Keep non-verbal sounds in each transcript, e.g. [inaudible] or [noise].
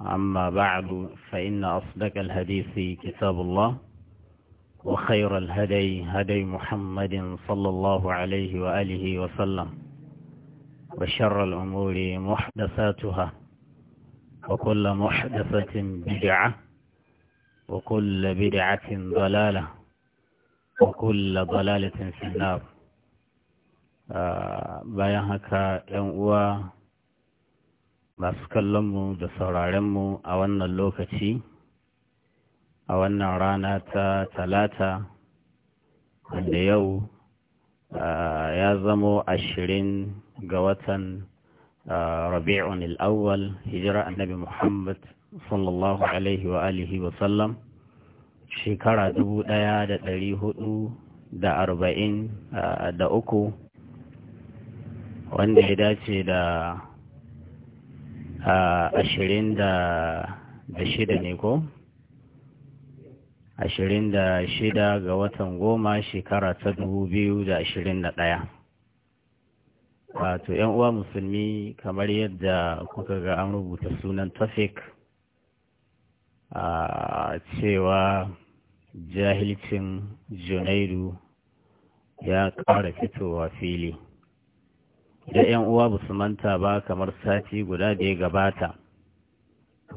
أما بعد فإن أصدق الحديث كتاب الله وخير الهدي هدي محمد صلى الله عليه وآله وسلم وشر الأمور محدثاتها وكل محدثة بدعة وكل بدعة ضلالة وكل ضلالة في النار آه بيهك ينقوى masu kallonmu da sauraronmu a wannan lokaci a wannan rana ta talata wanda yau ya zamo ashirin ga watan rabi'un al'awwal hijira annabi muhammad sallallahu alaihi wa alihi wa sallam shekara dubu ɗaya da ɗari hudu da arba'in da uku wanda ya dace da Ah, ashirin da shida ne ko? ashirin da shida ga watan goma shekara ta dubu biyu da ashirin da ɗaya wato yan uwa musulmi kamar yadda kuka ga an rubuta sunan tafik a ah, cewa jahilcin junaidu ya ƙara fitowa fili da 'yan uwa ba su manta ba kamar sati guda da ya gabata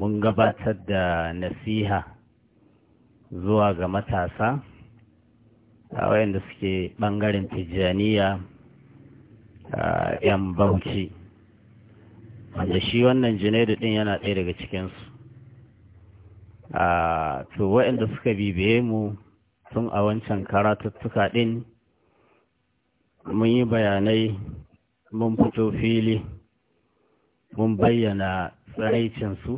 mun gabatar da nasiha zuwa ga matasa a wayanda suke ɓangaren tijjaniya a 'yan bauchi wanda shi wannan janairu ɗin yana ɗaya daga cikinsu a to wayanda suka bibiye mu tun a wancan karatuttuka ɗin mun yi bayanai mun fito fili mun bayyana tsaraicinsu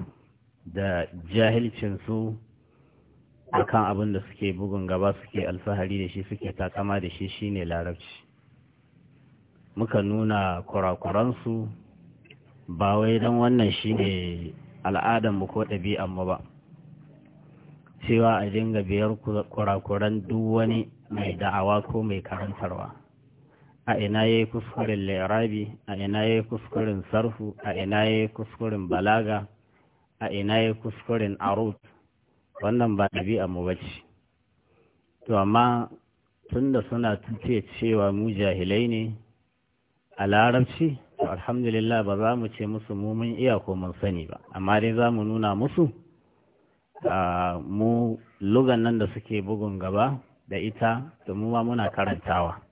da jahilcinsu a kan abin da suke bugun gaba suke alfahari da shi suke takama da shi shine larabci muka nuna kurakuransu ba wai don wannan shi shine al'adanmu ko ɗabi'anmu ba cewa a dinga biyar kurakuran duk wani mai da'awa ko mai karantarwa a ina ya kuskuren Larabi, a ina ya kuskuren sarfu a ina ya kuskuren balaga a ina ya kuskuren arut wannan ba ɗabi'a mu bace to amma tunda suna tuce cewa mu jahilai ne a larabci to alhamdulillah ba za mu ce musu mu mun iya ko mun sani ba amma dai za mu nuna musu mu lugan nan da suke bugun gaba da ita da mu ma muna karantawa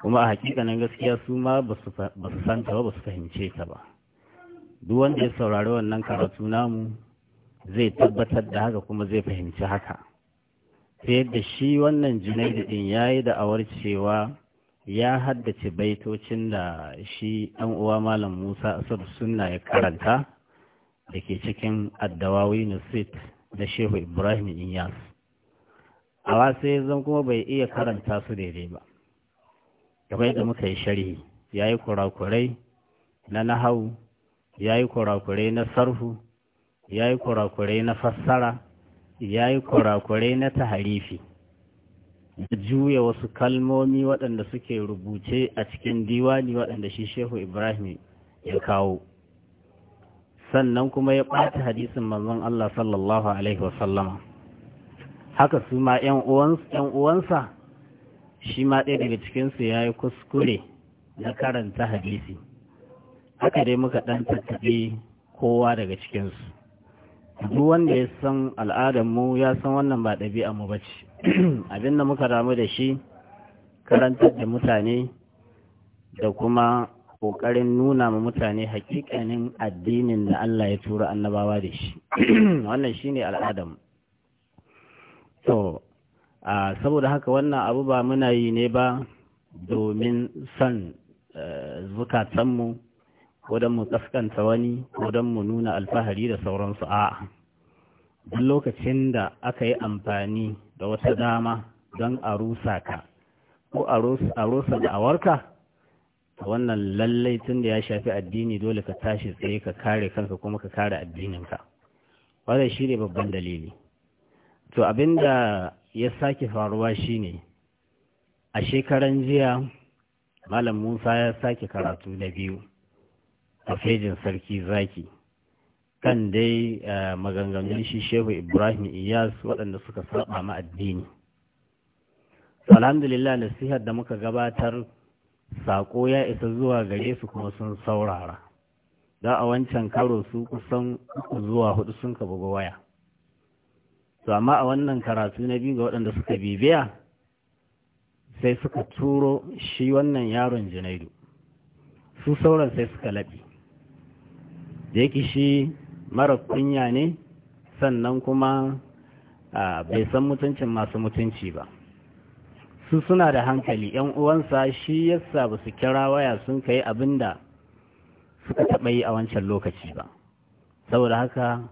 kuma a hakikanin gaskiya su ma ba su santa ba ba su fahimce ta ba duk wanda ya saurari wannan karatu namu zai tabbatar da haka kuma zai fahimci haka ta yadda shi wannan junaidu din ya yi da'awar cewa ya haddace baitocin da shi ɗan uwa malam musa asar sunna ya karanta da ke cikin addawawi na sit na shehu ibrahim inyas a wasu zan kuma bai iya karanta su daidai ba kamar yadda muka yi sharhi ya yi kurakurai na nahawu ya yi kurakurai na sarhu ya yi kurakurai na fassara ya yi kurakurai na taharifi da juya wasu kalmomi waɗanda suke rubuce a cikin diwani waɗanda shi shehu ibrahim ya kawo sannan kuma ya ɓata hadisin manzon Allah sallallahu alaihi wasallama haka su ma ‘yan uwansa shi ma ɗaya daga cikinsu ya yi kuskure na karanta hadisi haka dai muka ɗan tattaɓe kowa daga cikinsu duk wanda ya san al'adarmu ya san wannan ba a mu ba ce [clears throat] abin da muka ramu da shi karantar da mutane da kuma ƙoƙarin nuna ma mutane haƙiƙanin addinin da Allah ya tura annabawa da shi [clears throat] wannan shine ne al'adarmu saboda haka wannan abu ba muna yi ne ba domin son eh, zukatanmu ko don mu kaskanta wani ko don mu nuna alfahari da sauransu a duk lokacin da aka yi amfani da wata dama don a rusa ka ko a rusa da awarka wannan lallai tun da ya shafi addini dole ka tashi tsaye ka kare kanka kuma ka kare addininka wadda shi ne babban dalili to abinda ya sake faruwa shine a shekaran jiya malam musa ya sake karatu na biyu a fejin sarki zaki kan dai eh, maganganun shi shehu ibrahim iyas waɗanda suka saba ma addini alhamdulillah nasihar da muka gabatar sako ya isa zuwa gare su kuma sun saurara da a wancan karo su kusan zuwa hudu sun ka buga waya to amma a wannan karatu na biyu ga waɗanda suka bibiya sai suka turo shi wannan yaron Janairu su sauran sai suka laɓi da yake shi mara kunya ne sannan kuma bai san mutuncin masu mutunci ba su suna da hankali yan uwansa shi yasa ba su kira waya sun kai abin da suka taɓa yi a wancan lokaci ba saboda haka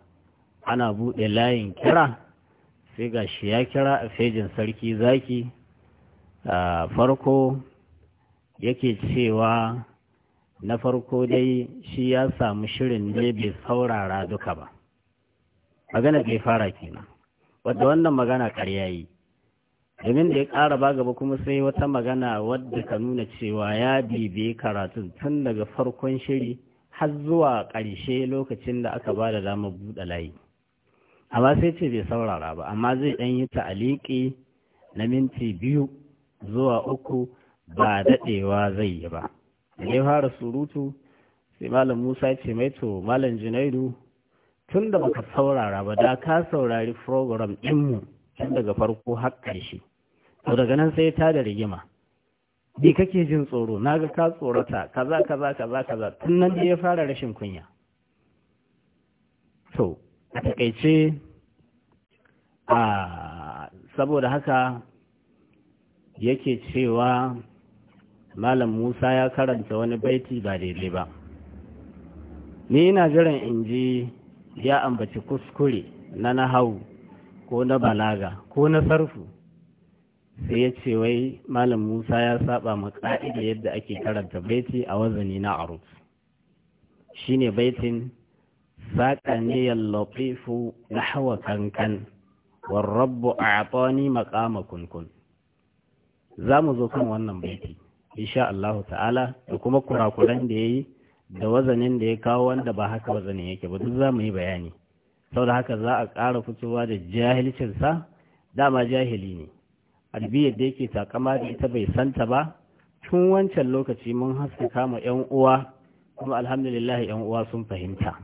ana buɗe layin kira sai ga shi ya kira a fejin sarki zaki a farko yake cewa na farko dai shi ya samu shirin ne bai saurara duka ba magana bai fara kenan wadda wannan magana ƙarya yi domin da ya ƙara ba gaba kuma sai wata magana wadda ka nuna cewa ya bibe karatun tun daga farkon shiri har zuwa ƙarshe lokacin da aka ba da damar buɗe layi amma sai ce bai saurara ba amma zai ɗan yi ta'aliki na minti biyu zuwa uku ba daɗewa zai yi ba dai fara surutu sai malam musa ce mai to malam junaidu tun da baka saurara ba da ka saurari program ɗinmu tun daga farko har ƙarshe to daga nan sai ta da rigima bi kake jin tsoro na ga ka tsorata kaza kaza kaza kaza tun nan ya fara rashin kunya to a takaice a saboda haka yake cewa malam musa ya karanta wani baiti ba daidai ba ni ina jiran in ji ya ambaci kuskure na nahau ko na balaga ko na sarfu sai ya ce wai malam musa ya saba ma ka'ida yadda ake karanta baiti a wazani na arus shine baitin kankan, اللطيف نحو كنكن maƙama kunkun. Za mu zo kan wannan baiti insha Allah ta'ala da kuma kurakuran da yayi da wazanin da ya kawo wanda ba haka wazanin yake ba duk zamu yi bayani saboda haka za a ƙara fitowa da jahilcinsa, dama jahili ne albiyar da yake takama da ita bai santa ba tun wancan lokaci mun haska kama 'yan uwa kuma alhamdulillah 'yan uwa sun fahimta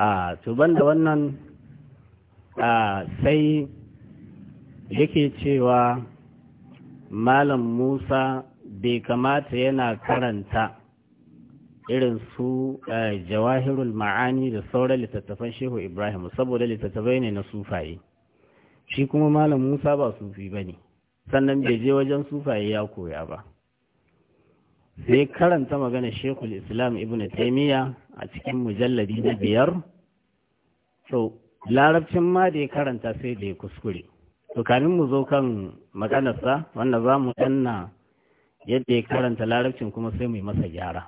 a tuban da wannan a sai yake cewa malam musa bai kamata yana karanta irin su jawahirul ma'ani da sauran littattafan shehu ibrahim saboda littattafai ne na sufaye shi kuma malam musa ba sufi ba ne sannan bai je wajen sufaye ya koya ba sai karanta magana shekul islam ibn taimiyya a cikin mujalladi na biyar so larabcin ma da ya karanta sai da ya kuskure to mu zo kan maganarsa wanda za mu danna yadda ya karanta larabcin kuma sai mu yi masa gyara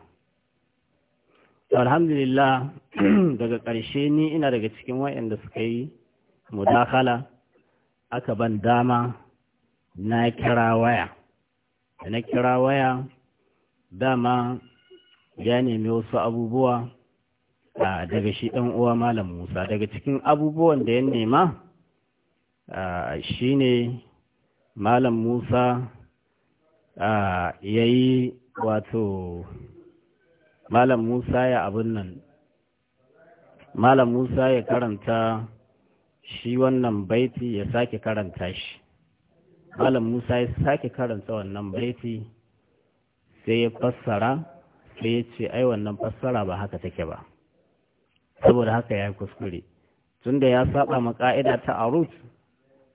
alhamdulillah [clears throat] daga ƙarshe ni ina daga cikin wayanda suka yi mudakala aka ban dama na kira waya da na kira waya dama ya nemi wasu abubuwa daga shi ɗan uwa malam musa daga cikin abubuwan da ya nema shi ne malam musa ya yi wato malam musa ya abin nan malam musa ya karanta shi wannan baiti ya sake karanta shi malam musa ya sake karanta wannan baiti sai ya fassara sai ya ce ai wannan fassara ba haka take ba saboda haka ya yi kuskure tunda ya saba ma ka'ida ta arut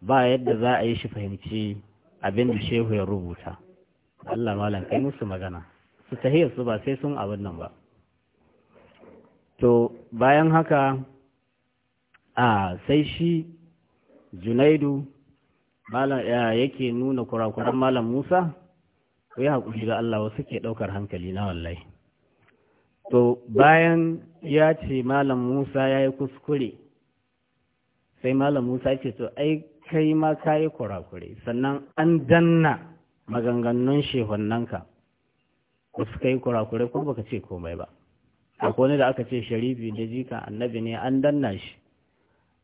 ba yadda za a yi shi fahimci abin da shehu ya rubuta Allah malam kai musu magana su tahiyar su ba sai sun abin nan ba to bayan haka a sai shi junaidu yake nuna kurakuran malam musa ku yi haƙuri da Allah wasu ke ɗaukar hankali na wallahi to bayan ya ce malam Musa ya yi kuskure sai malam Musa ce to ai kai ma ka yi kurakure sannan an danna maganganun shehunanka wasu ka yi kurakure ko baka ce komai ba kone da aka ce sharifi da jika annabi ne an danna shi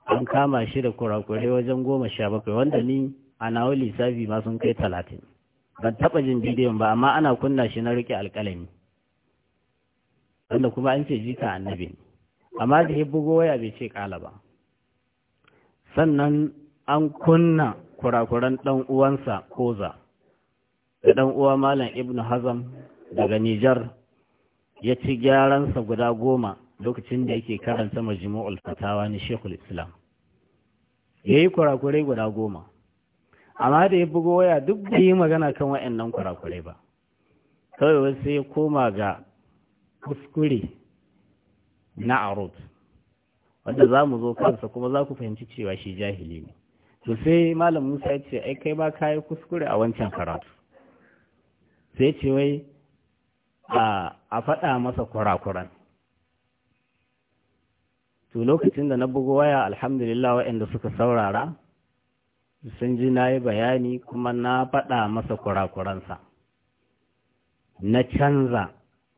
an kama shi da kurakure wajen goma sha bakwai wanda ni a nawa lissafi ma sun kai talatin ban taɓa jin bidiyon ba amma ana kunna shi na rike alkalami wanda kuma an ce jika annabi ne amma da ya bugo waya bai ce kala ba sannan an kunna kurakuran dan uwansa koza da ɗan uwa malam ibnu hazam daga nijar ya ci gyaransa guda goma lokacin da yake karanta majmu'ul fatawa na shekul islam ya yi kurakurai guda goma amma da ya bugo waya duk da yi magana kan wa'annan kurakurai ba kawai wasu ya koma ga kuskure na arut wanda za mu zo kansa kuma za ku fahimci cewa shi jahili ne to sai malam musa ya ce ai kai ma ka yi kuskure a wancan karatu sai ce wai a faɗa masa kurakuran to lokacin da na bugo waya alhamdulillah waɗanda suka saurara sun ji na yi bayani kuma na faɗa masa kurakuransa na canza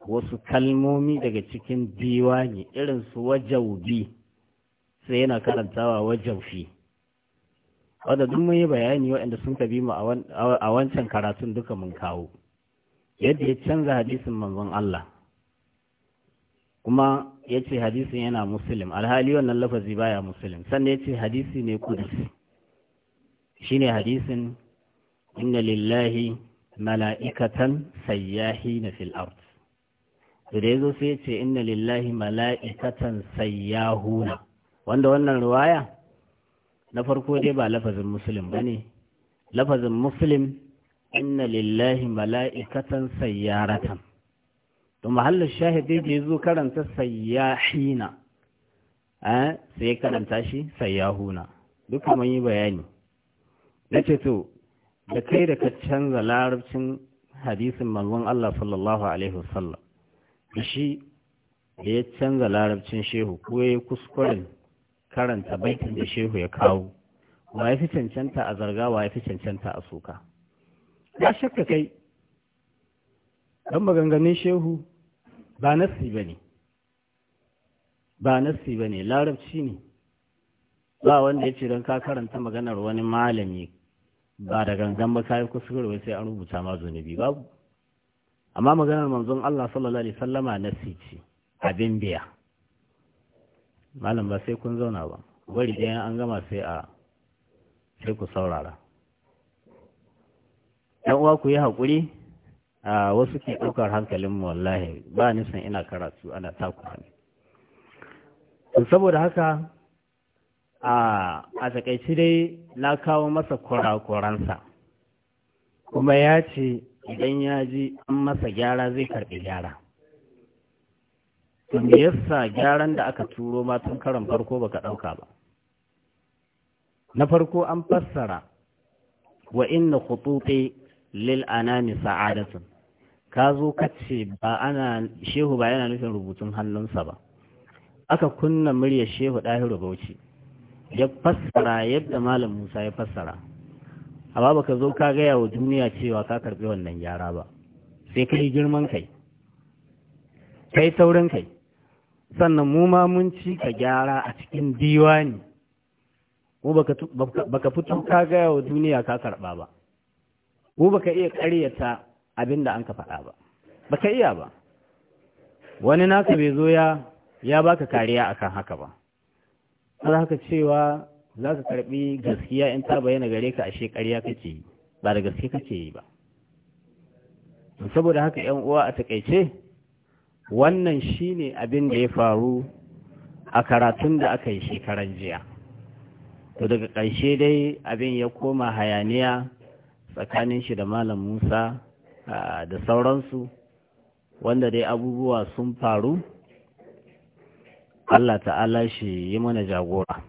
wasu kalmomi daga cikin diwani irin su wajaubi sai yana karantawa wajaufi wadda duk mun yi bayani waɗanda sun bimu mu a wancan karatun duka mun kawo yadda ya canza hadisin manzon Allah kuma ya ce hadisin yana musulun alhali wannan lafazi baya musulun sannan ya ce hadisi ne kudusi shine hadisin inna lillahi mala'ikatan sayyahi na fil da ya zo yazo sai ce inna lillahi mala'ikatan sayyahuna wanda wannan ruwaya na farko dai ba lafazin muslim ne, lafazin muslim inna lillahi mala'ikatan sayyaratan to muhallin shahidi da yazo karanta sayyahina eh sai karanta shi sayyahuna duka mun yi bayani na ce to da kai da ka canza larabcin hadisin manzon Allah sallallahu alaihi wasallam da shi da ya canza larabcin shehu ko ya kuskuren karanta baitin da shehu ya kawo wa ya fi cancanta a zarga wa ya fi cancanta a suka ya shakka kai don maganganun shehu ba nassi ba ne ba nassi ba ne larabci ne ba wanda ya ce don ka karanta maganar wani malami ba da gangan ba kayi kuskure sai an rubuta ma zunubi babu amma maganar manzon Allah sallallahu alaihi sallama nasi ce abin biya malam ba sai kun zauna ba gwari ɗayan an gama sai a sai ku saurara ɗan uwa ku yi hakuri? a wasu ke ɗaukar hankalin wallahi ba nisan ina karatu ana taku. ne saboda haka a takaici dai na kawo masa kurakuransa kuma ya ce idan ya ji an masa gyara zai karbi gyara me yasa gyaran da aka turo ma karan farko baka ɗauka ba na farko an fassara wa inna khututi lil anani sa'adatun ka zo kace ba ana shehu ba yana nufin rubutun hannunsa ba aka kunna murya shehu ɗahiru bauchi ya fassara yadda malam musa ya fassara amma baka zo ka gaya wa duniya cewa ka karbi wannan gyara ba sai kai girman kai kai saurin kai sannan mu ma mun ci ka gyara a cikin diwani mu baka fito ka gaya wa duniya ka karba ba mu baka iya ƙaryata abin da an ka faɗa ba baka iya ba wani naka bai zo ya ya baka kariya akan haka ba har haka cewa za ka karɓi gaskiya in ta bayyana gare ka ashe ƙarya kake yi ba da gaske kake yi ba saboda haka ‘yan uwa a taƙaice wannan shine abin da ya faru a karatun da aka yi shekaran jiya to daga ƙarshe dai abin ya koma hayaniya tsakanin shi da malam musa ah, da sauransu wanda dai abubuwa sun faru Allah ta'ala shi yi mana jagora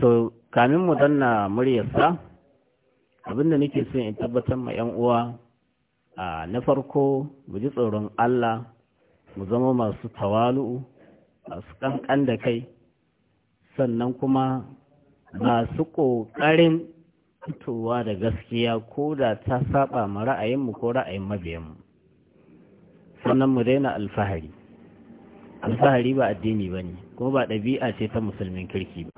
to kamin mu danna muryarsa abinda nake son in tabbatar ma 'yan uwa a na farko mu ji tsoron Allah mu zama masu tawalu'u masu kankan da kai sannan kuma masu ƙoƙarin fitowa da gaskiya ko da ta saba ma ra'ayinmu ko ra'ayin mabiyanmu sannan mu daina alfahari alfahari ba addini ba ne ko ba ɗabi'a ce ta musulmin kirki ba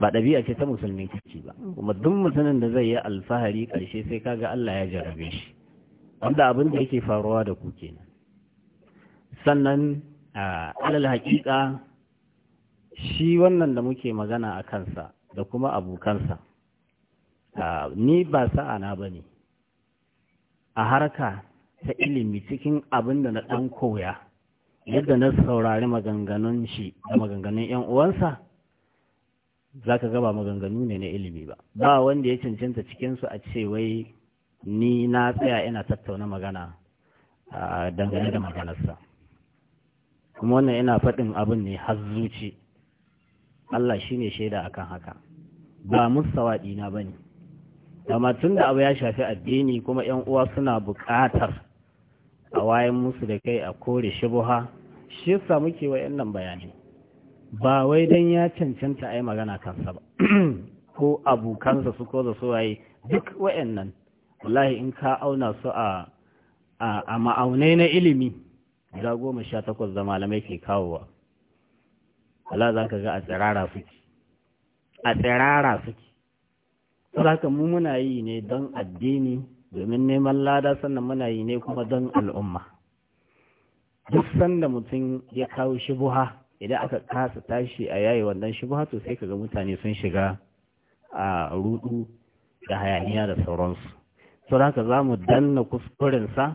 ba ɗabi'a ce ta musulmin kirki ba kuma duk mutumin da zai yi alfahari ƙarshe sai kaga Allah ya jarabe shi wanda abin da yake faruwa da ku kenan sannan alal haƙiƙa shi wannan da muke magana a kansa da kuma abokansa ni ba sa'ana ba ne a harka ta ilimi cikin abin da na ɗan koya yadda na saurari maganganun shi da maganganun 'yan uwansa za ka gaba maganganu ne na ilimi ba ba wanda ya cancanta cikinsu a ce wai ni na tsaya ina tattauna magana a dangane da maganarsa kuma wannan ina faɗin abin ne har zuci Allah shi ne shaida kan haka ba musawaɗi na ba ne tun da abu ya shafi addini kuma 'yan uwa suna buƙatar a wayan musu da kai a kore shi buha, shi sa muke wa yannan bayani ba wai don ya cancanta a yi magana kansa ba [clears throat] ko abokansa su ko da su waye duk wayannan wallahi in ka auna su a ma'aunai na ilimi Za goma sha takwas da malamai ke kawowa Allah za ka ga a tsirara suke a tsirara suke saboda mu muna yi ne don addini domin neman lada sannan muna yi ne kuma don al'umma duk sanda mutum ya kawo shubuha idan aka kasa tashi a yayi wannan shubuha to sai kaga mutane sun shiga a rudu da hayaniya da sauransu sau haka za mu danna kuskurensa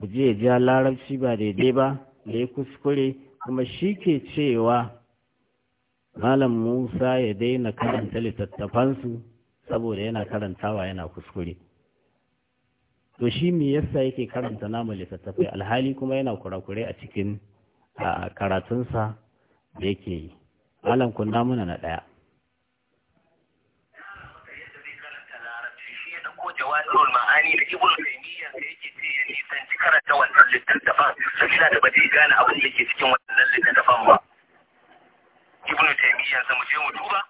ku je ja larabci ba daidai ba ya kuskure kuma shi ke cewa malam musa ya daina karanta littattafansu saboda yana karantawa yana kuskure to shi me yasa yake karanta namu littattafai alhali kuma yana kurakure a cikin karatunsa da yake yi alam kunna muna na ɗaya Ibn ma'ani da ibnu yake ce ya nisanci karanta wannan littattafan sabila da ba zai gane abin da ke cikin wannan littattafan ba Ibn taymiya sa mu je mu duba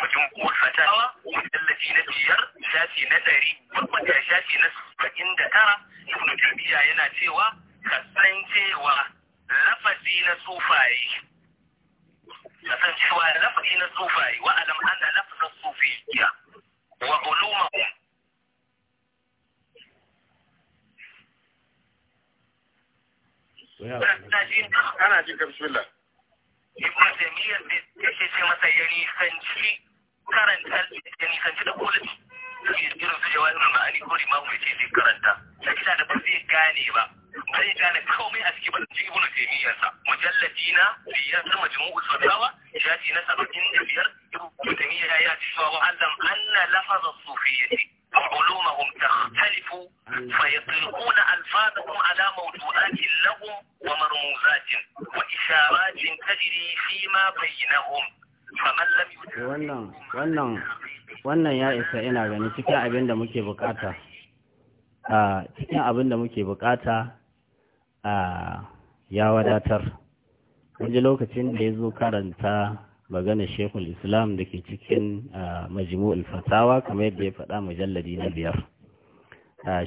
مجموع فتاوى التي نبيار shafi na ɗari wanda shafi na saba'in da tara ibn tarbiyya yana cewa kasancewa lafazi na sufaye kasancewa lafazi na sufaye wa alam anna lafza sufiyya wa uluma ana jin bismillah ibn da yake ce masa ya nisanci karanta ya nisanci da kulmi irin su jawabin ma'ani ko limamu ya ce zai karanta sabila da ba zai gane ba ba zai gane komai a cikin barci ibn taymiyyah sa mujalladi na biyar na majmu'u sadawa shafi na saba'in da biyar ibn taymiyyah ya ce wa wa'alam anna lafaza sufiyyati وعلومهم تختلف فيطلقون ألفاظهم على موضوعات لهم ومرموزات وإشارات تجري فيما بينهم فمن لم يدرك eh, wannan ya isa ina gani cikin abin da muke bukata a ah, cikin abin da muke bukata a ah, ya wadatar wajen lokacin da ya zo karanta Maganar shekul islam da ke cikin majmu'ul fatawa kamar yadda ya faɗa mujalladi na biyar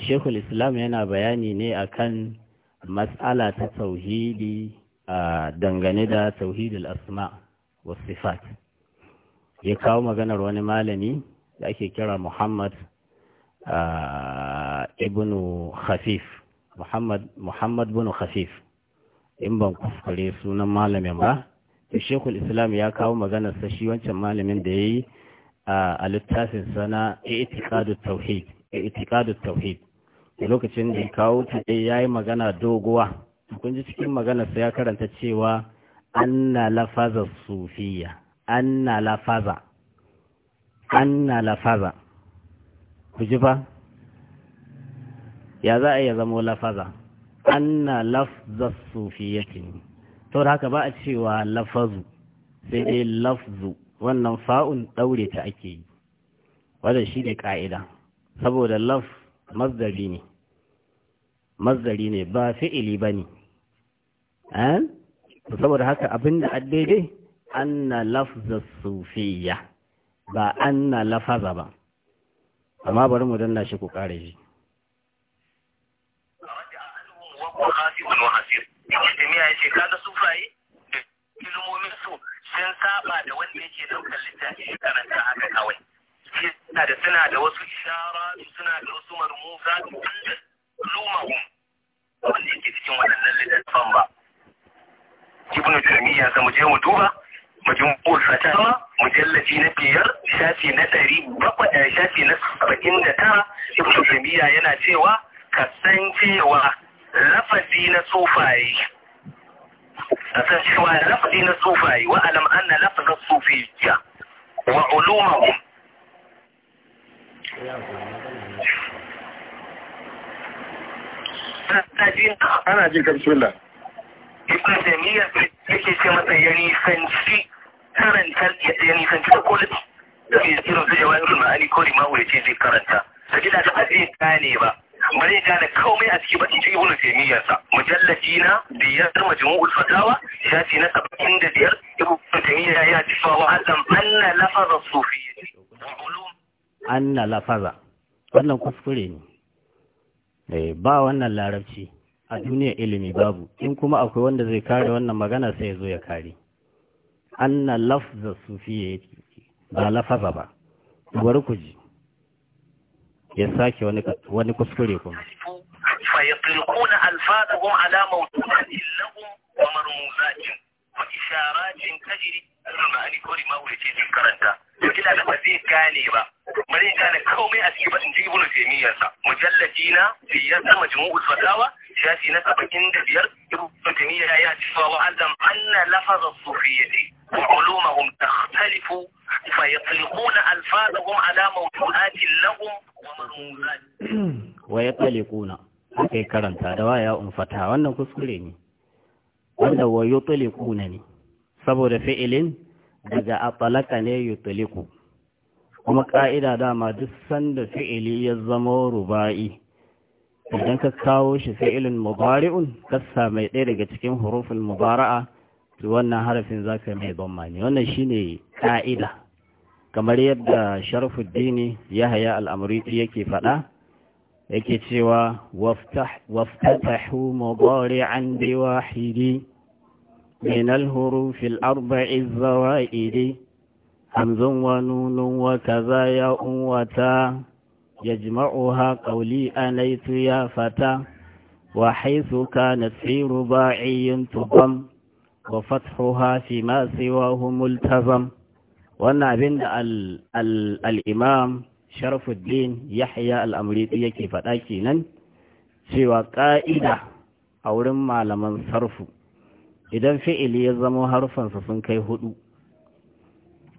shekul islam yana bayani ne akan matsala ta tauhidi dangane da tauhidul asma wa sifat ya kawo maganar wani malami da ake kira muhammad ibnu khafif muhammad bin khafif in ban kuskure sunan malamin ba da shekul islam ya kawo maganar sa shi wancan malamin da ya yi a littafin sana i'tiqadut tauhid tauhid da lokacin da ya kawo eh, ya yi magana doguwa kun ji cikin maganar sa ya karanta cewa anna lafaza sufiya anna lafaza anna lafaza ku ji ba ya za a iya zamo lafaza anna lafza ne da haka ba a cewa lafazu sai dai lafzu wannan fa'un ɗaure ta ake yi wadda shi ne ƙa'ida saboda laf mazdari ne mazdari ne ba fi'ili ba ne eh? saboda haka abin da daidai anna lafza sufiya ba anna lafaza ba amma bari mu danna shi ku ƙare shi Ibn Taymiyyah ya ce kada yake daukar littafi ya karanta haka kawai suna da suna da wasu ishara suna da wasu marmusa da lumahum wanda yake cikin waɗannan littafan ba ibnu jamiya sai mu je mu duba mu majmu'ul mu mujallafi na biyar shafi na ɗari bakwai da eh, shafi na saba'in da tara ibnu jamiya yana cewa 'Ka san cewa lafazi na tsofaye فشوى لقد الصوفي وألم أن لقد الصوفية وعلومهم أنا أجيك بسم الله ابن تيمية في كما يعني فنسي كرن يعني فنسي كل يعني في ba zai gane komai a cikin batun ibn taymiyyah sa mujallaji na biyar majmu'ul fatawa shafi na 75 ibn taymiyyah ya ci fa wa alam anna lafaza sufiyyah anna lafaza wannan kuskure ne eh ba wannan larabci a duniya ilimi babu in kuma akwai wanda zai kare wannan magana sai ya zo ya kare anna ya sufiyyah ba lafaza ba bari ku ji ya sake wani kuskure kuma fa yatlquna alfadahum ala mawdu'atin lahum wa marmuzatin wa isharatin tajri al-ma'ani kori ma wuce karanta kila da ba zai gane ba ba zai gane komai a cikin batin cikin ibnu taymiyyah sa mujallati na biyar da majmu'ul fatawa shafi na 75 ibnu jami'a ya ce wa alam anna lafaz as-sufiyyati ulumuhum takhtalifu فيطلقون ألفاظهم على موضوعات لهم ومرموزات ويطلقون kai karanta da waya umfata wannan kuskure ne wanda wayo tulikuna ne saboda fi'ilin daga atalaka ne yutliku kuma ka'ida dama duk sanda fi'ili ya zama ruba'i idan ka kawo shi fi'ilin mubari'un ka mai ɗaya daga cikin hurufin mubara'a to wannan harafin zaka mai ban mani wannan shine ka'ida kamar yadda sharfuddini ya haya amriti yake faɗa yake cewa waftatahu mubari'an bi wahidi من الهروف الأربع الزوائد همز ونون وكذا ياء وتاء يجمعها قولي أنيت يا فتى وحيث كانت في رباعي تضم وفتحها فيما سواه ملتزم وانا بند ال ال الإمام شرف الدين يحيى الأمريكي كيف تأكينا سوى قائدة أو رمى لمن صرفه idan fi'ili ya zama harufansa sun kai hudu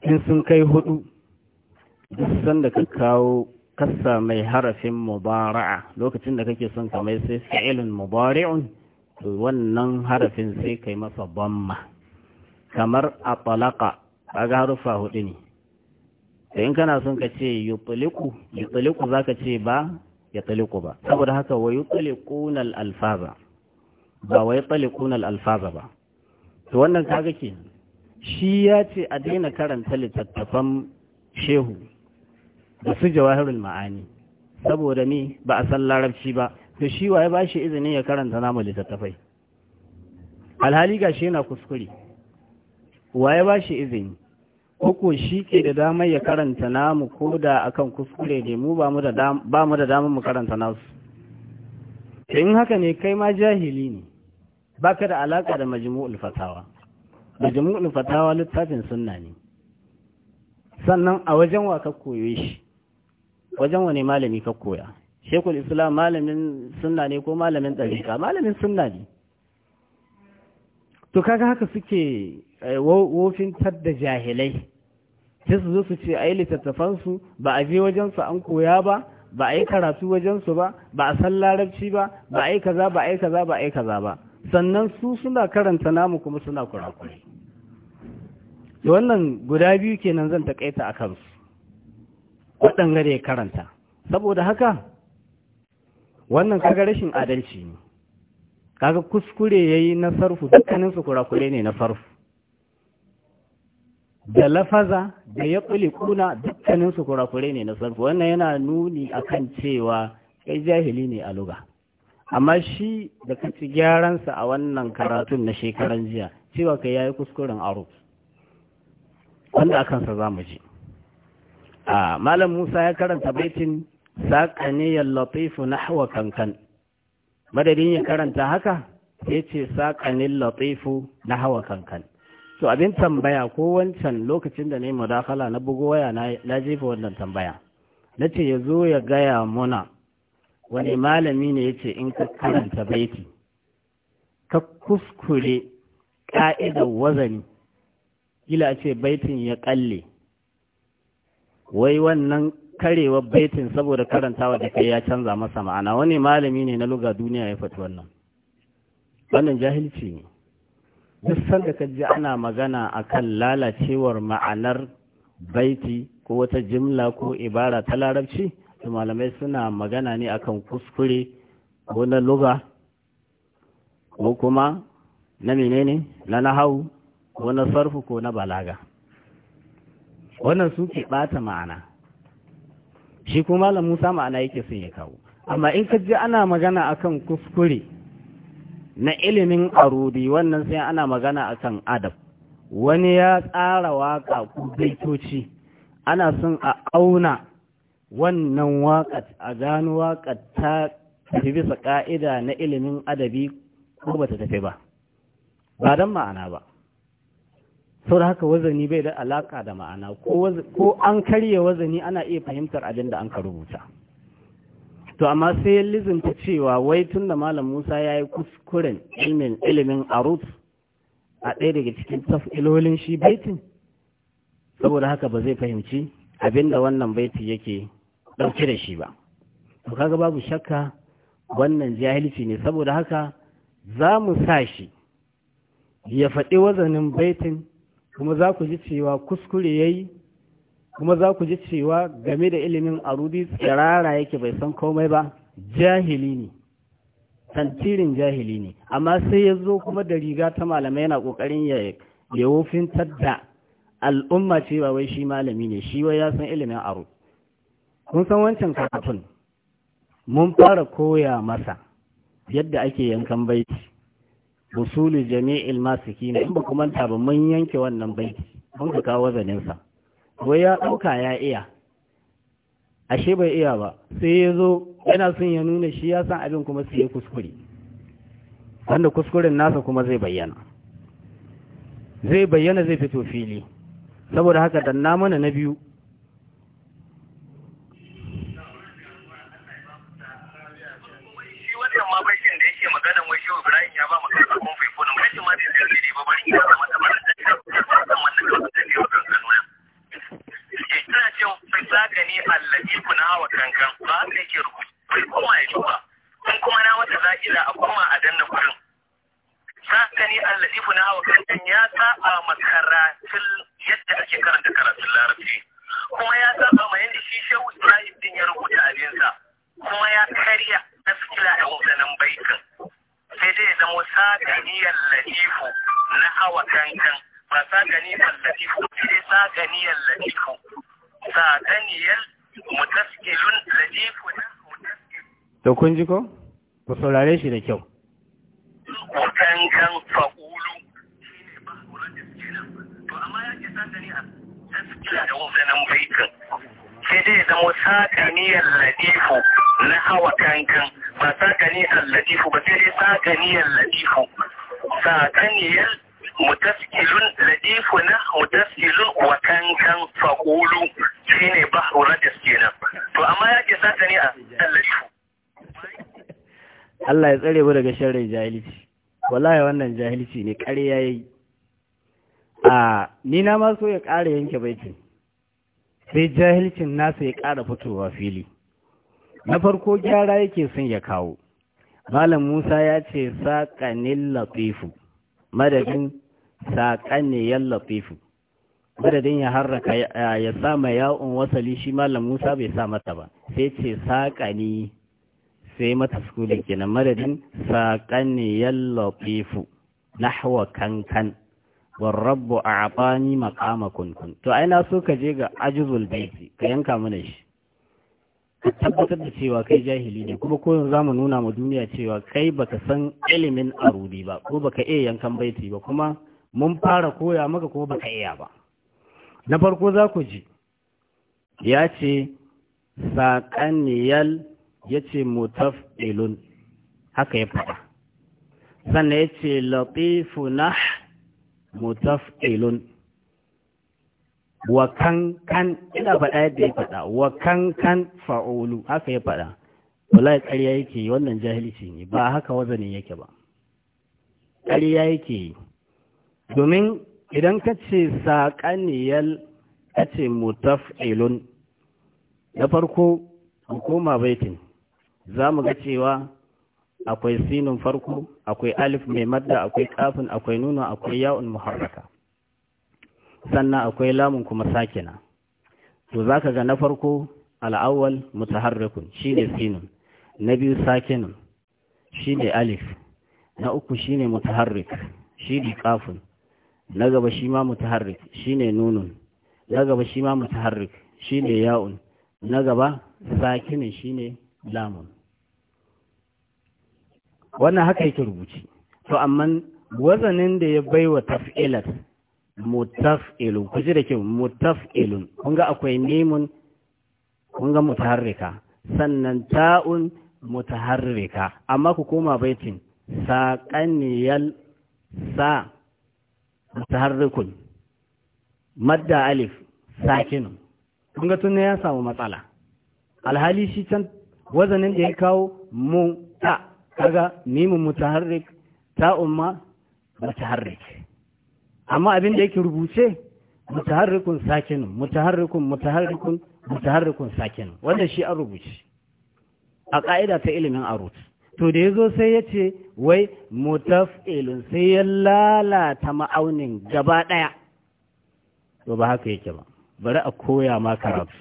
in sun kai hudu duk sanda ka kawo kasa mai harafin mubara'a lokacin da kake son ka mai sai fi'ilin mubari'un to wannan harafin sai kai masa bamma kamar a talaka kaga harufa hudu ne to in kana son ka ce yutliqu za ka ce ba yutliqu ba saboda haka wa yutliquna al-alfaza ba wa yutliquna al-alfaza ba to wannan kaga ke shi ya ce a daina karanta littattafan shehu da su jawahirul ma'ani saboda ni ba a san larabci ba to shi waye ba shi izini ya karanta namu littattafai alhali ga shi yana kuskure waye ba shi izini uku shi ke da damar ya karanta namu ko da akan kuskure ne mu ba mu da damar mu karanta nasu in haka ne kai ma jahili ne baka da alaka da majmu'ul fatawa majmu'ul fatawa littafin sunna ne sannan a wajen wa ka koyo shi wajen ne malami ka koya shekul islam malamin sunna ne ko malamin ɗariƙa malamin sunna ne to kaga haka suke eh, wofin da jahilai sai su zo su ce a yi littattafansu ba a je wajensu an koya ba ba a yi karatu wajensu ba ba a san larabci ba ba a yi kaza ba a yi kaza ba a yi kaza ba sannan su suna karanta namu kuma suna kurakurai da wannan guda biyu kenan zan takaita a kansu waɗanda ya karanta saboda haka wannan kaga rashin adalci ne kaga kuskure ya yi na sarfu dukkanin su kurakure ne na sarfu da lafaza da ya ƙuna dukkanin su kurakure ne na sarfu wannan yana nuni akan cewa kai jahili ne a lugar amma shi da ka ci gyaransa a wannan karatun na shekaran jiya cewa ka yayi kuskuren aro wanda akansa za mu ji a malam musa ya karanta baitin saƙaniyar latifu nahwa kankan madadin ya karanta haka ya ce saƙanin latifu Hawa kankan to abin tambaya ko wancan lokacin da na yi mudakala na bugo waya na jefa wannan tambaya na ce ya zo ya gaya muna wani malami ne yace in ka karanta baiti ka kuskure ka'idar wazani kila ce baitin ya kalle wai wannan karewa baitin saboda karantawa da kai ya canza masa ma'ana wani malami ne na luga duniya ya faɗi wannan wannan jahilci ne duk sanda ka ji ana magana akan lalacewar ma'anar baiti ko wata jimla ko ibara ta larabci to malamai suna magana ne akan kuskure ko na luga ko kuma na menene na nahau ko na sarfu ko na balaga wannan su ke bata ma'ana shi kuma malam Musa ma'ana yake son ya kawo amma in ka ji ana magana akan kuskure na ilimin arudi wannan sai ana magana akan adab wani ya tsara waka ku ana son a auna wannan waƙat a gano waƙat ta tafi bisa ƙa'ida na ilimin adabi ko ba ta tafi ba ba don ma'ana ba sau da haka wazani bai da alaƙa da ma'ana ko an karye wazani ana iya fahimtar abin da an ka rubuta to amma sai lizinta cewa wai tun da malam musa ya yi kuskuren ilimin ilimin arut a ɗaya daga cikin tafilolin shi baitin saboda haka ba zai fahimci abin da wannan baiti yake ɗauke da shi ba to kaga babu shakka wannan jahilci ne saboda haka za mu sa shi ya faɗi wazanin baitin kuma za ku ji cewa kuskure ya yi kuma za ku ji cewa game da ilimin arudi tsirara yake bai san komai ba jahili ne santirin jahili ne amma sai ya zo kuma da riga ta malamai yana ƙoƙarin ya wofin da al'umma cewa wai shi malami ne shi wai ya san ilimin arudi kun san wancan karatun mun fara koya masa yadda ake yankan baiti busulu jami'il masiki ne in ba kuma ta ba mun yanke wannan baiti mun ka kawo zaninsa wai ya ɗauka ya iya ashe bai iya ba sai ya zo yana son ya nuna shi ya san abin kuma sai ya kuskure wanda kuskuren nasa kuma zai bayyana zai bayyana zai fito fili saboda haka danna mana na biyu zaka ne allazi kuna hawa kankan ba haka yake rubutu bai koma ya duba in kuma na wata za'ida a kuma a danna gurin zaka ne allazi kuna hawa kankan ya saba makaratun yadda ake karanta karatun larabci kuma ya saba ma yadda shi shehu ibrahim din ya rubuta abinsa kuma ya karya gaskiya da wadannan baitin sai dai zama saganiyar latifu na hawa kankan ba saganiyar latifu sai saganiyar latifu sataniyar mutaskilun lajifuna to kun ji ko ku saurare shi da kyau mutankan fa'ulu shine ba wurin da suke nan to amma ya ce satani a taskila da wasanin baitin sai dai zama sataniyar ladifu na hawa kankan ba sataniyar ladifu ba sai dai sataniyar ladifu sataniyar mutaskilun ladifuna mutaskilun wa kankan faqulu shine bahru radis kenan to amma ya ke sata ne a tallafi. [laughs] Allah ya tsare mu daga sharrin jahilci wallahi wannan jahilci ne kare yayi a ni na ma so ya ƙara yanke baitin sai jahilcin nasa ya ƙara fitowa fili na farko gyara yake son ya kawo malam Musa ya ce saƙanin latifu madadin saƙan ne ya latifu madadin ya harraka ya sama ya'un wasali shi malam musa bai sa mata ba sai ce saƙani sai mata sukuli kenan madadin saƙani ya latifu nahwa kankan warrabbu rabbu abani makama kunkun to ai na so ka je ga ajizul baiti ka yanka mana shi ka tabbatar da cewa kai jahili ne kuma ko za mu nuna ma duniya cewa kai baka san ilimin arudi ba ko baka iya yankan baiti ba kuma mun fara koya maka ko baka iya ba na farko za ku ji ya ce saƙaniyal ya ce mutaf ilun haka ya faɗa sannan ya ce latifunah mutaf ilun wa ina faɗa yadda ya faɗa wakankan fa’olu haka ya faɗa ya ƙarya yake wannan jahilci ne ba haka wazanin yake ba ƙarya yake yi domin idan ka ce saƙaniyar ka ce mutaf'ilun na farko hukuma baitin za mu ga cewa akwai sinin farko akwai alif mai madda akwai kafin akwai nuna akwai ya'un muharraka sannan akwai lamun kuma sakina to za ka ga na farko al'awwal shi ne sinin na biyu shi ne alif na uku shi shine mutaharrik ne kafin na gaba shi ma mutaharrik shine nunun na gaba shi ma mutaharrik shine ya'un na gaba sakinin shine lamun wannan haka yake rubuci to amma wazanin da ya baiwa taf'ilat mutaf'ilun ku ji da kyau mutaf'ilun kun ga akwai nemun kun ga mutaharrika sannan ta'un mutaharrika amma ku koma baitin saƙaniyal sa mutaharrikun madda alif sakinun kun ga tunne ya samu matsala alhali shi can wazanin da ya kawo mu ta kaga mimun mutaharrik ta umma mutaharrik amma abin da yake rubuce mutaharrikun sakinun mutaharrikun mutaharrikun mutaharrikun sakinun wanda shi an rubuce a ƙa'ida ta ilimin arutu to da ya zo sai ya ce wai mutaf'ilun sai ya lalata ma'aunin gaba ɗaya to ba haka yake ba bari a koya ma karatu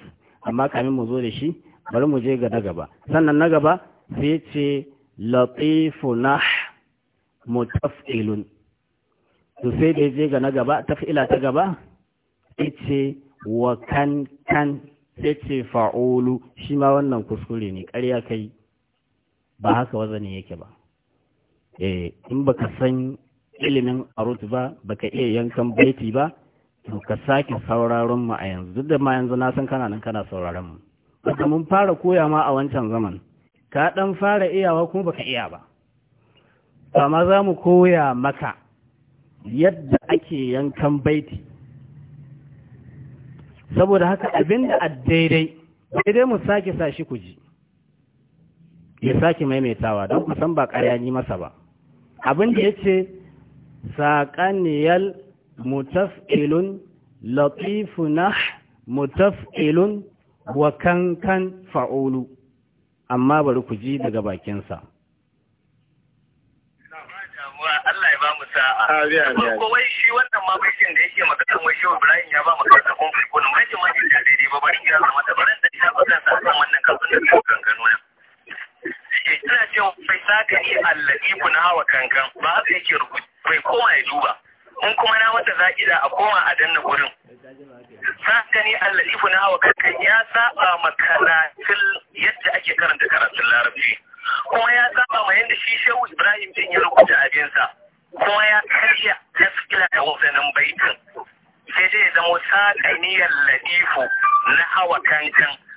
amma kamin mu zo da shi bari mu je ga na gaba sannan na gaba sai ce latifunah mutaf'ilun to sai da je ga na gaba tafi'ila ta gaba sai ce wa kan kan sai ce fa'ulu shi ma wannan kuskure ne ƙarya kai ba haka wazanin yake ba eh in baka san ilimin arut ba baka iya yankan baiti ba to ka sake sauraron mu a yanzu duk da ma yanzu na san kana nan kana sauraron mu haka mun fara koya ma a wancan zaman ka dan fara iyawa kuma baka iya ba amma za mu koya maka yadda ake yankan baiti saboda haka abinda a daidai daidai mu sake sa shi ku ji ya sake maimaitawa don kusan ba ƙarya ni masa ba abin da ya ce saƙaniyal mutaf'ilun latifunah mutaf'ilun wa kankan fa'ulu amma bari ku ji daga bakinsa Allah ya ba mu sa'a. Ko wai shi wannan mabishin da yake magana wai shi Ibrahim ya ba mu kansa kun fi ji mai ji da dai ba bari ya zama da barin da ya fada sa kan wannan kafin da kankano ne. ina ce bai saka ni allabi na hawa kankan ba haka yake rubutu bai koma ya duba in kuma na mata da a koma a danna gurin saka ni allabi na hawa kankan ya saba ma karatun yadda ake karanta karatun larabci kuma ya saba ma yadda shi shehu ibrahim din ya rubuta abinsa kuma ya karya gaskiya da wasanin baitin sai dai ya zama saka ni allabi na hawa kankan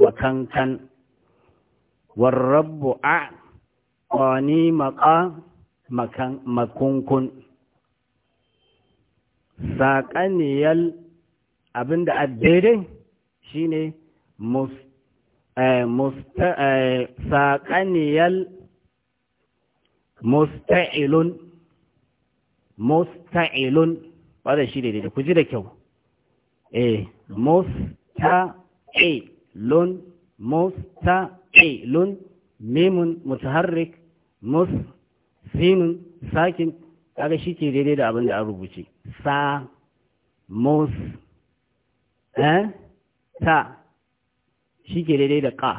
وكنكن والرب أعطاني مقام مكن مكنكن saƙaniyar abin da addere shi ne saƙaniyar musta'ilun musta'ilun ba da shi da ku ji da kyau eh musta'il لون مستقل ميم متحرك مس سين ساكن kaga shi ke daidai da abin an rubuce sa mos eh ta shi ke daidai da ka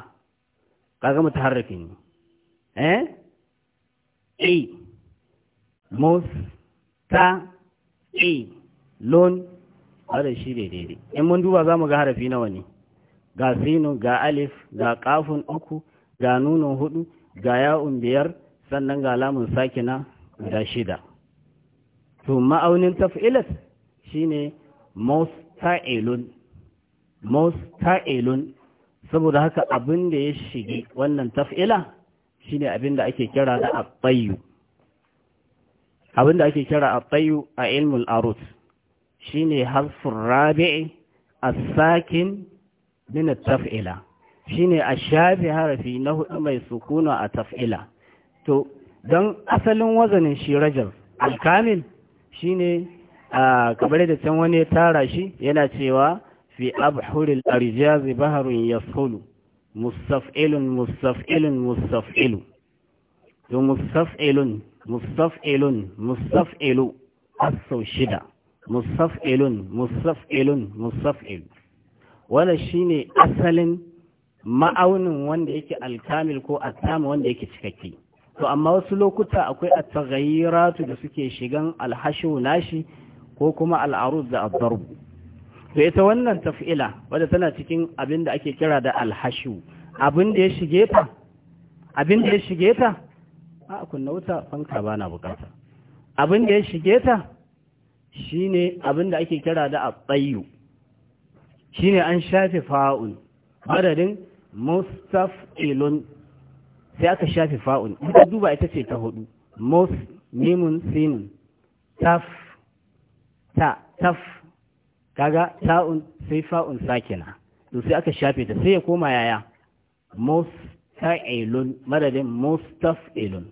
kaga mutaharrifin ne e mos ta e lon wadda shi daidai in mun duba za mu ga harafi nawa ne ga sinu ga alif ga kafin uku ga nuno hudu ga ya'un biyar sannan ga lamun sakina guda shida to ma'aunin taf'ilat shine musta'ilun musta'ilun saboda haka abin da ya shige wannan taf'ila shine abin da ake kira da abayyu abin da ake kira abayyu a ilmul arut shine harfin rabi'i as-sakin min taf'ila shine a shafi harafi na hudu mai sukuna a taf'ila to don asalin wazanin shi rajab alkamil shine kamar da can wani tara shi yana cewa fi abhuril arjazi baharun yasulu mustaf'ilun mustaf'ilun mustaf'ilu to mustaf'ilun mustaf'ilun mustaf'ilu sau shida mustaf'ilun mustaf'ilun mustaf'ilu wannan shine asalin ma'aunin wanda yake alkamil ko attama wanda yake cikakke to amma wasu lokuta akwai at-taghayyiratu da suke shigan alhashu nashi ko kuma al-aruz da ad-darb to ita wannan taf'ila wadda tana cikin abin da ake kira da alhashu abin da ya shige ta abin da ya shige ta a kunna wuta fanka bana bukata abin da ya shige ta shine abin da ake kira da at-tayyu shine an shafe fa'un madadin mustaf'ilun sai aka shafe fa'un ita duba ita ce ta hudu mus mimun sinun taf ta taf kaga ta'un sai fa'un sakina to sai aka shafe ta sai ya koma yaya musta'ilun madadin mustaf'ilun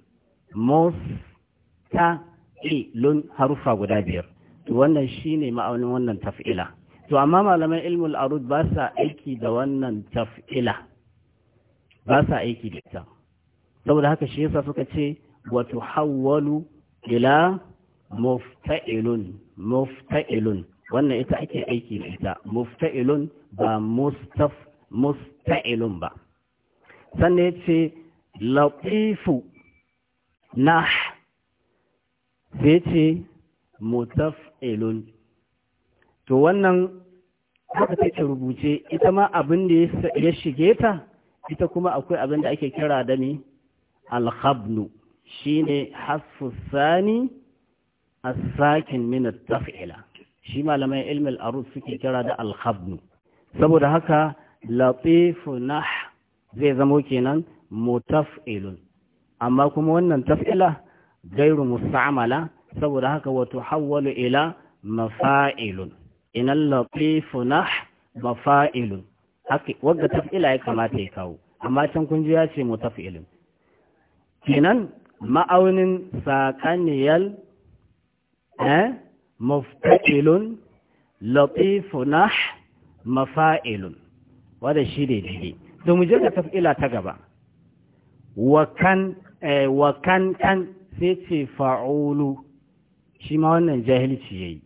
musta'ilun harufa guda biyar to wannan shine ma'aunin wannan taf'ila to amma malaman ilmul arud ba sa aiki da wannan taf'ila ba sa aiki da ita saboda haka shi yasa suka ce wa tuhawwalu ila mufta'ilun mufta'ilun wannan ita ake aiki da ita mufta'ilun ba mustaf musta'ilun ba sannan yace laqifu nah sai ce mutaf'ilun to wannan haka take rubuce ita ma abin da ya shige ta ita kuma akwai abin da ake kira da ni alhabnu shi ne hasfusani a sakin minar tafi'ila shi malamai ilmin arus suke kira da alhabnu saboda haka latifu na zai zamo kenan mutaf'ilun amma kuma wannan taf'ila gairu musamala saboda haka wato hawwalu ila mafa'ilun inal latifu nah mafa'ilun haka wadda taf'ila ya kamata ya kawo amma can kun ji ya ce mutaf'ilun Kinan ma'aunin saƙaniyal eh muftakilun latifu nah mafa'ilun wadda shi ne dide da mu je ga ta gaba wakan eh, kan sai ce fa'ulu shi ma wannan jahilci yayi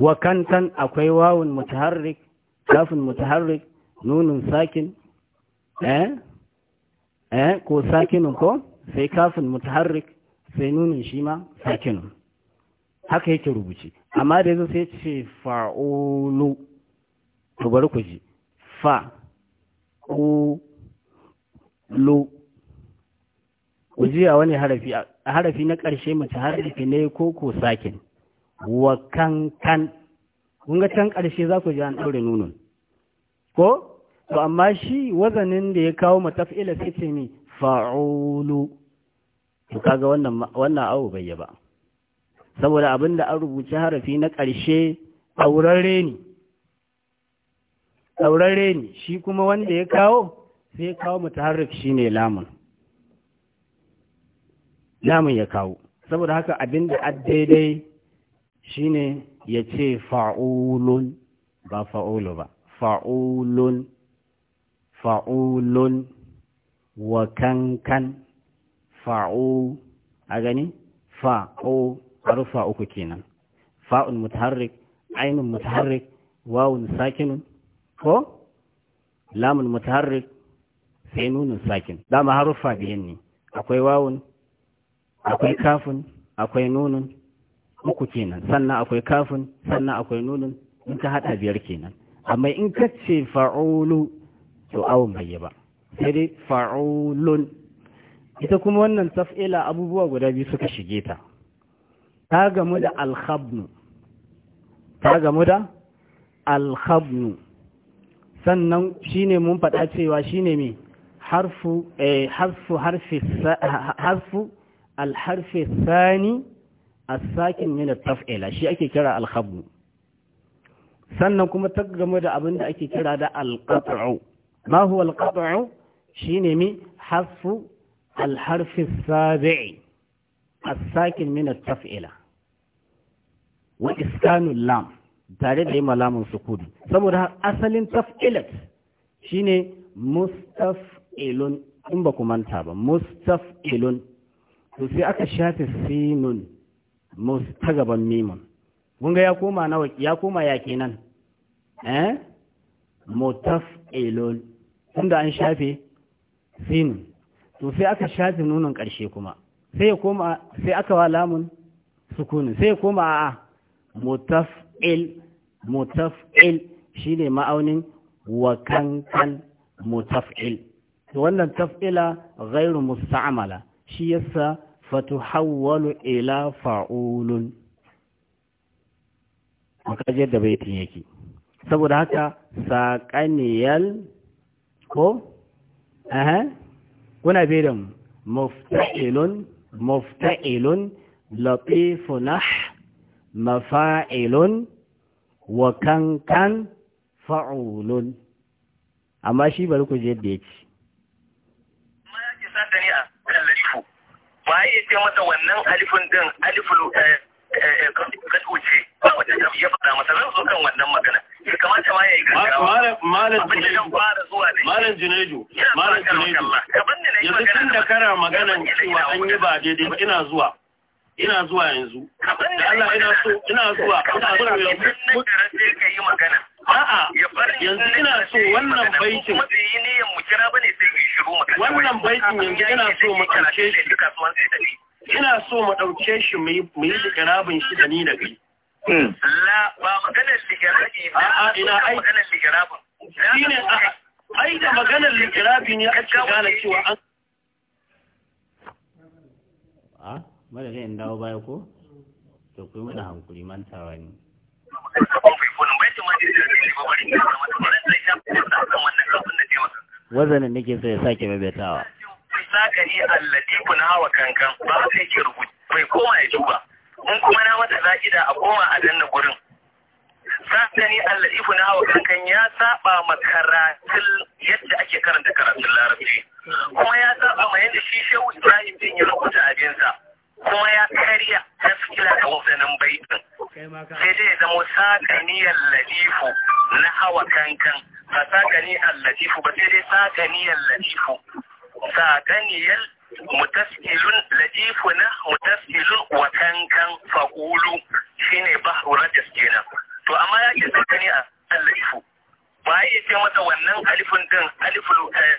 wa kantan akwai wawun mutaharrik kafin mutaharrik nunun sakin eh eh ko sakinun ko sai kafin mutaharrik sai nunin shi ma sakinun haka yake rubuci amma da yanzu sai ce fa'ulu to bari ku ji fa ku lu ku ji a wani harafi harafi na ƙarshe mutaharrik ne ko ko sakin wa kankan kunga ga can ƙarshe za ku ji an ɗaure nunun ko to amma shi wazanin da ya kawo mataf'ila sai ce ni fa'ulu to kaga wannan wannan awo bai ba saboda abinda an rubuci harafi na ƙarshe aurare ne aurare ne shi kuma wanda ya kawo sai kawo mutaharrif shine lamun lamun ya kawo saboda haka abinda a daidai shine ya ce fa'ulun ba fa'ulu ba fa'ulun fa'ulun wa kankan fa'u a gani fa’u harufa uku kenan fa'un mutaharrik ainun mutaharrik wawun sakinun ko lamun mutaharrik sai nunun sakin dama harufa biyan ne akwai wawun akwai kafin akwai nunun uku kenan sannan akwai kafin sannan akwai nunin in ka haɗa biyar kenan amma in ka ce fa'ulu to awon bai ba sai dai fa'ulun ita kuma wannan taf'ila abubuwa guda biyu suka shige ta ta gamu da alhabnu ta gamu da alhabnu sannan shine mun faɗa cewa shine mai harfu eh, harfu harfi harfu alharfi sani as-sakin min at-taf'ila shi ake kira al sannan kuma ta game da abin da ake kira da al-qat'u ma huwa al-qat'u shine mi hasfu al-harf as-sabi'i as-sakin min at-taf'ila wa iskanu lam tare da yi malamin sukudi saboda asalin taf'ilat shine mustaf'ilun in ba ku manta ba mustaf'ilun to sai aka shafe sinun mustagaban mimun kun ga ya koma nawa ya koma ya kenan eh mutaf'ilun tunda an shafe sin to sai aka shafe nunin ƙarshe kuma sai ya koma sai aka wa lamun sukunin sai ya koma a mutaf'il mutaf'il shine ma'aunin wa kankan mutaf'il to wannan taf'ila ghairu musta'mala shi yasa fatuhawwalu ila fa'ulun makaji da baitin yake saboda haka saƙaniyal ko aha kuna bidan mufta'ilun mufta'ilun latifunah mafa'ilun wa kankan fa'ulun amma shi bari ku je da yake ya ce mata wannan alifin din alifin eh, eh, eh, kaduce ba ya faɗa masa zan zo kan wannan magana ya kamata ma ya yi gaggawa malam junaidu malam junaidu malam yanzu tun da kara maganan cewa an yi ba daidai ba ina zuwa ina zuwa yanzu Allah ina so ina zuwa ina so ya mutu kai yi magana a'a yanzu ina so wannan baitin mu kira bane sai ka shiru magana wannan baitin yanzu ina so mu kace shi ina so mu dauke shi mu yi mu yi dikarabin shi da ni da kai hmm. la ba maganar digarabi ba a'a ina ai maganar digarabin shine ai da maganar digarabi ne aka gane cewa an mara zai dawo baya ko to ku mana hankuri mantawa ne wazanin nake so ya sake maimaitawa zakari allatifu na hawa kankan ba sai ke rubuta bai koma ya duba in kuma na mata za'ida a koma a danna gurin sakani allatifu na hawa kankan ya saba ma karatun yadda ake karanta karatun larabci kuma ya saba ma yadda shi shehu ibrahim din ya rubuta abinsa kuma ya karya taskila da wazanin baitin sai dai zama sakaniyar latifu na hawa kankan ba sakaniyar latifu ba sai dai sakaniyar latifu sakaniyar mutaskilun latifu na mutaskilun wa kankan fa'ulu shine bahru rajas kenan to amma ya ce sakaniyar latifu ba ya ce mata wannan alifin din alifin eh,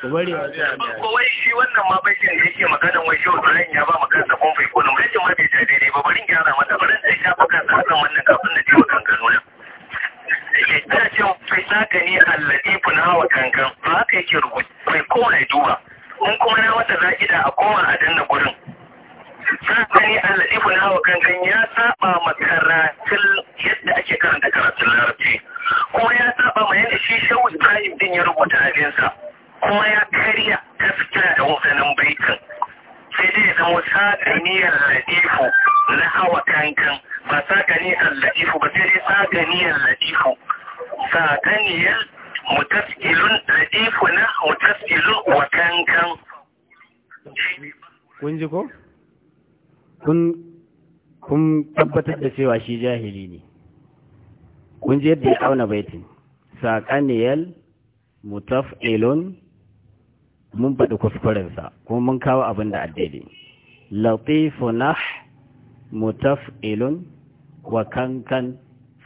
ku bari wa ta ko wai shi wannan ma bai da yake maganar wai shi wannan ya ba maka sa kun fai ko nan kace ma bai da daidai ba barin gyara mata barin sai ka baka da hakan wannan kafin da ciwo kan kanu ya ta ce fai saka ne alladi funa wa kankan ba haka yake rubuta fai ko ya duba in kuma na wata za'ida a koma a danna gurin saka ni alladi funa wa kankan ya saba makaratun yadda ake karanta karatun larabci kuma ya saba ma yadda shi shehu Ibrahim din ya rubuta abinsa. kuma ya karya gaskiya da wasanin baitin sai dai ya zama saganiyar ladifu na hawa kankan ba saganiyar ladifu ba sai dai saganiyar latifu saganiyar mutaskilun ladifu na mutaskilun wa kankan kun ji ko? kun tabbatar da cewa shi jahili ne kun ji yadda ya auna baitin saƙaniyal mutaf'ilun mun faɗi kuskurensa kuma mun kawo abin da addini latifu ah, mutaf'ilun wa kankan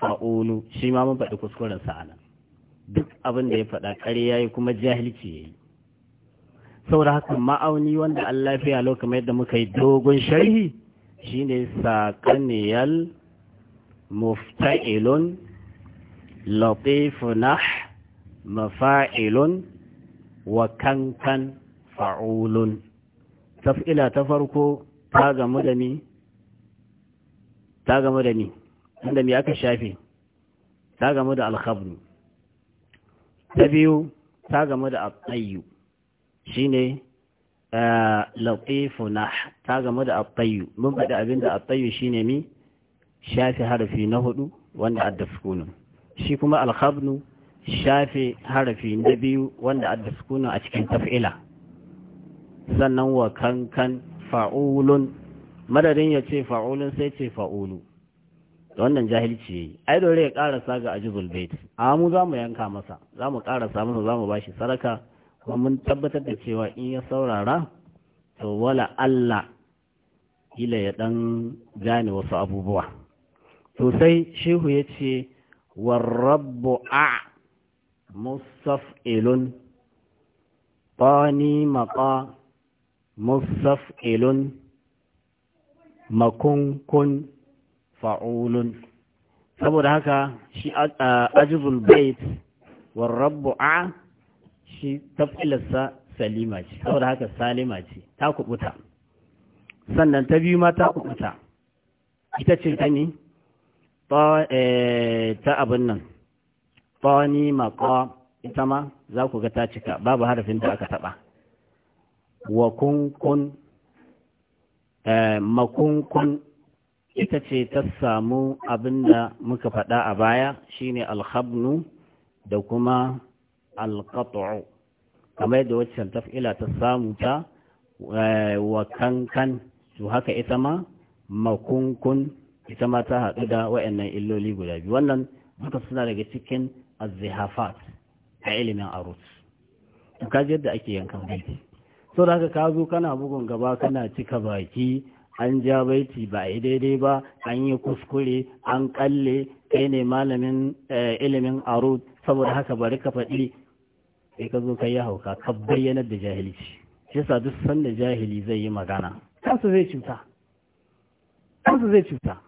fa'ulu shi ma mun faɗi kuskurensa a nan duk abin da ya faɗa ƙarya yi kuma jahilci ya yi saboda haka ma'auni wanda an lafiya lokacin yadda muka yi dogon sharhi shine sakaniyal mufta'ilun latifun nah mafa'ilun wa kankan fa'ulun taf'ila ta farko ta gamu da ni ta gamu da ni inda mi aka shafe ta gamu da alkhabru ta biyu ta gamu da atayyu shine eh, latifuna ta gamu da atayyu mun faɗi abinda atayyu shine mi shafe harfi na hudu wanda addafkunun shi kuma alkhabnu shafe harafi na biyu wanda adda sukuna a cikin taf'ila sannan wa kankan fa'ulun madadin ya ce fa'ulun sai ce fa'ulu wannan jahilci ya yi. ai dole ya karasa ga ajizul bait a mu za mu yanka masa za mu karasa masa za mu bashi saraka kuma mun tabbatar da cewa in ya saurara to wala Allah ila ya dan gane wasu abubuwa to sai shehu ya ce warrabbu a mustaf'ilun ƙani maƙa mustaf'ilun makunkun fa'ulun saboda haka shi ajibul bait warrabu'a a shi tafilarsa salima ce saboda haka salima ce ta kubuta sannan ta biyu ma ta kubuta ita ce ta ne ta abin nan Tsawani maqam ita ma za ku ga ta cika babu harafin da aka taɓa wa kun eh, makunkun ita ce ta samu abin da muka faɗa a baya shi shine alhabnu da kuma alƙatu'u kamar yadda waccan taf'ila ta samu ta eh, wa kankan su haka ita ma makunkun ita ma ta haɗu da wa'annan illoli guda biyu wannan duka suna daga cikin azihafat a ilimin arus kaji yadda ake yankan baiti so da ka zo kana bugun gaba kana cika baki an ja baiti ba a daidai ba an yi kuskure an kalle kai ne malamin ilimin arus saboda haka bari ka faɗi sai ka zo ka yi hauka ka bayyanar da jahilci shi yasa duk sanda jahili zai yi magana kansa zai cuta kansa zai cuta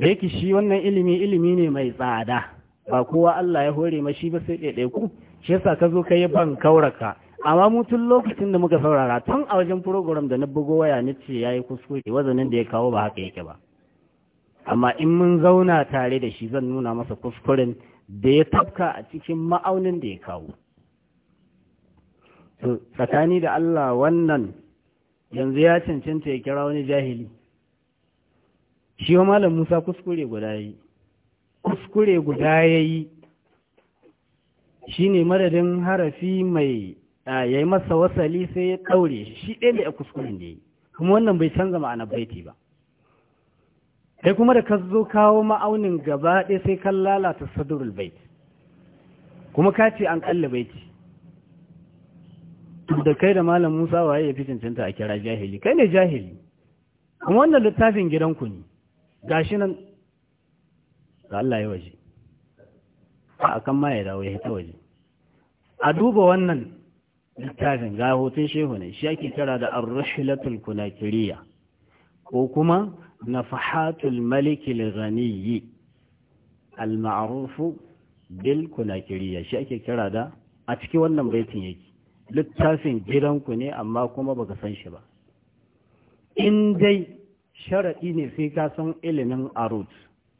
da yake shi wannan ilimi ilimi ne mai tsada ba kowa Allah ya hore mashi ba sai ku shi yasa ka zo ka yi ban kauraka amma mu tun lokacin da muka saurara tun a wajen program da na bugo waya na ce ya yi kuskure wazanin da ya kawo ba haka yake ba amma in mun zauna tare da shi zan nuna masa kuskuren da ya tafka a cikin ma'aunin da ya kawo tsakani da Allah wannan yanzu ya cancanta ya kira wani jahili shi wa malam Musa kuskure guda yi kuskure guda ya yi shi ne madadin harafi mai ya yi masa wasali sai ya ɗaure shi ɗaya ɗaya a kuskuren da ya yi kuma wannan bai canza ma'ana baiti ba kai kuma da ka zo kawo ma'aunin gaba ɗaya sai kan lalata sadurul bait kuma ka ce an ƙalla baiti da kai da malam musa waye ya fi cancanta a kira jahili kai ne jahili kuma wannan littafin gidanku ne gashi nan to Allah ya waje a kan ma ya dawo ya ta waje a duba wannan littafin ga hoton shehu ne shi ake kira da ar-rahilatul kunakiriya ko kuma nafahatul malik al-ghani al-ma'ruf bil kunakiriya shi ake kira da a ciki wannan baitin yake littafin gidanku ne amma kuma baka san shi ba in dai sharaɗi ne sai ka san ilimin arut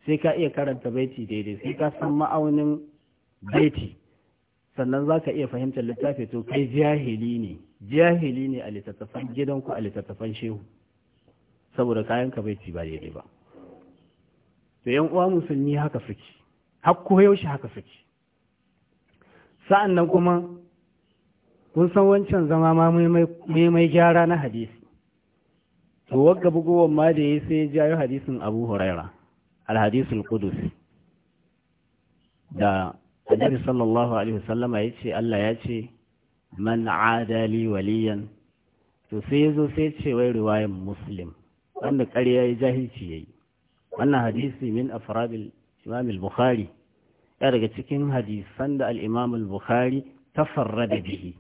sai ka iya karanta baiti daidai sai ka san ma'aunin baiti sannan za ka iya fahimtar littafi to kai jahili ne jahili ne a littattafan gidanku a littattafan shehu saboda kayan ka baiti ba daidai ba to yan uwa musulmi haka suke ko yaushe haka suke sa'an nan kuma kun san wancan zama ma mai gyara na hadisi to wagga bugowar ma da ya sai jayo hadisin abu huraira alhadisul qudus da annabi sallallahu alaihi wasallama ya ce Allah ya ce man adali waliyan to sai ya ce wai riwayan muslim wanda karya ya jahilci ya yi wannan hadisi min afradil imam al-bukhari ya daga cikin hadisan da al-imam al-bukhari tafarrada bihi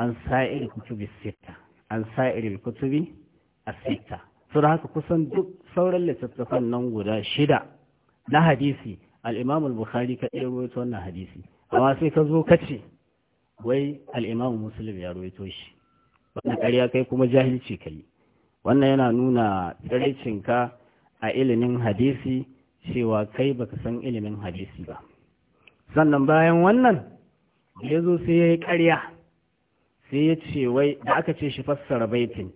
an sa'ir kutubi sita an sa'ir da haka kusan duk sauran littattafan nan guda shida na hadisi al'imam al-bukhari ka iya ruwaito wannan hadisi amma sai ka zo kace wai al'imam musulun ya ruwaito shi wannan ƙarya kai kuma jahilci kai wannan yana nuna tsiraicinka a ilimin hadisi cewa kai baka san ilimin hadisi ba sannan bayan wannan ya zo sai ya yi ƙarya sai ya ce wai da aka ce shi fassara baitin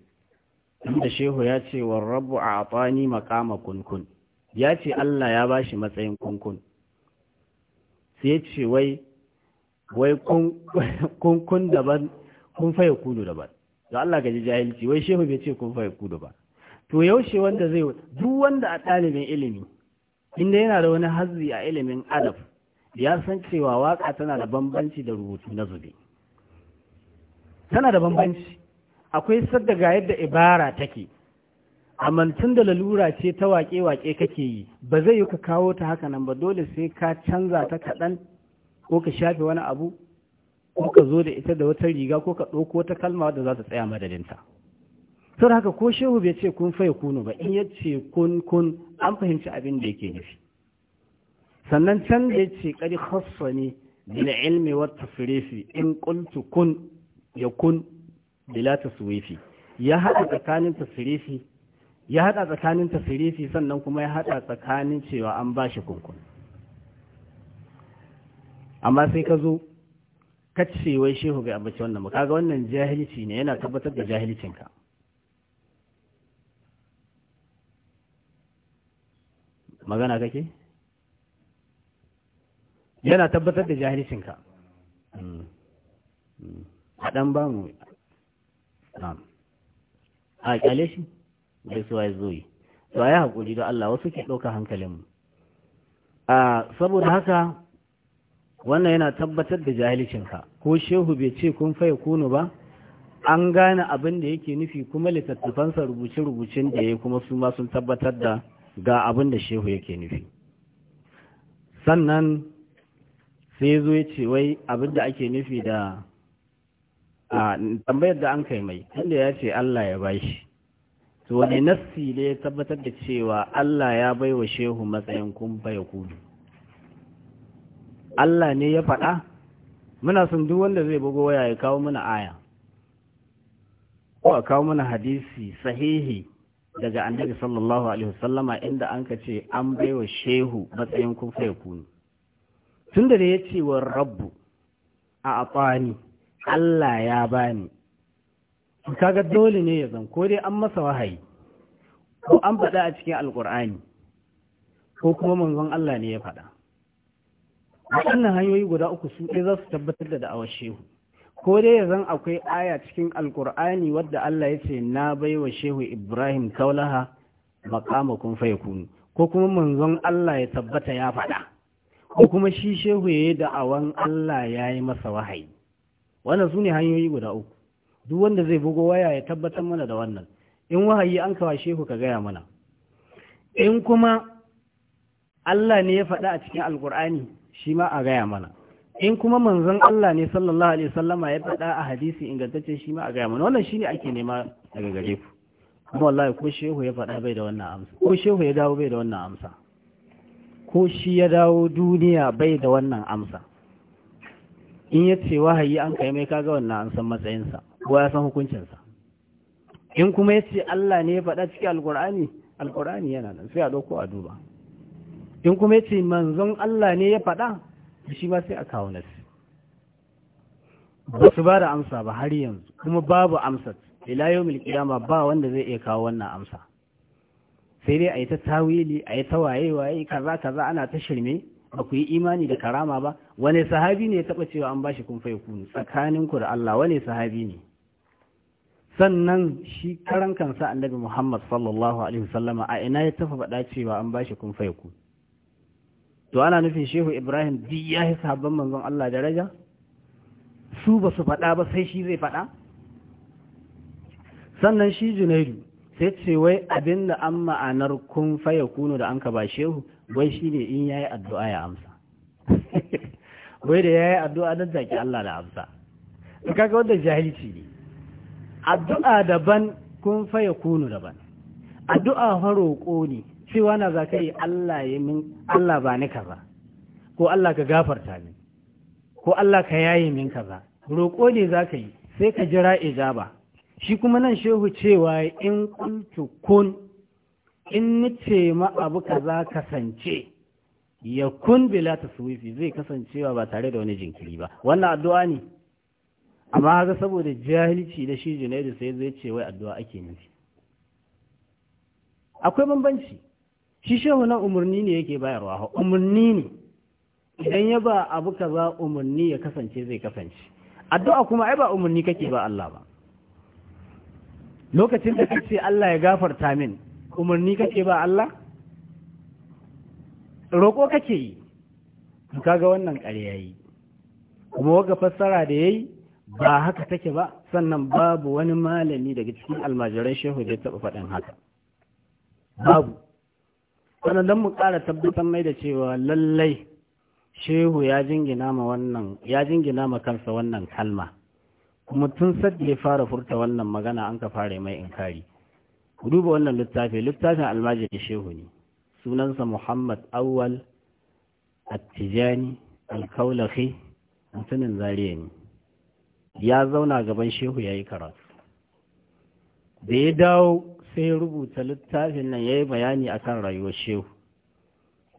da shehu ya ce wa rabu a Afani makama kunkun ya ce Allah ya ba shi matsayin kunkun sai ce wai wai kunkun daban kun faye kudu daban da Allah gaji jahilci wai shehu bai ce kun faye kudu ba to yaushe wanda zai duk wanda a ɗalibin ilimi inda yana da wani hazzi a ilimin adab ya san cewa waka tana da bambanci da rubutu na zube tana da bambanci akwai sadda ga yadda ibara take amma tun da lalura ce ta wake wake kake yi ba zai yi ka kawo ta haka nan ba dole sai ka canza ta kaɗan ko ka shafe wani abu ko ka zo da ita da wata riga ko ka ɗauko ta kalma da za ta tsaya madadinta sau haka ko shehu bai ce kun faye kuno ba in ya ce kun kun an fahimci abin da yake nufi sannan can da ya ce ƙari khassa ne ilmi wata firifi in qultu kun ya kun bila taswifi ya hada tsakanin tasrifi ya hada tsakanin tasrifi sannan kuma ya hada tsakanin cewa an ba shi kunkun amma sai ka zo ka ce wai shehu ga abace wannan ba kaga wannan jahilci ne yana tabbatar da jahilcinka magana kake yana tabbatar da jahilcinka hmm. hmm. a dan ba mu a kyale shi bai suwa ya yi to ayi hakuri don Allah wasu ke ɗauka hankalin mu a saboda haka wannan yana tabbatar da jahilcinka ko shehu bai ce kun faye kunu ba an gane abin da yake nufi kuma littattafansa rubuce-rubucen da ya kuma su ma sun tabbatar da ga abin da shehu yake nufi sannan sai zo ya ce wai abin da ake nufi da a tambayar da an kai mai inda ya ce Allah ya bashi to wani nassi ne ya tabbatar da cewa Allah ya bai wa shehu matsayin kumfa ya kudu Allah ne ya faɗa muna sun duk wanda zai bugo waya ya kawo mana aya ko a kawo mana hadisi sahihi daga annabi sallallahu alaihi wasallama inda an ka ce an bai wa shehu matsayin kumfa ya kudu tun da ya ce wa rabbu a afani Allah ya bani kaga dole ne ya zan ko dai an masa wahayi ko an faɗa a cikin alkur'ani ko kuma manzon Allah ne ya faɗa waɗannan hanyoyi guda uku su ɗaya za su tabbatar da da'awar shehu ko dai ya zan akwai aya cikin alkur'ani wadda Allah ya ce na baiwa shehu Ibrahim kaulaha fai kunu ko kuma manzon Allah ya tabbata ya faɗa ko kuma shi shehu ya yi da'awan Allah ya yi masa wahayi wannan su ne hanyoyi guda uku duk wanda zai bugo waya ya tabbatar mana da wannan in wahayi an kawo shehu ka gaya mana in kuma Allah ne ya faɗa a cikin alkur'ani shi ma a gaya mana in kuma manzon Allah ne sallallahu alaihi wasallama ya faɗa a hadisi ingantacce shi ma a gaya mana wannan shine ake nema daga gare ku kuma wallahi ko shehu ya faɗa bai da wannan amsa ko shehu ya dawo bai da wannan amsa ko shi ya dawo duniya bai da wannan amsa in ya ce wahayi an kai mai kaga wannan an san matsayinsa ko ya san hukuncinsa in kuma ya ce Allah ne ya faɗa cikin alkur'ani alkur'ani yana nan sai a ɗauko a duba in kuma ya ce manzon Allah ne ya faɗa shi ma sai a kawo nasi ba su ba da amsa ba har yanzu kuma babu amsa ila yau kiyama ba wanda zai iya kawo wannan amsa sai dai a yi ta tawili a yi ta waye waye kaza kaza ana ta shirme ba ku yi imani da karama ba wane sahabi ne ya taba cewa an bashi kun fai tsakanin ku da Allah wane sahabi ne sannan shi karan kansa annabi Muhammad sallallahu alaihi wasallama a ina ya tafa faɗa cewa an bashi kun fai to ana nufin shehu Ibrahim duk ya yi sahabban manzon Allah daraja su ba su faɗa ba sai shi zai faɗa sannan shi Junaidu sai ce wai abinda an ma'anar kun faya kunu da an ka ba shehu wai shi ne in ya yi addu'a ya amsa [laughs] wai da ya yi addu'a don zaki Allah da amsa in kaga wanda jahilci ne addu'a daban kun faya kunu daban addu'a roƙo ne cewa na za ka Allah ya min Allah ba ni kaza ko Allah ka gafarta ni ko Allah ka yaye min kaza roƙo ne za ka yi sai ka jira ijaba shi kuma nan shehu cewa in kuntu kun in nice ma abu kaza kasance ya kun bila taswifi zai kasancewa ba tare da wani jinkiri ba wannan addu'a ne amma haka saboda jahilci da shi junaidu sai zai ce wai addu'a ake nufi akwai bambanci shi shehu na umarni ne yake bayarwa umarni ne idan ya ba abu kaza umarni ya kasance zai kasance addu'a kuma ai ba umarni kake ba Allah ba lokacin da kace Allah ya gafarta min umarni kake ba Allah roƙo kake yi kaga wannan ƙarya yi kuma waga fassara da ya yi ba haka take ba sannan babu wani malami daga cikin almajiran shehu da ya taɓa faɗin haka babu sannan don mu ƙara tabbatar mai da cewa lallai shehu ya jingina ma ya jingina ma kansa wannan kalma kuma tun sadda ya fara furta wannan magana an ka fara mai inkari ku duba wannan littafi littafin almajiri shehu ne sunansa muhammad awwal attijani alkaulahi mutumin zariya ne ya zauna gaban shehu ya yi karatu da ya dawo sai ya rubuta littafin nan ya yi bayani akan rayuwar shehu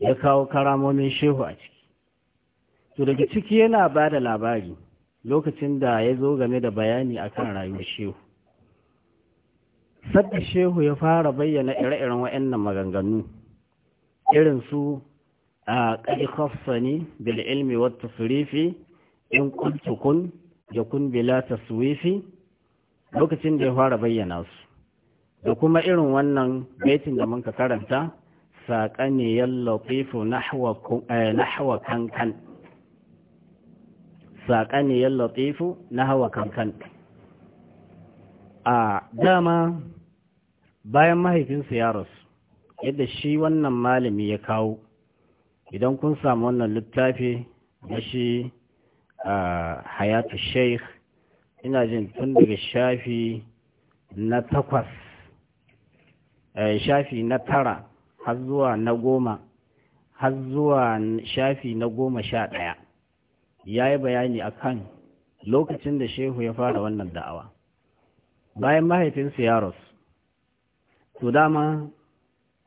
ya kawo karamomin shehu a ciki to daga ciki yana ba da labari lokacin da ya zo game da bayani akan rayuwar shehu sadda shehu ya fara bayyana ire-iren wa'annan maganganu irin su a ƙari khafsani bil ilmi wa tasrifi in kuntu kun ya kun bila taswifi lokacin da ya fara bayyana su da kuma irin wannan baitin da muka karanta saƙani yallafifu eh, nahwa kankan saƙani yallafifu nahwa kankan a dama bayan mahaifinsa ya rasu yadda shi wannan malami ya kawo idan kun samu wannan littafi na shi a hayatu sheikh ina jin tun daga shafi na takwas eh, shafi na tara har zuwa na goma har zuwa shafi na goma sha ɗaya ya yi bayani akan lokacin da shehu ya fara wannan da'awa bayan mahaifinsa ya rasu to dama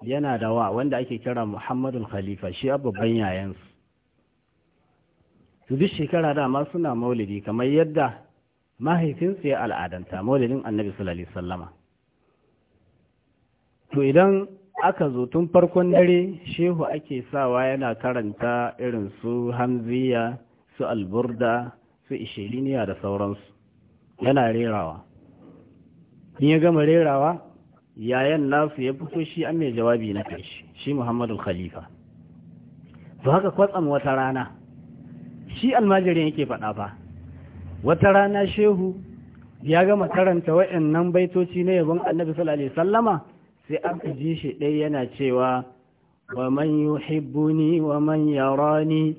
yana da wa wanda ake kira Muhammadu khalifa shi babban yayansu Su duk shekara dama suna maulidi kamar yadda mahaifinsu ya al'adanta maulidin annabi sallallahu Sallama. to idan aka zo tun farkon dare shehu ake sawa yana karanta irin su hamziya su alburda su ishiliniya da sauransu yana rerawa in ya gama rerawa yayan nasu ya fito shi an mai jawabi na karshe shi muhammadu khalifa to haka kwatsam wata rana shi almajirin yake faɗa ba wata rana shehu ya gama karanta wa'annan baitoci na yabon annabi sallallahu sallama sai an ji shi ɗaya yana cewa wa man yuhibbuni wa man yarani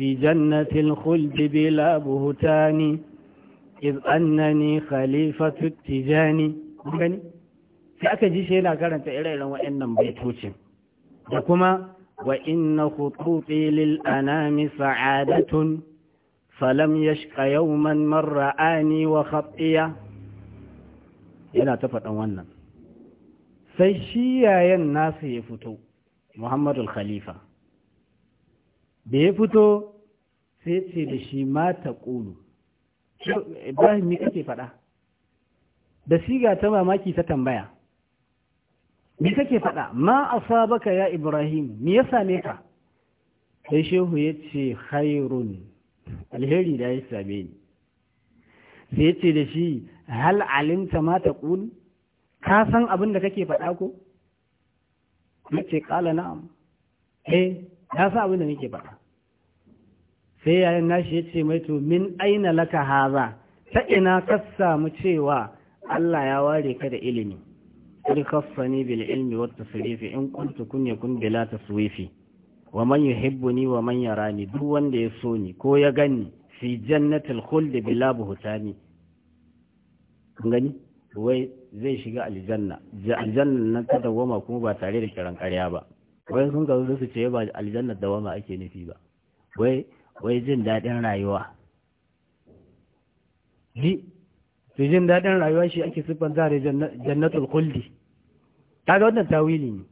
fi jannatil khuldi bila buhtani iz annani khalifatu tijani sai aka ji shi yana karanta ire-iren waɗannan baitocin da kuma wa inna khututi lil anami sa'adatun falam yashqa yawman marra'ani wa khatiya yana ta faɗan wannan sai shi yayan nasa ya fito Muhammadu Khalifa da ya fito sai ce da shi mata ƙulu ibrahim ne kake faɗa da siga ta mamaki ta tambaya me kake faɗa ma asabaka ya ibrahim me ya same ka sai shehu ya ce khairun alheri da ya same ni sai ya ce da shi hal alimta ma ta ƙuni ka san abin da kake faɗa ko? mace ƙala na'am eh ya sa abin da nake faɗa sai yayin nashi ya ce mai to min aina laka haza ta ina ka samu cewa Allah ya ware ka da ilimi kul khassani bil ilmi wat tasrifi in kuntu kun bila taswifi wa man yuhibbuni wa man yarani duk wanda ya so ni ko ya gani fi jannatil khuld bila buhtani kun gani wai zai shiga aljanna aljanna nan ta dawama kuma ba tare da kiran karya ba wai sun ga su ce ba aljanna dawama ake nufi ba wai wai jin daɗin rayuwa ji su jin daɗin rayuwa shi ake siffan zare jannatul Ta ga wannan tawili ne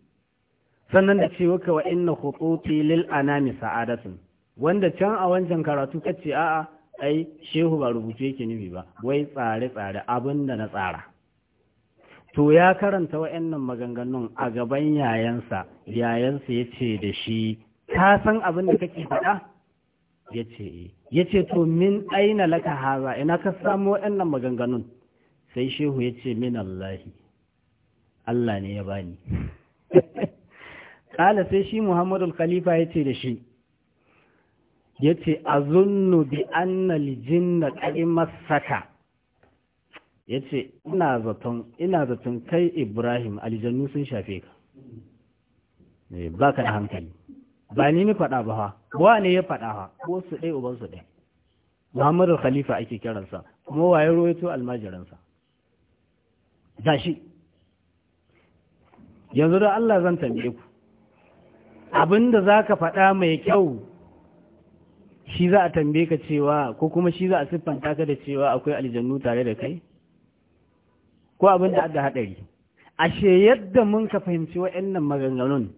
sannan da ce waka wa inna khututi lil anami sa'adatun wanda can a wancan karatu ce a'a ai shehu ba rubutu yake nufi ba wai tsare tsare abinda na tsara to ya karanta wa'annan maganganun a gaban yayansa yayansa ya ce da shi ka san abin da kake faɗa ya ce ya to min aina laka haza ina ka samu waɗannan maganganun sai shehu ya ce min Allahi Allah ne ya bani ƙala sai shi Muhammadu Khalifa ya ce da shi ya ce a zunnu bi annal jinna ƙa'imar saka ya ce ina zaton kai Ibrahim aljannu sun shafe ka eh, ba ka da hankali ba ni ni faɗa ba ne ya faɗa ha ko su ɗaya uban su ɗaya muhammadu khalifa ake kiransa kuma waye ruwaito almajiransa da shi yanzu da Allah zan tambaye ku abinda za ka faɗa mai kyau shi za a tambaye ka cewa ko kuma shi za a siffanta ka da cewa akwai aljannu tare da kai ko abinda da haɗari ashe yadda mun ka fahimci wa'annan maganganun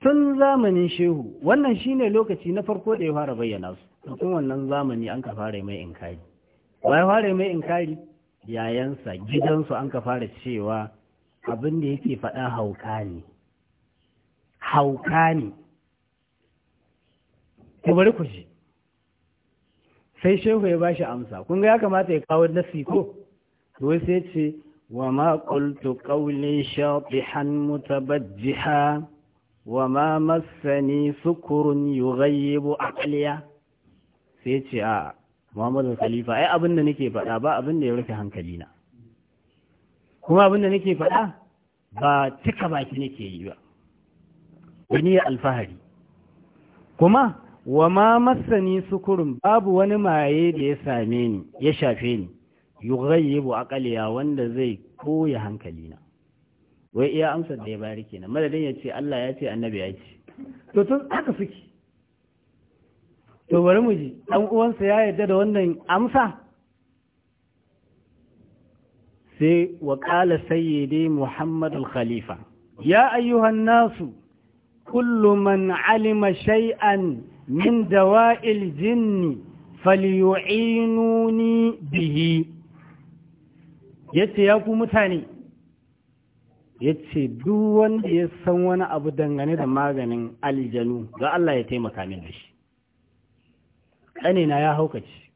tun zamanin shehu wannan shine lokaci na farko da ya fara bayyana su tun wannan zamani an ka fara mai inkari wa ya fara mai inkari yayansa gidansu an ka fara cewa abin da yake faɗa hauka ne hauka ne ku bari ku ji sai shehu ya bashi amsa kun ga ya kamata ya kawo nasi ko to sai ce wa ma qultu qawli shatihan mutabajjiha masani sukurun سكر يغيب عقليا sai ce a Muhammadu Khalifa ai abin da nake faɗa ba abin da ya rufe hankalina kuma abin da nake faɗa ba cika baki nake yi ba wani ya alfahari kuma wa ma masani sukurun babu wani maye da ya same ni ya shafe ni yughayyibu aqliya wanda zai koya hankalina wai iya amsar da ya bayar kenan madadin ya ce Allah ya ce annabi ya ce to tun haka suke to bari mu ji dan uwansa ya yarda da wannan amsa sai wa qala sayyidi muhammad al-khalifa ya ayyuhan nasu kullu man alima shay'an min dawa'il jinni falyu'inuni bihi yace ya ku mutane ya ce duk wanda ya san wani abu dangane da maganin aljanu ga Allah ya taimaka min da shi ƙanina ya haukace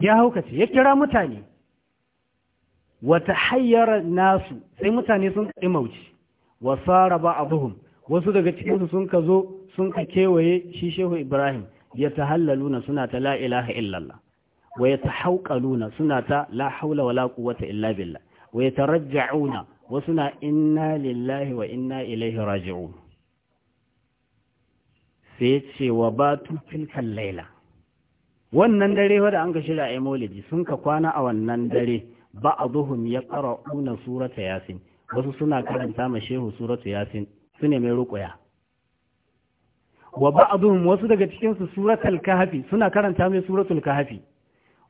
ya haukaci ya kira mutane wata hayyar nasu sai mutane sun kaɗi mauci wa tsara ba wasu daga cikinsu sun ka zo sun ka kewaye shi shehu ibrahim ya ta hallaluna suna ta la'ilaha ilaha illallah wa ya ta hauƙaluna suna ta la haula wa illa billah wa yatarajja'una wasu na inna lillahi wa inna ilaihi raji'un sai ce wa batu tilkal laila wannan dare wanda an ka shirya a maulidi sun ka kwana a wannan dare ba'dhum yaqra'una surata yasin wasu suna karanta ma shehu suratu yasin su ne mai wa wasu daga cikin suna karanta mai suratul kahfi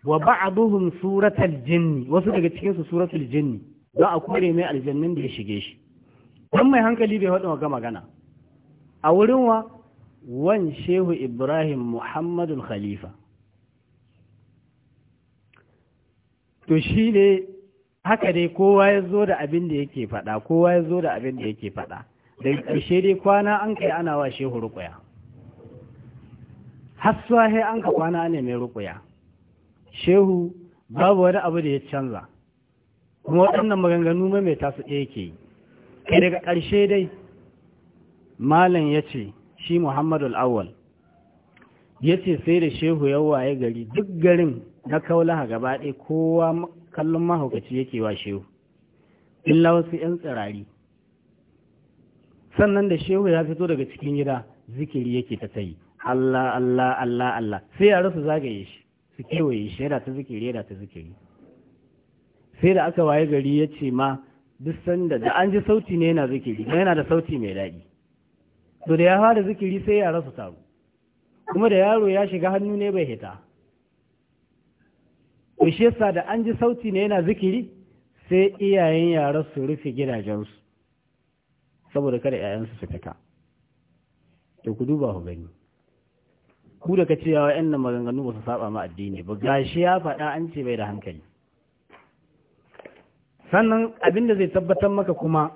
wa ba'duhum suratal jini, wasu daga cikin su suratul jinni da a kore mai aljannin da ya shige shi dan mai hankali bai hada ga magana a wurin wa wan shehu ibrahim muhammadul khalifa to shi ne haka dai kowa ya zo da abin da yake faɗa kowa ya zo da abin da yake faɗa daga karshe dai kwana an kai ana wa shehu ruƙuya har an ka kwana ne mai ruƙuya shehu babu wani abu da ya canza kuma waɗannan maganganu mai tasu ɗaya ke yi kai daga ƙarshe dai malam ya ce shi muhammadu al'awwal ya ce sai da shehu ya waye gari duk garin na kaulaha gaba ɗaya kowa kallon mahaukaci yake wa shehu illa wasu 'yan tsirari sannan da shehu ya fito daga cikin gida zikiri yake ta tayi Allah Allah Allah Allah sai ya su zagaye shi su kewaye shi yana ta zikiri yana ta zikiri sai da aka waye gari ya ce ma duk sanda da an ji sauti ne yana zikiri kuma yana da sauti mai daɗi to da ya fara zikiri sai yara su taru kuma da yaro ya shiga hannu ne bai hita to shi yasa da an ji sauti ne yana zikiri sai iyayen yara su rufe gidajensu saboda kada 'ya'yansu su fita to ku duba ku gani ku da ka ce yawa yan nan maganganu ba su saba ma addini ba shi ya faɗa an ce bai da hankali sannan abin da zai tabbatar maka kuma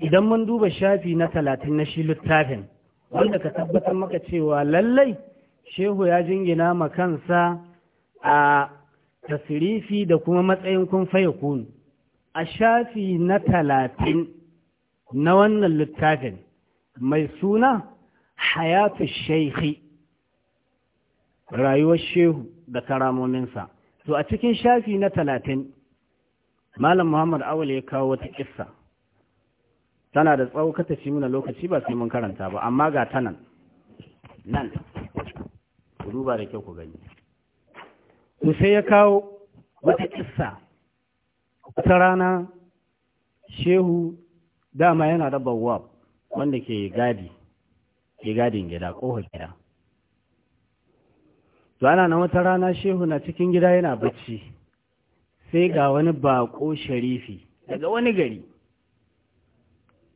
idan mun duba shafi na talatin na shi littafin wanda ka tabbatar maka cewa lallai shehu ya jingina ma kansa a tasirifi da kuma matsayin kun faye kunu a shafi na talatin na wannan littafin mai suna hayatu shaikhi rayuwar shehu da karamominsa to a cikin shafi na talatin malam muhammad awal ya kawo wata kissa tana da tsawo ka tafi muna lokaci ba sai mun karanta ba amma ga ta nan nan ku duba da kyau ku gani ku sai ya kawo wata kissa wata rana shehu dama yana da bawab wanda ke gadi ke gadin gida ƙofar gida to ana na wata rana shehu na cikin gida yana bacci sai ga wani bako sharifi daga wani gari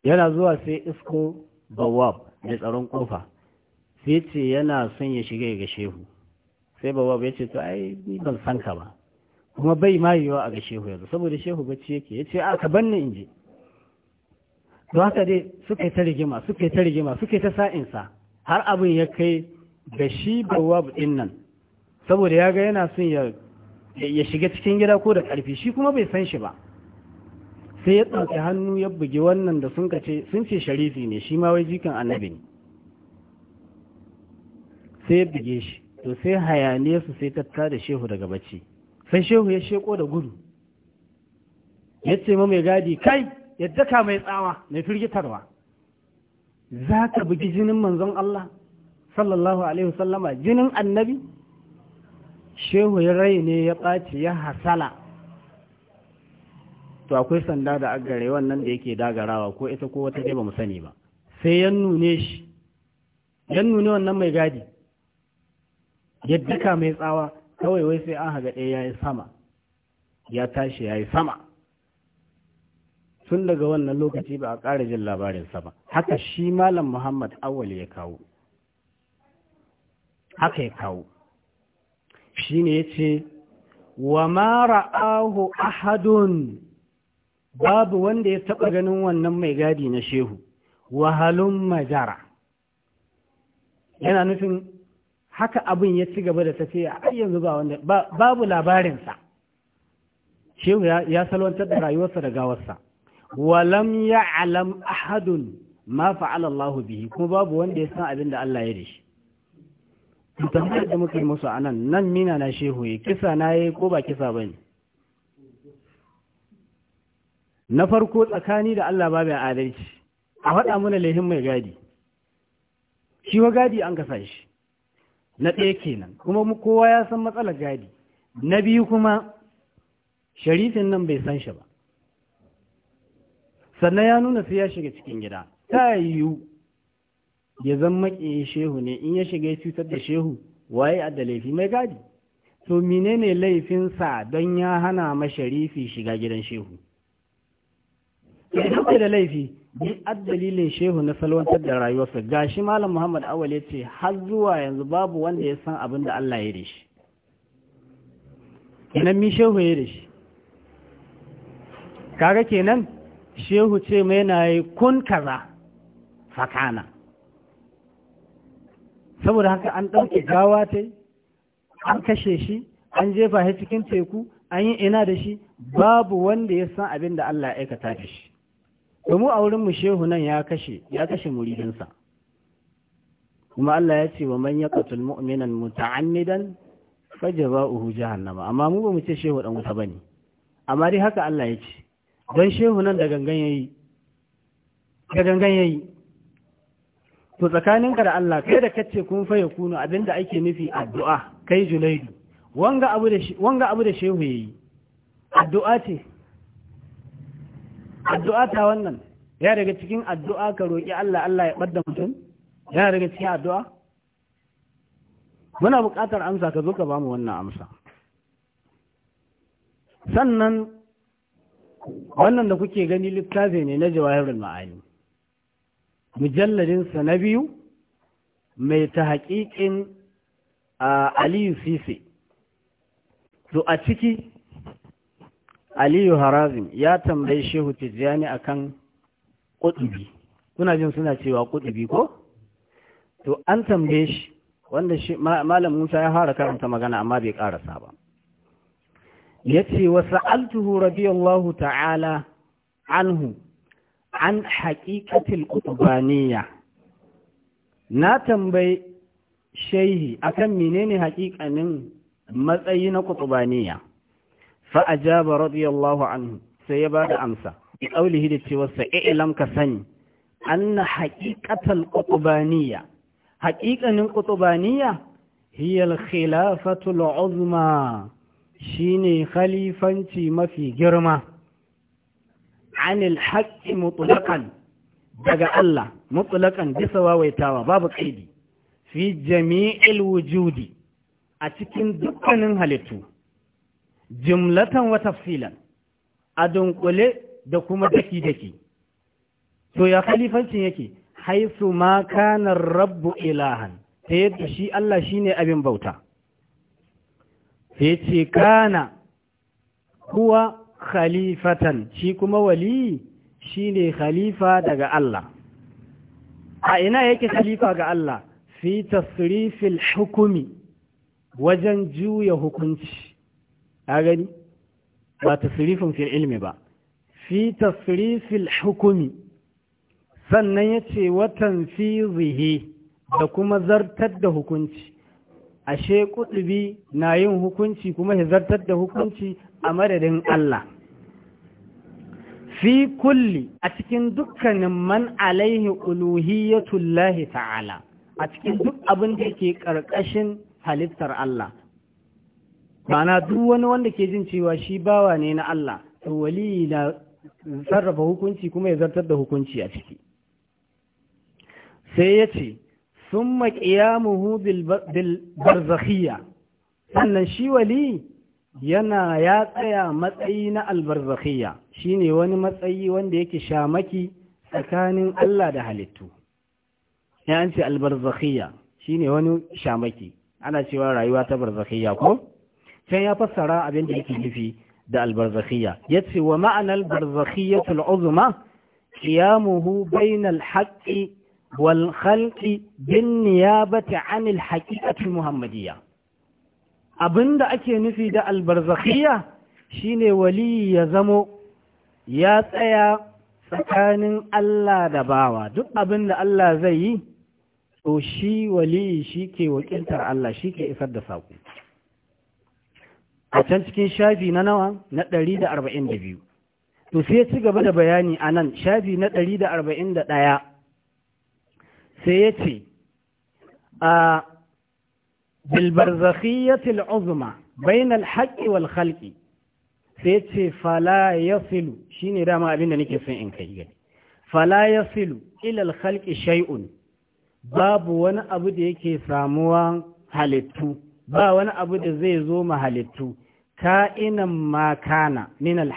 yana zuwa sai isko bawab da tsaron kofa sai ce yana son ya shiga ga shehu sai bawab ya ce to ai ni ban san ka ba kuma bai ma yiwa a ga shehu yanzu saboda shehu bacci yake ya ce a ka ni in je to haka dai suka yi ta rigima suka yi ta rigima suka yi ta sa'insa har abin ya kai ga shi bawab din nan saboda ya ga yana son ya shiga cikin gida ko da ƙarfi shi kuma bai san shi ba sai ya ɗauki hannu ya bugi wannan da sun ce sun ce sharifi ne shi ma wai jikin annabi ne sai ya buge shi to sai hayane su sai tatta da shehu daga bacci sai shehu ya sheko da gudu ya ce ma mai gadi kai yadda ka mai tsawa mai firgitarwa za ka bugi jinin manzon Allah sallallahu alaihi wasallama jinin annabi shehu ya rai ne ya ɓaci ya hasala to akwai sanda da agare wannan da yake dagarawa ko ita ko wata ba mu sani ba sai ya nune shi ya nune wannan mai gadi yadda mai tsawa kawai wai sai an haga ɗaya ya yi sama ya tashi ya yi sama tun daga wannan lokaci ba a ƙara jin labarinsa ba haka shi malam muhammad awal ya kawo haka ya kawo shine yace wa ma ra'ahu ahadun babu wanda ya taɓa ganin wannan mai gadi na shehu wahalun majara yana nufin haka abin ya ci gaba da ce a yanzu ba wanda babu labarinsa shehu ya salwantar da rayuwarsa da gawarsa walam ya alam ahadun ma fa'ala bihi kuma babu wanda ya san abin da Allah ya shi tambayar da muka yi musu a nan nan mina na shehu ya kisa na yi ko ba kisa ba ne na farko tsakani da Allah ba mai adalci a faɗa mana lehin mai gadi shi gadi an kasa shi na ɗaya kenan kuma kowa ya san matsalar gadi na biyu kuma sharifin nan bai san shi ba sannan ya nuna sai ya shiga cikin gida ta yiwu ya zan maƙi shehu ne in ya shiga ya cutar da shehu waye a da laifi mai gadi to menene laifinsa don ya hana masharifi shiga gidan shehu ya da laifi bi dalilin shehu na salwantar da rayuwarsa gashi malam muhammad awal ya ce har zuwa yanzu babu wanda ya san abin da allah ya shi. kenan mi shehu ya dashi kaga kenan shehu ce mai na yi kun kaza fakana saboda haka an ɗauke gawa ta an kashe shi an jefa shi cikin teku an yi ina da shi babu wanda ya san abin da Allah ya aikata da shi domin a wurin mu shehu nan ya kashe ya kashe muridinsa kuma Allah ya ce wa man yaqtul mu'mina muta'ammidan fajaba'uhu jahannama amma mu ba mu ce shehu dan wuta bane amma dai haka Allah ya ce don shehu nan da gangan yayi da gangan yayi to tsakaninka da Allah kai da kace kun fa yakunu abinda ake nufi addu'a kai Junaidi wanga abu da wanga abu da shehu yayi addu'a ce addu'a ta wannan ya daga cikin addu'a ka roki Allah Allah ya bada mutum ya daga cikin addu'a muna buƙatar amsa ka zo ka bamu wannan amsa sannan wannan da kuke gani littafi ne na jawahirul ma'ani mujalladinsa na biyu mai ta haƙiƙin aliyu sisi to a ciki aliyu harazim ya tambayi shehu tijjani akan kutubi kuna jin suna cewa kutubi ko to an tambaye shi wanda malam musa ya fara karanta magana amma bai karasa ba yace wa sa'altuhu rabiyallahu ta'ala anhu an haƙiƙatil kutubaniya na tambayi shehi akan menene haƙiƙanin matsayi na kutubaniya fa ajaba radiyallahu anhu sai ya da amsa bi qawlihi da cewa sa ilam ka sani an haqiqatal qutbaniyya haqiqanin qutbaniyya Hiyal al khilafatu al Shi shine khalifanci mafi girma anil haƙƙi mutlaqan daga Allah mutlaqan bisa wawaitawa babu ƙaidi fi jami'il wujudi a cikin dukkanin halittu jimlatan wa tafsilan a dunkule da kuma daki-daki to ya khalifancin yake haisu ma kana rabbu ilahan ta yadda shi Allah shine abin bauta sai ce kana kuwa? khalifatan shi kuma wali shi ne khalifa daga Allah a ina yake khalifa ga Allah fi tasrifil hukumi wajen juya hukunci a gani ba tasrifin fil ilmi ba fi tasrifil hukumi sannan ya ce watan fi zihi da kuma zartar da hukunci ashe kudubi na yin hukunci kuma ya zartar da hukunci a madadin Allah fi kulli a cikin dukkanin man alaihi uluhiyatullahi ta'ala a cikin duk abin da ke ƙarƙashin halittar Allah bana duk wani wanda ke jin cewa shi bawa ne na Allah to wali na sarrafa hukunci kuma ya zartar da hukunci a ciki sai ya ce sun maƙiya muhu bil sannan shi wali yana ya tsaya matsayi na albarzakhiyya shine wani matsayi wanda yake shamaki tsakanin Allah da halittu ya an ce albarzakhiyya shine wani shamaki ana cewa rayuwa ta barzakhiyya ko sai ya fassara abin da yake nufi da albarzakhiyya yace wa ma'anar barzakhiyatul uzma qiyamuhu bainal haqqi wal khalqi bin niyabati anil haqiqati muhammadiyya Abin da ake nufi da albarzakhiya shine wali ya zamo ya tsaya tsakanin Allah da bawa duk abin da Allah zai yi to shi wali shi ke wakiltar Allah shi ke isar da saƙo a can cikin shafi na nawa na 142 to sai ci gaba da bayani a nan shafi na 141 sai ya ce a bilbarzakhiyatil uzma bainal haqqi wal khalqi sai ce fala yasilu shine dama abin da nake son in kai gani fala yasilu ila al khalqi shay'un babu wani abu da yake samuwa halittu ba wani abu da zai zo ma halittu ka'inan ma kana min al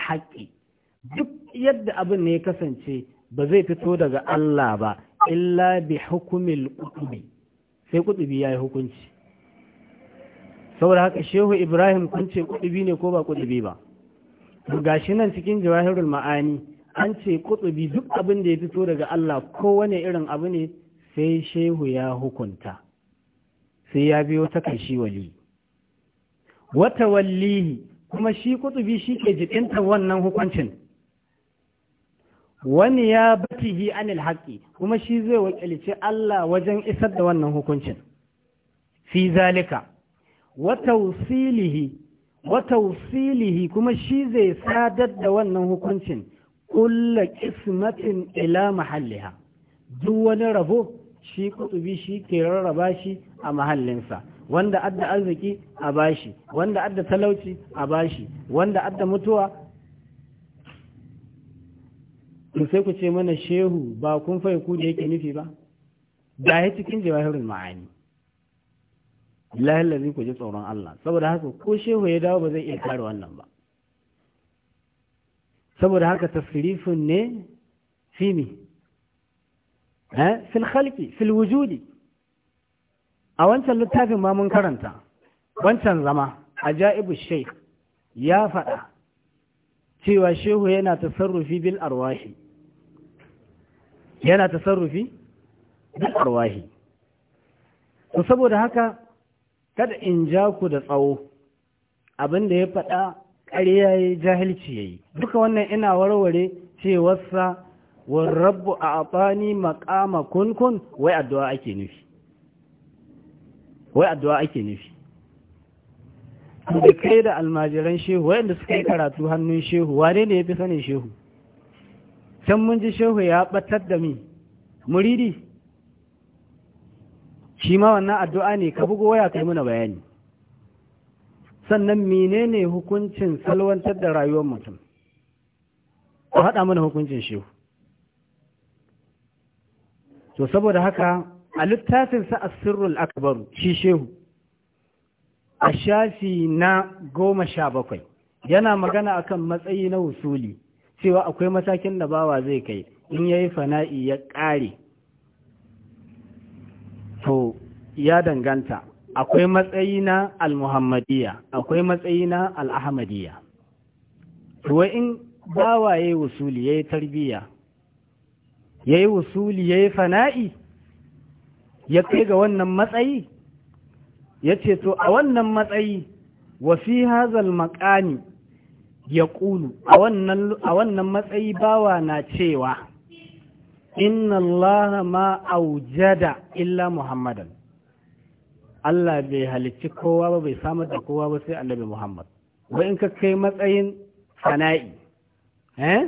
duk yadda abun ne ya kasance ba zai fito daga Allah ba illa bi hukumil qutubi sai qutubi yayi hukunci saboda haka shehu ibrahim kun ce kudubi ne ko ba kudubi ba ga shi nan cikin jawahirul ma'ani an ce kudubi duk abin da ya fito daga Allah kowane irin abu ne sai shehu ya hukunta sai ya biyo ta shi wali wata wallihi kuma shi kutubi shi ke jikinta wannan hukuncin wani ya batihi anil haƙi kuma shi zai wakilci Allah wajen isar da wannan hukuncin fi zalika wa tawsilihi kuma shi zai sadar da wannan hukuncin kulla qismatin ila mahalliha duk wani rabo shi kutubi shi ke rarraba shi a mahallinsa wanda adda arziki a bashi wanda adda talauci a bashi wanda adda mutuwa in sai ku ce mana shehu ba kun faiku da yake nufi ba da ya cikin jawahirin ma'ani billahi lazi ku ji tsoron Allah saboda haka ko shehu ya dawo ba zai iya kare wannan ba saboda haka tasrifun ne mi eh fil khalqi fil wujudi a wancan littafin ma mun karanta wancan zama ajaibu shaykh ya faɗa cewa shehu yana tasarrufi bil arwahi yana tasarrufi bil arwahi to saboda haka kada in ja ku da tsawo abin da ya faɗa ƙarya ya yi jahilci ya yi duka wannan ina warware cewarsa Wani rabbu a afani makama kunkun wai addu'a ake nufi wai addu'a ake nufi da kai da almajiran shehu wayanda suka yi karatu hannun shehu wane ne ya fi sanin shehu can mun ji shehu ya batar da mi muridi shi ma wannan addu'a ne ka bugo waya kai muna bayani sannan menene hukuncin salwantar da rayuwar mutum ko haɗa mana hukuncin shi to saboda haka a littafinsa a sirrul akbaru shi shehu a shafi na goma sha bakwai yana magana akan matsayi na wusuli cewa akwai matakin da bawa zai kai in yayi fana'i ya ƙare to ya danganta akwai matsayi na al-muhammadiyya akwai matsayi na al-ahmadiyya to in wasuli ya yayi tarbiyya yayi ya yayi fana'i ya kai ga wannan matsayi yace to a wannan matsayi wa fi hazal maqami yaqulu a a wannan matsayi bawa na cewa inna allaha ma aujada illa muhammadan Allah bai halicci kowa ba bai samar da kowa ba sai annabi Muhammad ba in ka kai matsayin fana'i eh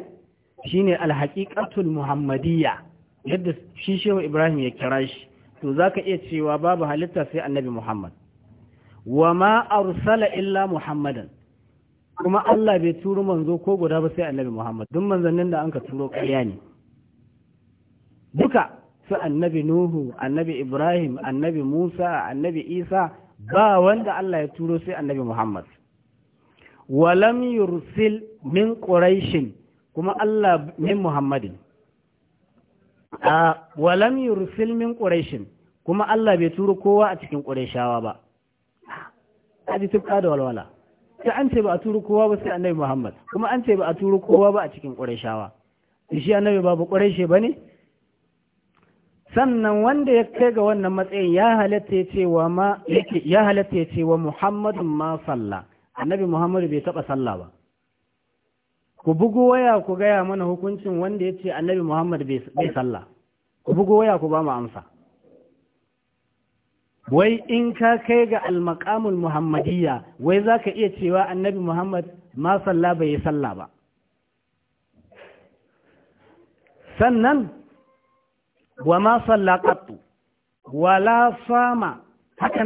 shine alhaqiqatul muhammadiyya yadda shi shehu Ibrahim ya kira shi to zaka iya cewa babu halitta sai annabi Muhammad wa ma arsala illa muhammadan kuma Allah bai turo manzo ko guda ba sai annabi Muhammad duk manzannin da anka turo ƙarya ne duka su annabi nuhu annabi ibrahim annabi musa annabi isa ba wanda allah ya turo sai annabi muhammad walam yursil min quraishin kuma allah min muhammadin walam yursil min quraishin kuma allah bai turo kowa a cikin quraishawa ba kaji tufka da walwala sai an ce ba a turo kowa ba sai annabi muhammad kuma an ce ba a turo kowa ba a cikin quraishawa shi annabi ba ba quraishi bane sannan wanda ya kai ga wannan matsayin ya halatta ya ce wa ma ya halatta ya ce wa Muhammadun ma salla annabi Muhammadu bai taba salla ba ku bugu waya ku gaya mana hukuncin wanda ya ce annabi Muhammadu bai salla ku bugu waya ku ba mu amsa wai in ka kai ga almaqamul muhammadiyya wai za ka iya cewa annabi Muhammad ma salla bai yi salla ba sannan wa ma wa wala sama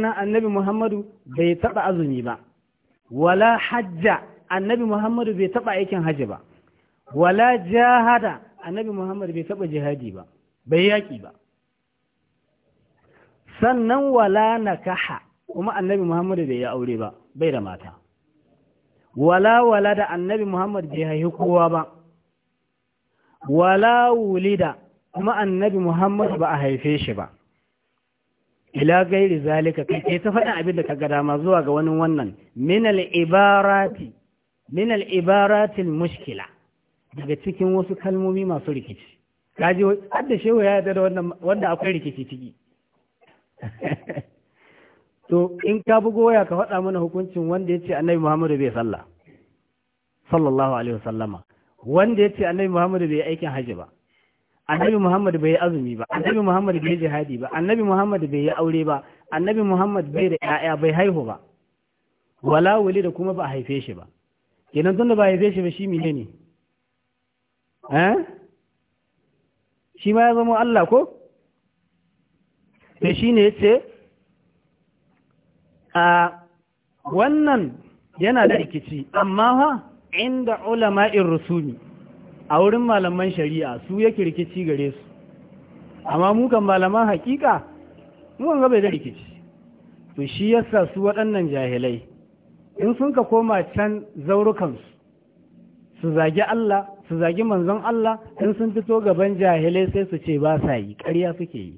nan annabi Muhammadu bai taba azumi ba wala hajja annabi Muhammadu bai taba aikin haji ba wala jahada annabi Muhammadu bai taba jihadi ba bai yaki ba sannan wala nakaha kuma annabi Muhammadu bai yi aure ba bai da mata wala wala da annabi Muhammadu bai haihu kowa ba wala wulida kuma annabi Muhammad ba a haife shi ba ila gairi zalika kai kai ta faɗin abin da ka gada ma zuwa ga wani wannan Minal ibarati Minal al-ibarati mushkila daga cikin wasu kalmomi masu rikici kaji hadda shehu ya yarda da wannan wanda akwai rikici ciki [laughs] to in ka bugo waya ka faɗa mana hukuncin wanda ya ce annabi Muhammadu bai sallah sallallahu alaihi wasallama wanda ya ce annabi Muhammadu bai aikin haji ba annabi muhammad bai yi azumi ba annabi muhammad bai yi jihadi ba annabi muhammad bai yi aure ba annabi muhammad bai da 'ya'ya bai haihu ba wala wali da kuma ba a haife shi ba kenan tunda ba a haife shi ba shi mene ne eh shi ma ya zama Allah ko sai shi ne yace a wannan yana da rikici amma ha inda ulama'ir rusuli a wurin malaman shari'a su yake rikici gare su amma mu kan malaman hakika mu kan bai da rikici to shi yasa su waɗannan jahilai in sun ka koma can zaurukansu su zagi Allah su zagi manzon Allah in sun fito gaban jahilai sai su ce ba sa yi ƙarya suke yi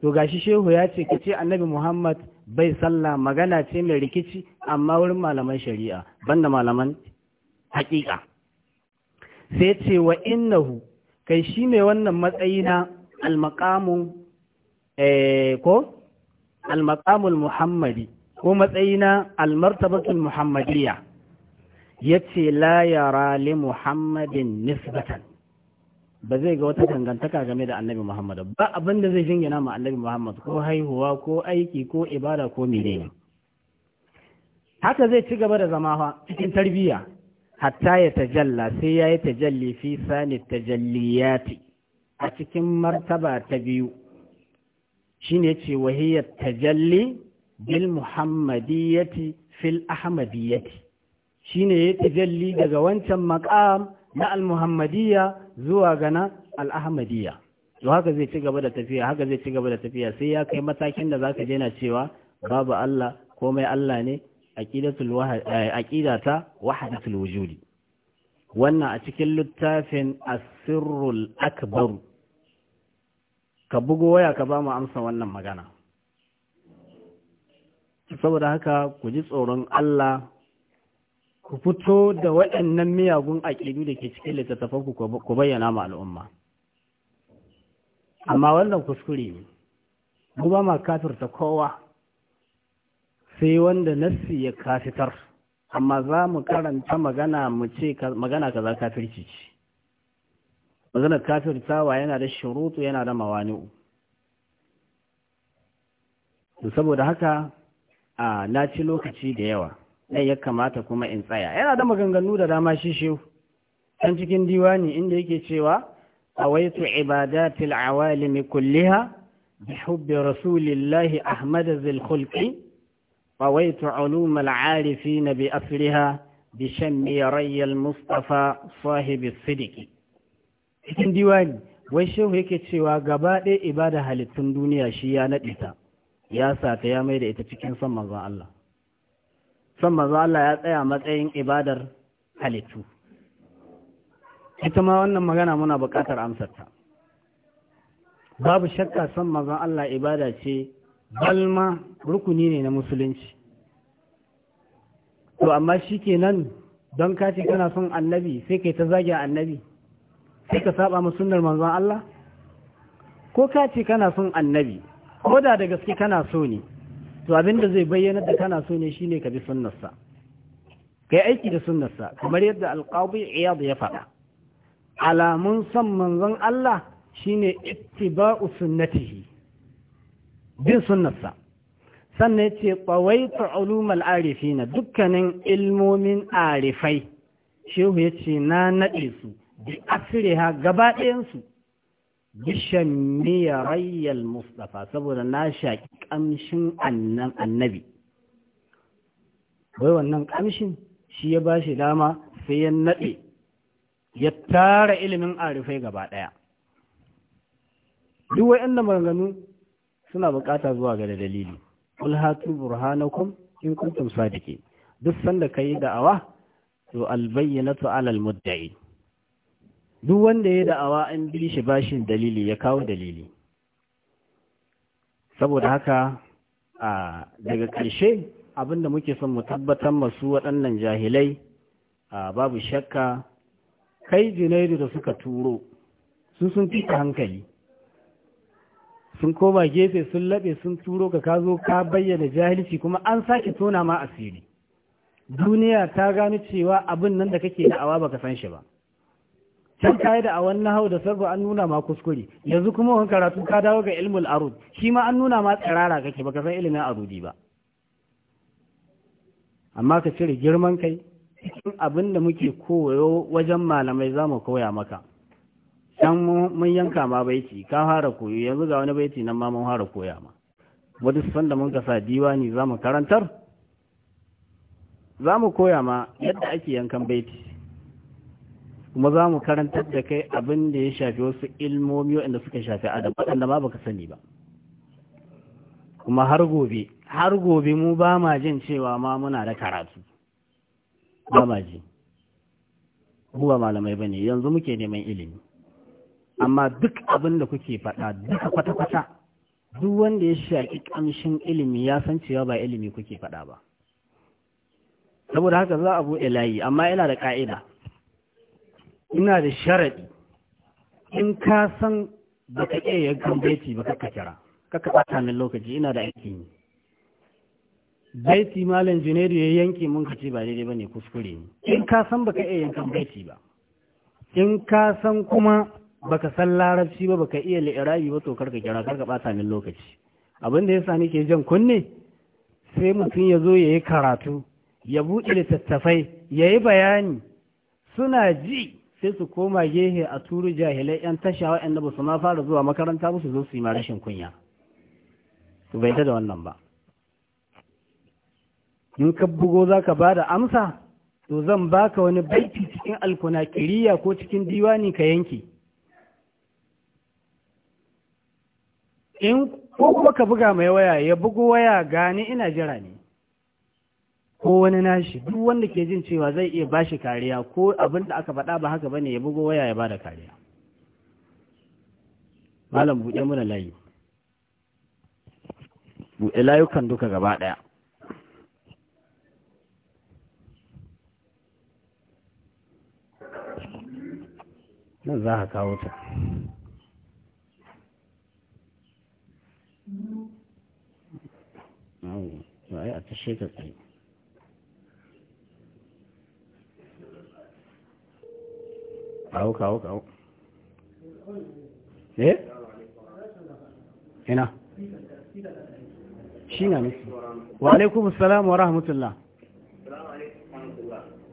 to gashi shehu ya ce kace annabi Muhammad bai sallah magana ce mai rikici amma wurin malaman shari'a banda malaman haƙiƙa sai ce wa innahu kai shi ne wannan matsayi na almakamun eh, ko almakamun muhammadi ko matsayi na almartabatul muhammadiyya ya ce la li muhammadin nisbatan ba zai ga wata dangantaka game da annabi muhammad ba abinda zai jingina ma annabi muhammad ko haihuwa ko aiki ko ibada ko menene haka zai ci gaba da zama cikin tarbiyya hatta ya tajalla sai ya yi tajalli fi sani tajalliyati a cikin martaba ta biyu shi ne ce wahiyar tajalli bil muhammadiyyati fil ahmadiyyati shi ne ya tajalli daga wancan makam na al-muhammadiyya zuwa ga na al-ahmadiyya to haka zai ci gaba da tafiya haka zai ci gaba da tafiya sai ya kai matakin da zaka je na cewa babu Allah komai Allah ne aƙidata eh, wahadatul wujudi wannan a cikin littafin asirrul akbaru ka bugo waya ka ba amsa wannan magana saboda haka ku ji tsoron Allah ku fito da waɗannan miyagun aƙidu da ke cikin littattafanku ku bayyana ma al'umma amma wannan kuskure ne mu ba ma kafirta kowa sai wanda nassi ya kafitar amma za mu karanta magana mu ce magana kaza kafirci ce magana kafirtawa yana da shurutu yana da mawani'u saboda haka a na ci lokaci da yawa ɗai ya kamata kuma in tsaya yana da maganganu da dama shi shehu can cikin diwani inda yake cewa awaitu ibadatil awalimi kulliha bi hubbi rasulillahi ahmad zil khulqi رويت علوم العارفين بأسرها بشم ري المصطفى صاحب الصدق cikin diwani wai shehu yake cewa gaba ɗaya ibada halittun duniya shi ya naɗe ta ya sa ta ya mai da ita cikin son manzon Allah son manzon Allah ya tsaya matsayin ibadar halittu ita ma wannan magana muna buƙatar amsarta babu shakka son manzon Allah ibada ce balma rukuni ne na musulunci to amma shi kenan don ka ce kana son annabi sai kai ta zagin annabi sai ka saba mu sunnar manzon Allah ko ka ce kana son annabi ko da da gaske kana so ne to abinda zai bayyana da kana so ne shine ka bi sunnarsa kai aiki da sunnarsa kamar yadda alqabi iyad ya faɗa alamun son manzon Allah shine ittiba'u sunnatihi bin sunnarsa sannan yace ulumar arifi arifina dukkanin ilmomin arifai shehu ya ce na naɗe su bi asriha gaba ɗayansu su bishammiya rayyal mustapha saboda na shaki kamshin annabi wai wannan kamshin shi ya ba shi dama sai ya naɗe, ya tara ilimin arifai gaba ɗaya duk da maganganu suna bukata zuwa ga dalili kul hatu burhanakum in kuntum sadiqin duk sanda kai da'awa to albayyinatu ala mudda'i duk wanda ya da'awa an bi shi bashin dalili ya kawo dalili saboda haka a daga karshe abinda muke son mu tabbatar masu waɗannan jahilai a babu shakka kai jinairu da suka turo su sun fita hankali sun koma gefe sun laɓe sun turo ka ka zo ka bayyana jahilci kuma an sake tona ma asiri duniya ta gano cewa abin nan da kake da'awa baka san shi ba can kayi da awan nahau da sarfa an nuna ma kuskure yanzu kuma wani karatu ka dawo ga ilmul arud shi ma an nuna ma tsirara kake baka san ilimin arudi ba amma ka cire girman kai cikin abin da muke koyo wajen malamai za mu koya maka can mun yanka ma baiti ka fara koyo yanzu ga wani baiti nan ma mun fara koya ma su san da mun kasa diwani za mu karantar za mu koya ma yadda ake yankan baiti kuma za mu karantar da kai abin da ya shafi wasu ilmomi waɗanda suka shafi adam waɗanda ma baka sani ba kuma har gobe har gobe mu ba ma jin cewa ma muna da karatu ba ma ji ba malamai ba ne, yanzu muke neman ilimi amma duk abin da kuke faɗa duka kwata-kwata duk wanda ya shaƙi ƙamshin ilimi ya san cewa ba ilimi kuke faɗa ba saboda haka za a buɗe layi amma ina da ƙa'ida ina da sharaɗi in ka san ba ka iya yin baiti ba ka kira kaka ɓata min lokaci ina da aiki ne baiti malam junairu ya yanke mun ka ba daidai ba ne kuskure ne in ka san ba ka iya yin baiti ba in ka san kuma baka san larabci ba baka iya li'irabi ba to karka kira karka bata min lokaci abin da yasa nake jan kunne sai mutum ya zo ya yi karatu ya buɗe littattafai yayi bayani suna ji sai su koma gehe a turu jahilai yan tasha wa'anda ba su ma fara zuwa makaranta ba su zo su yi ma rashin kunya su bai da wannan ba in ka bugo za ka ba da amsa to zan baka wani baiti cikin alkunakiriya ko cikin diwani ka yanke in ko kuma ka buga mai waya ya bugu waya gani ina jira ne ko wani nashi duk wanda ke jin cewa zai iya bashi kariya ko abin da aka faɗa ba haka bane ya bugo waya ya bada kariya malam buɗe muna layi buɗe layukan duka gaba ɗaya nan za ka kawo ta a tashe ka tsaye kawo kawo kawo eh ina shi na nufi wa alaikum salam wa rahmatullah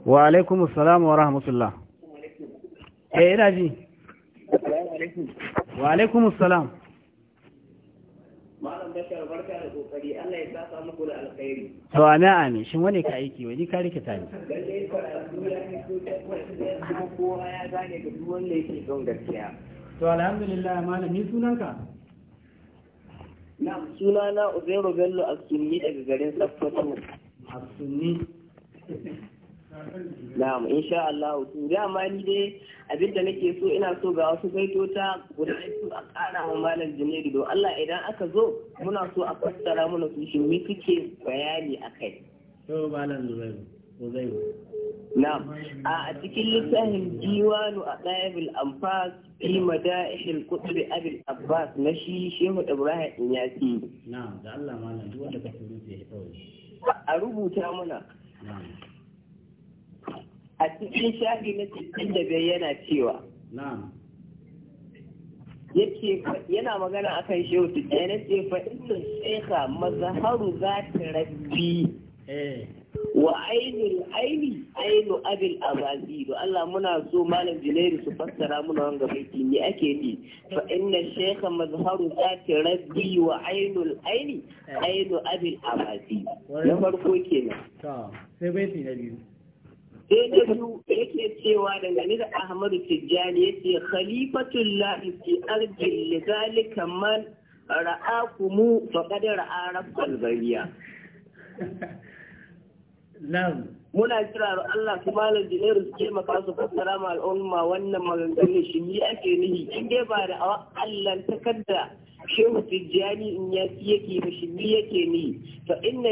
wa alaikum salam wa rahmatullah eh ina ji wa alaikum salam Malam Bashar barka da kokari Allah ya saka muku da alkhairi. To amin amin shin wani ka aiki wani ka rikita ne. Lalle karatu ya fito da kuma kowa ya gane da duk wanda yake don gaskiya. To alhamdulillah malam ni sunanka. Na sunana Uzairu Bello Asunni daga garin Sakkwato. Asunni. Na'am insha Allah to dama ni dai abinda nake so ina so ga wasu baitota guda su a ƙara wa malam Junaidu don Allah idan aka zo muna so a fassara muna su shi mi kike bayani akai. To malam Junaidu Uzairu. Na'am a cikin littafin Diwanu a Ɗayabul Amfas fi mada'ihil Qutbi Abil Abbas na shi Shehu Ibrahim Inyasi. Na'am da Allah malam duk wanda ka turu sai kawai. A rubuta muna. Na'am. a cikin shafi na cikin da bai yana cewa yake yana magana a kan shehu tijjani ce fa shekha mazaharu za ta rabbi eh. wa ainihin aini ainu abin abazi do Allah muna so malam Junairu su fassara muna wanga baiti me ake ni fa shekha mazaharu za ta rabbi wa ainul aini eh. ainu abin abazi na farko kenan sai baiti na biyu sai na biyu yake cewa dangane da ahmadu tijjani yace khalifatullah fi ardil kamar man ra'akumu faqad ra'a rabbal bariya muna kira Allah su malam jinairu su taimaka su fassara ma al'umma wannan maganganun shi ni ake nihi in dai ba da Allah takarda shehu tijjani in yaki yake ba shi ni yake nihi fa inna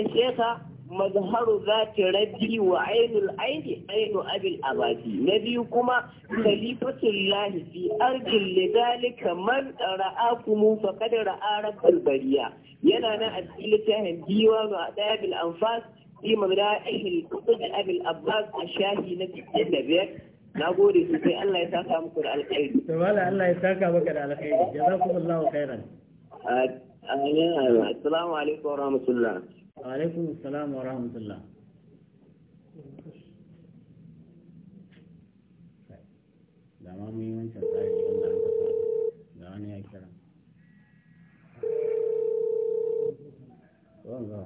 mazharu zati rabbi wa ainul aini ainu abil abadi na biyu kuma khalifatul lahi fi ardil lidalika man ra'akum faqad ra'a rabbul bariya yana nan a cikin littafin biwa ga bil anfas fi mabda'ihil qutb abil abbas ashahi na 65 na gode sosai Allah ya saka muku da alkhairi to wala Allah ya saka maka da alkhairi jazakumullahu khairan assalamu alaikum wa rahmatullah wa alaikum wa rahmatullah da mun yi wancan tsari wanda aka sa ga wani ya kira wanga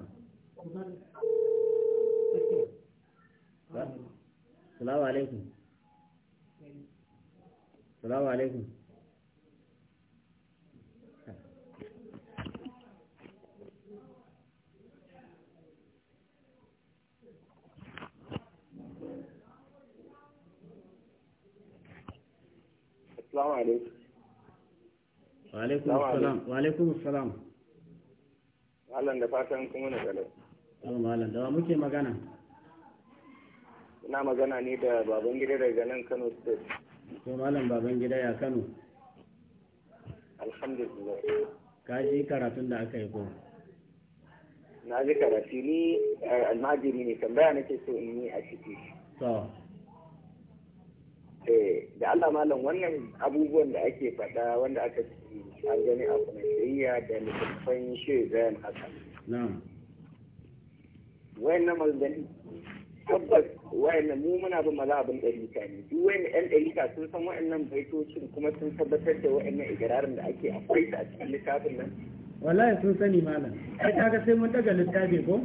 Salamu alaikum. Salamu Salamu alaikum. Wa alaikum salam. Wa alaikum salam. Malam da fatan kuma na galau. Oh malam da muke magana. Ina magana ne da baban gida daga nan Kano State. To malam baban gida ya Kano. Alhamdulillah. Ka ji karatun da aka yi ko? Na ji karatu ni eh, almajiri ne tambaya nake so in yi a ciki. To. Eh, da Allah malam wannan abubuwan da ake faɗa wanda aka ci an gani a kunashiriya da littattafan shi zayan haka. Wayan na malgani, tabbas wayan na mu muna bin maza abin ɗarika ne, duk wayan ɗan ɗarika sun san wayan nan baitocin kuma sun tabbatar da wayan nan igirarin da ake akwai ta a cikin littafin nan. Wallahi sun sani malam, ai kaga sai mun daga littafi ko?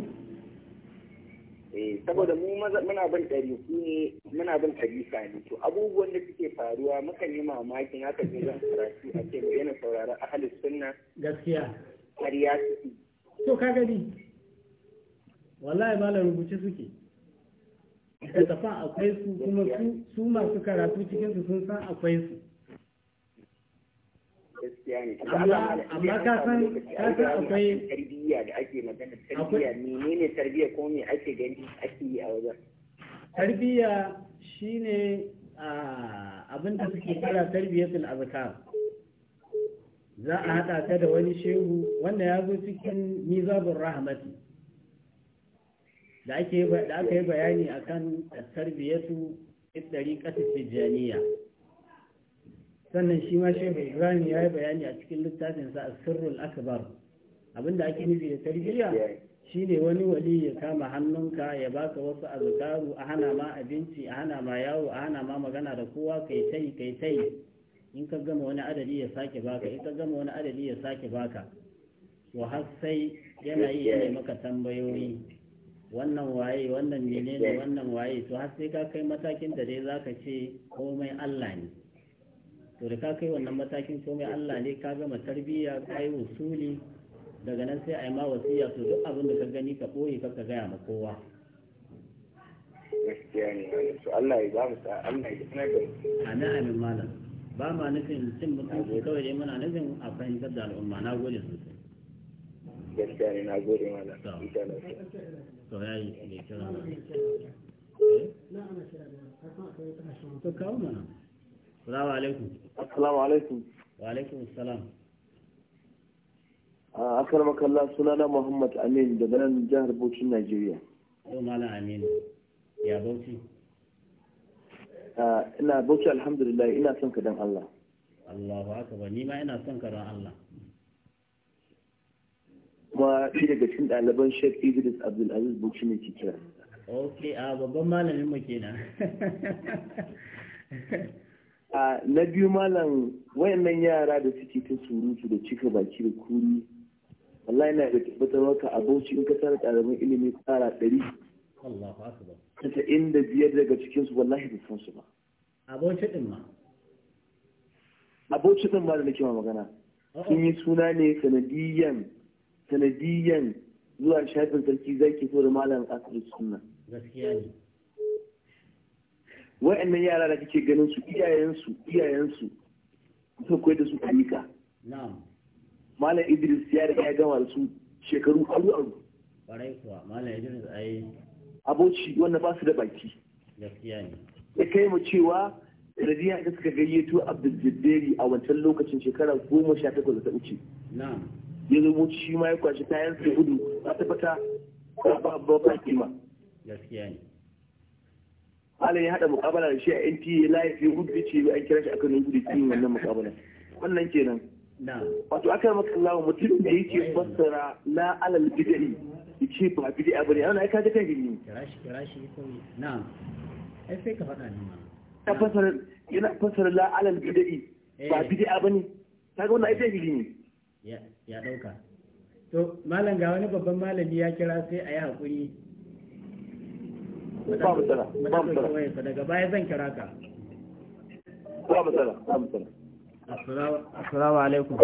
Eh, saboda mu muna bin ku ne muna bin ɗarika ne to abubuwan da suke faruwa mukan yi mamakin haka ne zan karatu a ce yana saurara halin sunna gaskiya ya suke to ka gani wallahi ba rubuce suke tafa akwai su kuma su masu karatu cikinsu sun san akwai su gaskiya ne amma ka san ka san akwai tarbiyya da ake magana tarbiyya menene tarbiyya ko me ake gani ake yi a wajen tarbiyya shine abin da suke kira tarbiyyatul azkar za a haɗa ta da wani shehu wanda ya zo cikin mizabun rahmati da aka yi bayani a akan tarbiyatu ɗariƙatu tijjaniya sannan shi ma shehu ibrahim ya yi bayani a cikin littafinsa a sirrul akbar abinda ake nufi da tarbiyya shine wani wali ya kama hannunka ya baka wasu azkaru a hana ma abinci a hana ma yawo a hana ma magana da kowa kai tai kai tai in ka gama wani adadi ya sake baka in ka gama wani adadi ya sake baka wa har sai yana yi yana maka tambayoyi wannan waye wannan menene wannan waye to har sai ka kai matakin da dai zaka ce komai Allah ne to da ka kai wannan matakin komai Allah ne ka gama tarbiyya ka yi usuli daga nan sai a yi ma wasiya to duk abin da ka gani ka ɓoye ka gaya ma kowa gaskiya Allah ya ba mu Allah ya sanar amin malam ba ma nufin cin mutunci kawai dai muna nufin a fahimtar da al'umma na gode sosai gaskiya ne na gode malam insha Allah to ne kira to kawo mana Salamu alaikum. Assalamu alaikum. Wa alaikum assalam. A akar makalla sunana Muhammad Amin daga nan jihar Bauchi Najeriya. Yau Malam Amin. Ya Bauchi. ina Bauchi alhamdulillah ina son ka dan Allah. Allahu akbar ni ma ina son ka dan Allah. Kuma shi daga cikin ɗaliban Sheikh Idris Abdulaziz Bauchi ne ke kira. Ok, a babban malamin mu kenan. [laughs] na biyu malam wayannan yara da suke ta surutu da cika baki da kuri wallahi na da tabbatar maka abinci in ka tara ɗaliban ilimi tsara ɗari ta da biyar daga cikinsu wallahi da san su ba abinci bauchi ɗin ma a bauchi ma da nake magana oh. sun yi suna ne sanadiyan sanadiyan zuwa shafin sarki zaki so da malam asibitin sunna gaskiya ne wa'annan yara da kake ganin su iyayensu iyayensu sun koyar da su tarika malam idris ya riga ya gama da su shekaru aru aru ƙwarai kuwa malam idris ai aboci wanda ba su da baki gaskiya ya kai mu cewa radiya da suka gayyato abdul a wancan lokacin shekara goma sha takwas da ta wuce ya zo shi ma ya kwashi kayan su gudu a tabbata ba ba ba kima gaskiya ne Allah ya haɗa mukabala da shi a NTA live ya gudu ce an kira shi akan gudu cikin wannan mukabala. wannan kenan wato aka maka Allah mutum da yake fassara la alal bid'i yake ba bid'a bane ana ai kaje kan gini kirashi kirashi na'am ai sai ka faɗa ni ma ta fassara yana fassara la alal bid'i eh. ba bid'a bane kaga wannan ai jahili ne ya ya dauka to malam ga wani babban malami ya kira sai a yi hakuri ba matsala ba matsala daga baya zan kira ka ba matsala ba matsala assalamu alaikum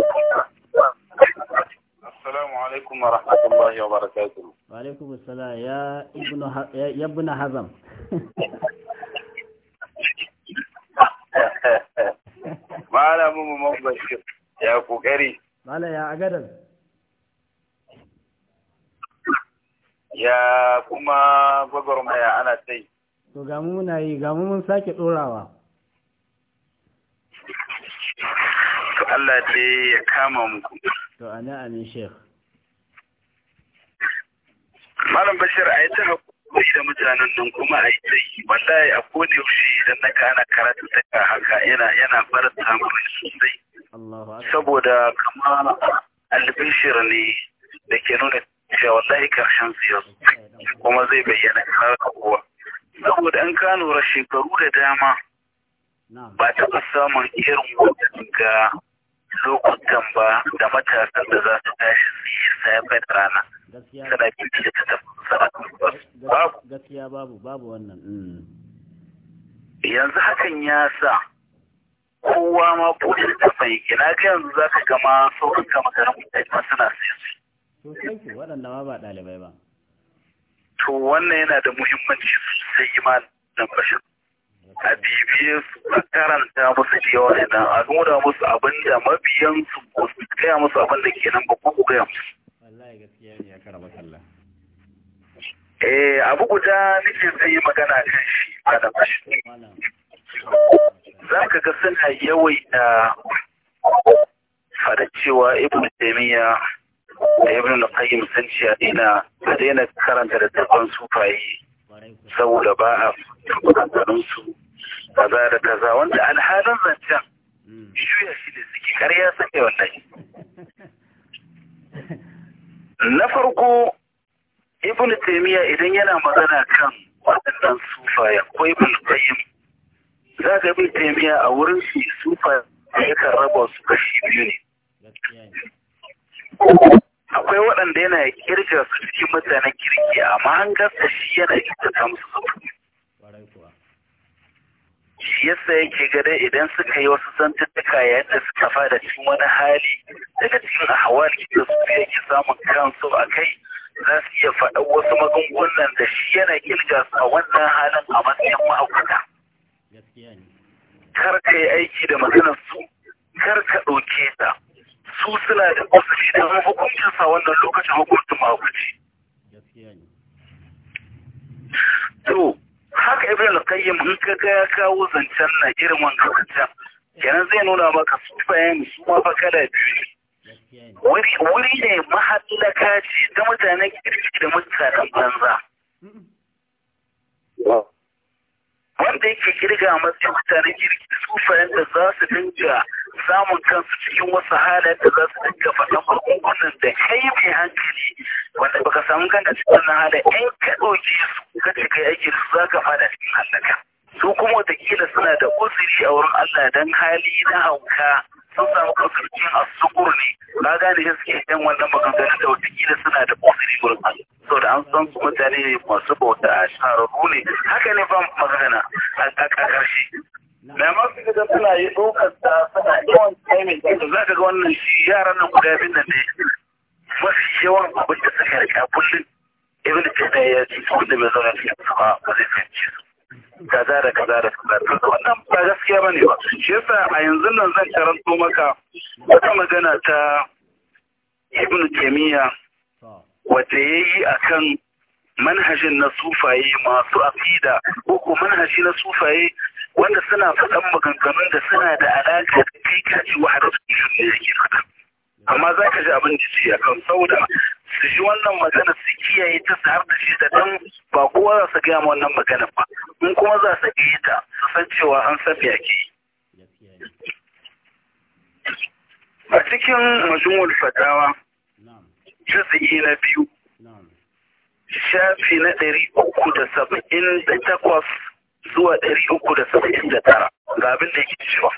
assalamu alaikum wa rahmatullahi wa barakatuh wa alaikum assalam ya ibnu ya ibnu hazam [laughs] malamin mu mabashir ya kokari mala ya agadan ya kuma gwagwarmaya ana sai to ga muna yi ga mun sake ɗorawa to Allah ce ya kama muku to ana amin sheikh malam bashir a yi ta hakuri da mutanen nan kuma a yi ta yi wallahi a koda yaushe idan na ka ana karatu ta haka yana yana bar samun sosai saboda kama albishir ne da ke nuna cewa wallahi karshen siyasa, kuma zai bayyana karka uwa saboda an kano rashin, shekaru da dama ba taɓa samun irin wannan ga lokutan ba da matasan da za su tashi su yi safe da rana suna bincike ta tafi babu gaskiya babu babu wannan mm. yanzu hakan ya sa kowa ma bude da tafai ina ga yanzu za ka gama sauran kama garin mutane suna sai su sosai ku waɗanda ma ba ɗalibai ba to wannan yana da muhimmanci sosai imanin bashir a bibiye su a karanta musu da yawa idan a nuna musu abin da mabiyan su ko su gaya musu abin da ke nan ba ko ku gaya musu wallahi gaskiya ne ya kara masalla eh abu guda nake zai yi magana kan shi a da fashin. za ka ga suna yawaita Faɗa cewa ibn taymiya da ibn al-qayyim sun a daina a daina karanta da tabban sufaye saboda ba a kudin su kaza da kaza wanda alhalin zancen juya shi da suke karya suke wallahi na farko ibn taymiya idan yana magana kan wadannan sufaye ko ibn al-qayyim za ka ibn taymiya a wurin shi sufaye yakan raba su kashi biyu ne akwai waɗanda yana kirga su cikin mutanen kirki amma an gasa shi yana kirga musu shi yasa yake gada idan suka yi wasu zantuttuka yayin da suka fada cikin wani hali daga cikin ahwal da su yake samun kansu a kai za su iya faɗa wasu magungunan da shi yana kirga su a wannan halin a matsayin ma'aikata kar ka yi aiki da maganar su kar ka ɗauke ta su suna da kusuri da hukuncinsa wannan lokacin hukuncin maguji. To, haka ibi da qayyim in ka ga ya kawo zancen na irin wanda zancen kenan zai nuna maka su bayani su ma baka da biyu ne wuri wuri ne mahallaka ce ta mutanen kirki da mutanen banza wanda yake girga matsayin mutane kirki sufayen da za su dinga samun kansu cikin wasu halayen da za su dinga faɗan magungunan da kai mai hankali wanda baka samu kanka cikin wannan halayen in ka su ka ce kai aiki su za ka fada cikin hallaka su kuma watakila suna da uzuri a wurin Allah don hali na hauka sun samu kansu a sukur ne na gane da suke yan wannan maganganun da watakila suna da kusuri gurin so da an san su mutane masu bauta a shahararru ne haka ne ban magana a ƙarshe ma su ga suna yi ɗaukar ta suna yawan tsaye da za ka ga wannan shi yaran nan guda biyu nan ne mafi yawan abin da suka rika kullum ibn tafiya ya ce su da bai zauna cikin su ba ba zai fahimci su kaza da kaza da kaza wannan ba gaskiya ba ne ba shi yasa a yanzu nan zan karanto maka wata magana ta ibn kemiya wata ya yi a kan manhajin na sufaye masu afida ko ko manhaji na sufaye wanda suna faɗan maganganun da suna da alaƙa da kai kaci wa su ne yake faɗa amma za ka ji abin da ce a kan sauda su shi wannan magana su kiyaye ta su har da shi da dan ba kowa za su gaya ma wannan magana ba in kuma za su iya ta su san cewa an san me ake yi a cikin majumul fatawa juz'i na biyu shafi na ɗari uku da saba'in da takwas zuwa ɗari uku da saba'in da tara ga abin da yake cewa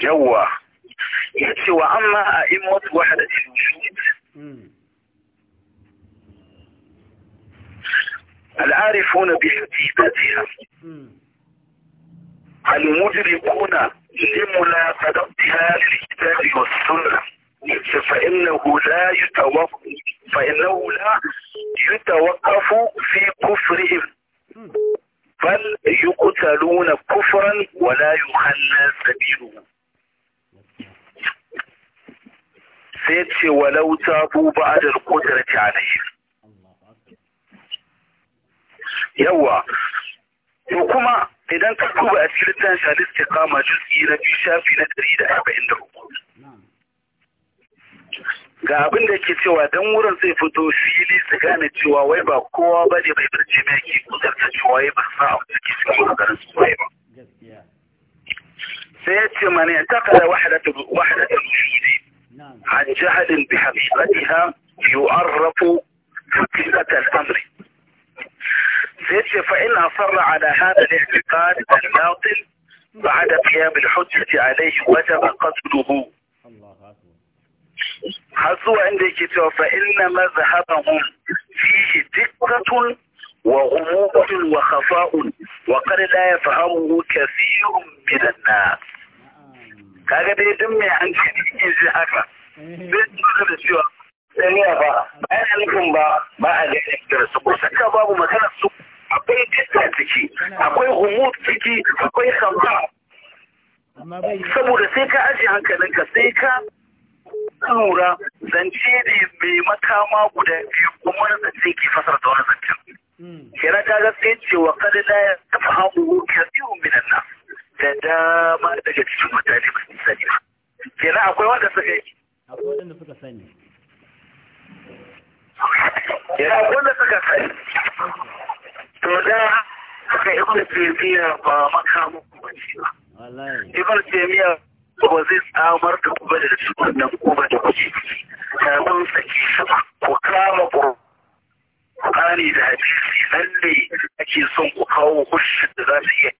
yawwa ya ce wa amma العارفون بحقيقتها المدركون لملاقضتها للكتاب والسنة فإنه لا يتوقف فإنه لا يتوقف في كفرهم بل يقتلون كفرا ولا يخلى سبيلهم sai ce walau ta bu ba da kudrati alayhi yawa to kuma idan ka duba a cikin littafin shalis ta kama juz'i na biyu shafi na ɗari da arba'in da uku ga abin da ke cewa don wurin zai fito fili su gane cewa wai ba kowa ba ne bai birce mai ke ta cewa ya ba sa a wata ke cikin maganin su ba sai ya ce ta kada taka ta wahadatul ta wujudi نعم. عن جهل بحقيقتها يعرف حقيقة الأمر فإن أصر على هذا الاعتقاد الباطل بعد قيام الحجة عليه وجب قتله عند كتاب فإن مذهبهم فيه دقة وغموض وخفاء وقد لا يفهمه كثير من الناس kaga dai duk mai hankali in ji haka zai tsoro da cewa tsaniya ba ba yana nufin ba ba a ga da su ko saka babu magana su akwai dukka ciki akwai humut ciki akwai kamba saboda sai ka ajiye hankalinka sai ka lura zance ne mai makama guda biyu kuma wani zance ke fasar da wani zancen hmm. kira ta ga sai ce wa kada la ya tafahamu kasirun minan nan. da dama daga cikin mutane ba haka yake akwai wanda suka sani ya wanda suka sani to da haka ibn taymiya ba makamu ba shi ba wallahi ibn taymiya ba zai samar da kuma da su wannan kuma da kuke kamun sake shi ba ku kama ku Ƙani da hadisi lalle ake son ku kawo hushin da za su iya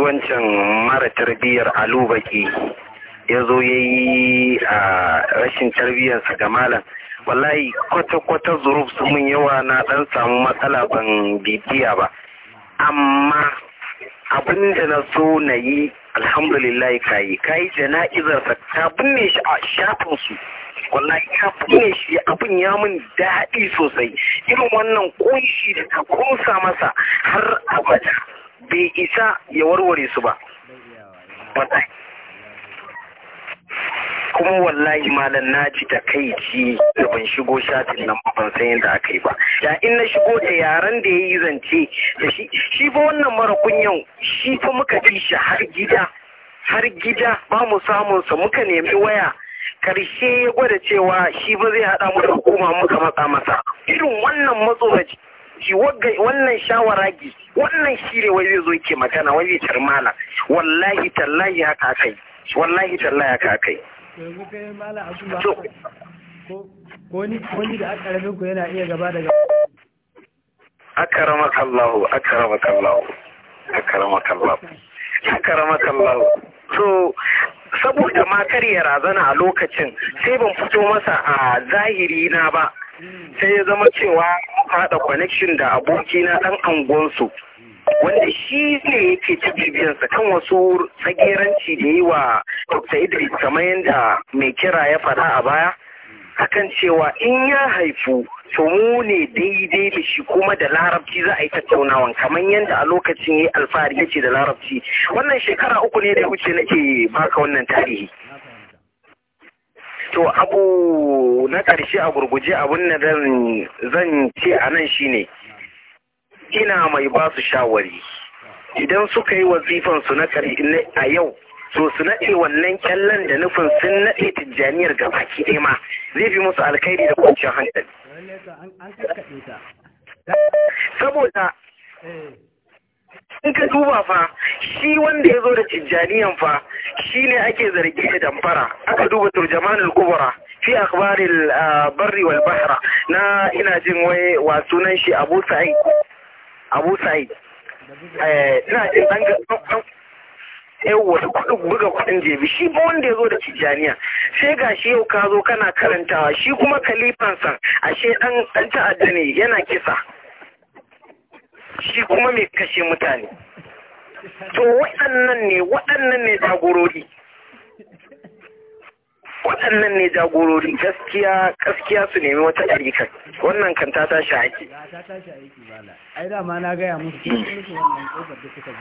wancan mara tarbiyyar alubaki ya zo ya yi a rashin tarbiyyarsa ga malam wallahi kwata-kwata zuruf mun yawa na dan samu matsala ban bibiya ba amma abin da na so na yi alhamdulillah ka yi ka yi jana'izarsa ka binne shi a shafinsu wallahi ka binne shi abin ya mun daɗi sosai irin wannan ƙunshi da ka ƙunsa masa har abada bai isa ya warware su ba kuma wallahi malam na ji ta kai ci da ban shigo shafin nan ban san yadda aka yi ba da in na shigo da yaran da ya yi zance da shi shi fa wannan mara kunyan shi fa muka fi shi har gida har gida ba mu samun sa muka nemi waya karshe ya gwada cewa shi ba zai haɗa mu da hukuma muka matsa masa irin wannan matsoraci shi wannan shawaragi wannan shi ne wai zai zo yake magana wai zai tar malam wallahi tallahi haka akai wallahi tallahi haka akai ko ni da akaramin ku yana iya gaba daga akaramak Allahu akaramak Allahu akaramak Allahu akaramak Allahu To, saboda ma ya razana a lokacin sai ban fito masa a zahiri na ba sai ya zama cewa haɗa connection da abokina ɗan angonsu wanda shi ne yake tafi bibiyansa kan wasu tsageranci da yi wa dr idris kamar yadda mai kira ya faɗa a baya akan cewa in ya haifu to mu ne daidai da shi kuma da larabci za a yi tattaunawan kamar yadda a lokacin ya alfahari yake da larabci wannan shekara uku ne da wuce nake baka wannan tarihi to abu na ƙarshe a gurguje abin da zan ce a nan shine ina mai ba su shawari idan suka yi wazifansu na a yau so su naɗe wannan kyallon da nufin sun naɗe tijjaniyar gabaki ɗaya ma zai fi musu alkhairi da kwanciyar hankali saboda eh. in ka duba fa shi wanda ya zo da tijjaniyan fa shi ne ake zargi da damfara aka duba turjamanul kubra fi al ah, barri wal bahra na ina jin wai wa sunan shi Abu Sa'id Abu Sa'id eh ina jin dan buga kudin jebi shi ba wanda ya zo da tijjaniya sai ga shi yau ka zo kana karantawa shi kuma kalifansa ashe dan ta'adda ne yana kisa shi kuma mai kashe mutane to waɗannan ne waɗannan ne jagorori waɗannan ne jagorori gaskiya gaskiya su nemi wata ɗarika wannan kan ta tashi haƙi ta tashi ai da ma na gaya musu wannan da suka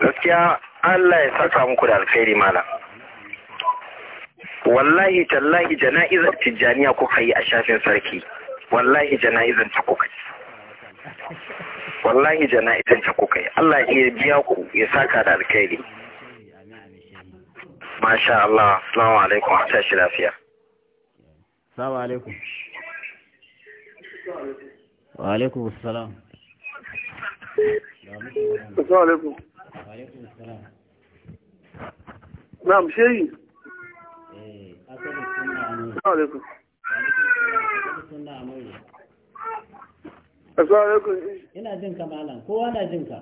gaskiya Allah ya saka muku da alkhairi mala wallahi tallahi jana'izar tijjaniya kuka yi a shafin sarki wallahi jana'izan ta kuka yi wallahi jana'izan ta kuka Allah ya biya ku ya saka da alkhairi masha Allah assalamu alaikum a tashi lafiya assalamu alaikum wa alaikum assalam alaikum sunna a ina jin ka malam kowa na jin ka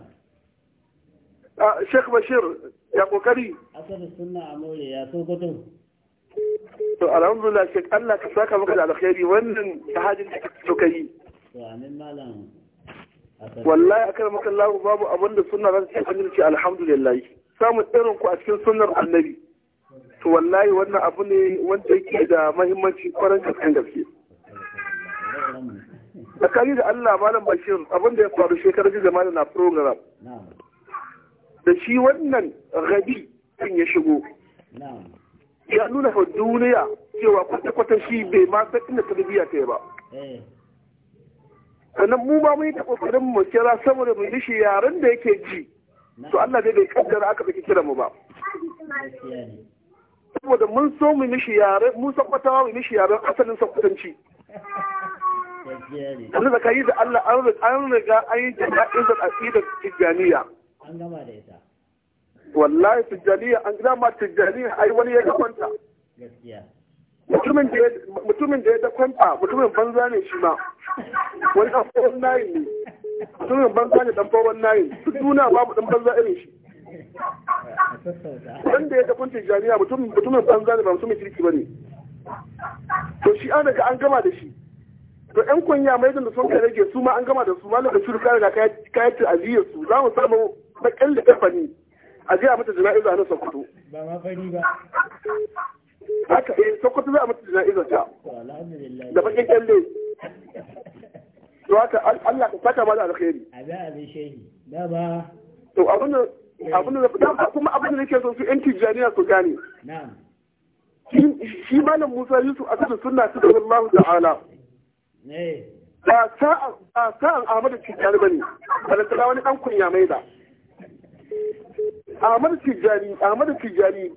ah, Sheikh Bashir ya kokari asar sunna a ya so gudu to alhamdulillah Sheikh Allah ka saka maka da alkhairi wannan tahajjud da kake yi to amin malam wallahi akar Allah babu abinda sunna zan ce kan alhamdulillah samun irin ku a cikin sunnar annabi to wallahi wannan abu ne wanda yake da mahimmanci kwarar gaske gaske tsakani da Allah malam Bashir abin da ya faru shekarar jizama da na program da shi wannan rabi din ya shigo ya nuna wa duniya cewa kwata-kwata shi bai ma san inda tarbiyya ta yi ba eh. sannan mu ma mun yi ta kudin mu kira saboda mu yi shi yaren da yake ji to Allah zai bai kaddara aka fi kira mu ba saboda mun so mu yi shi yaren mun sakwatawa mu yi shi yaren asalin sakwatanci [laughs] Wani yi da Allah an riga an yi jama'in da asida Tijjaniya. An gama da ita. Wallahi Tijjaniya an gama Tijjaniya ai wani ya gabanta. Gaskiya. Mutumin da ya da kwanta mutumin banza ne shi ma. Wani ɗan fawon nayin ne. Mutumin banza ne ɗan fawon nayin. Duk duniya babu ɗan banza irin shi. Wanda ya dakwanta Tijjaniya mutumin banza ne ba mutumin kirki ba ne. To shi an riga an gama da shi. to yan kunya mai da sun kai ke su ma an gama da su ma da shiru kare da kayan ta'aziyyar su za mu samu bakin da kafa ne a je a mata jana'iza na sokoto ba ma fari ba haka eh sokoto za a mata jana'iza ta da bakin kyalle [laughs] to haka Allah ka saka ma da alkhairi a da abin shehi da ba to abin da kuma abin da nake so su yan tijjaniya su gane na'am shi malam Musa Yusuf a cikin sunna ta Allah ta'ala Eh. ba sa'an Ahmadu Tijjani ba ne, balantana wani ɗan kunya mai da. Ahmadu Tijjani, Ahmadu Tijjani,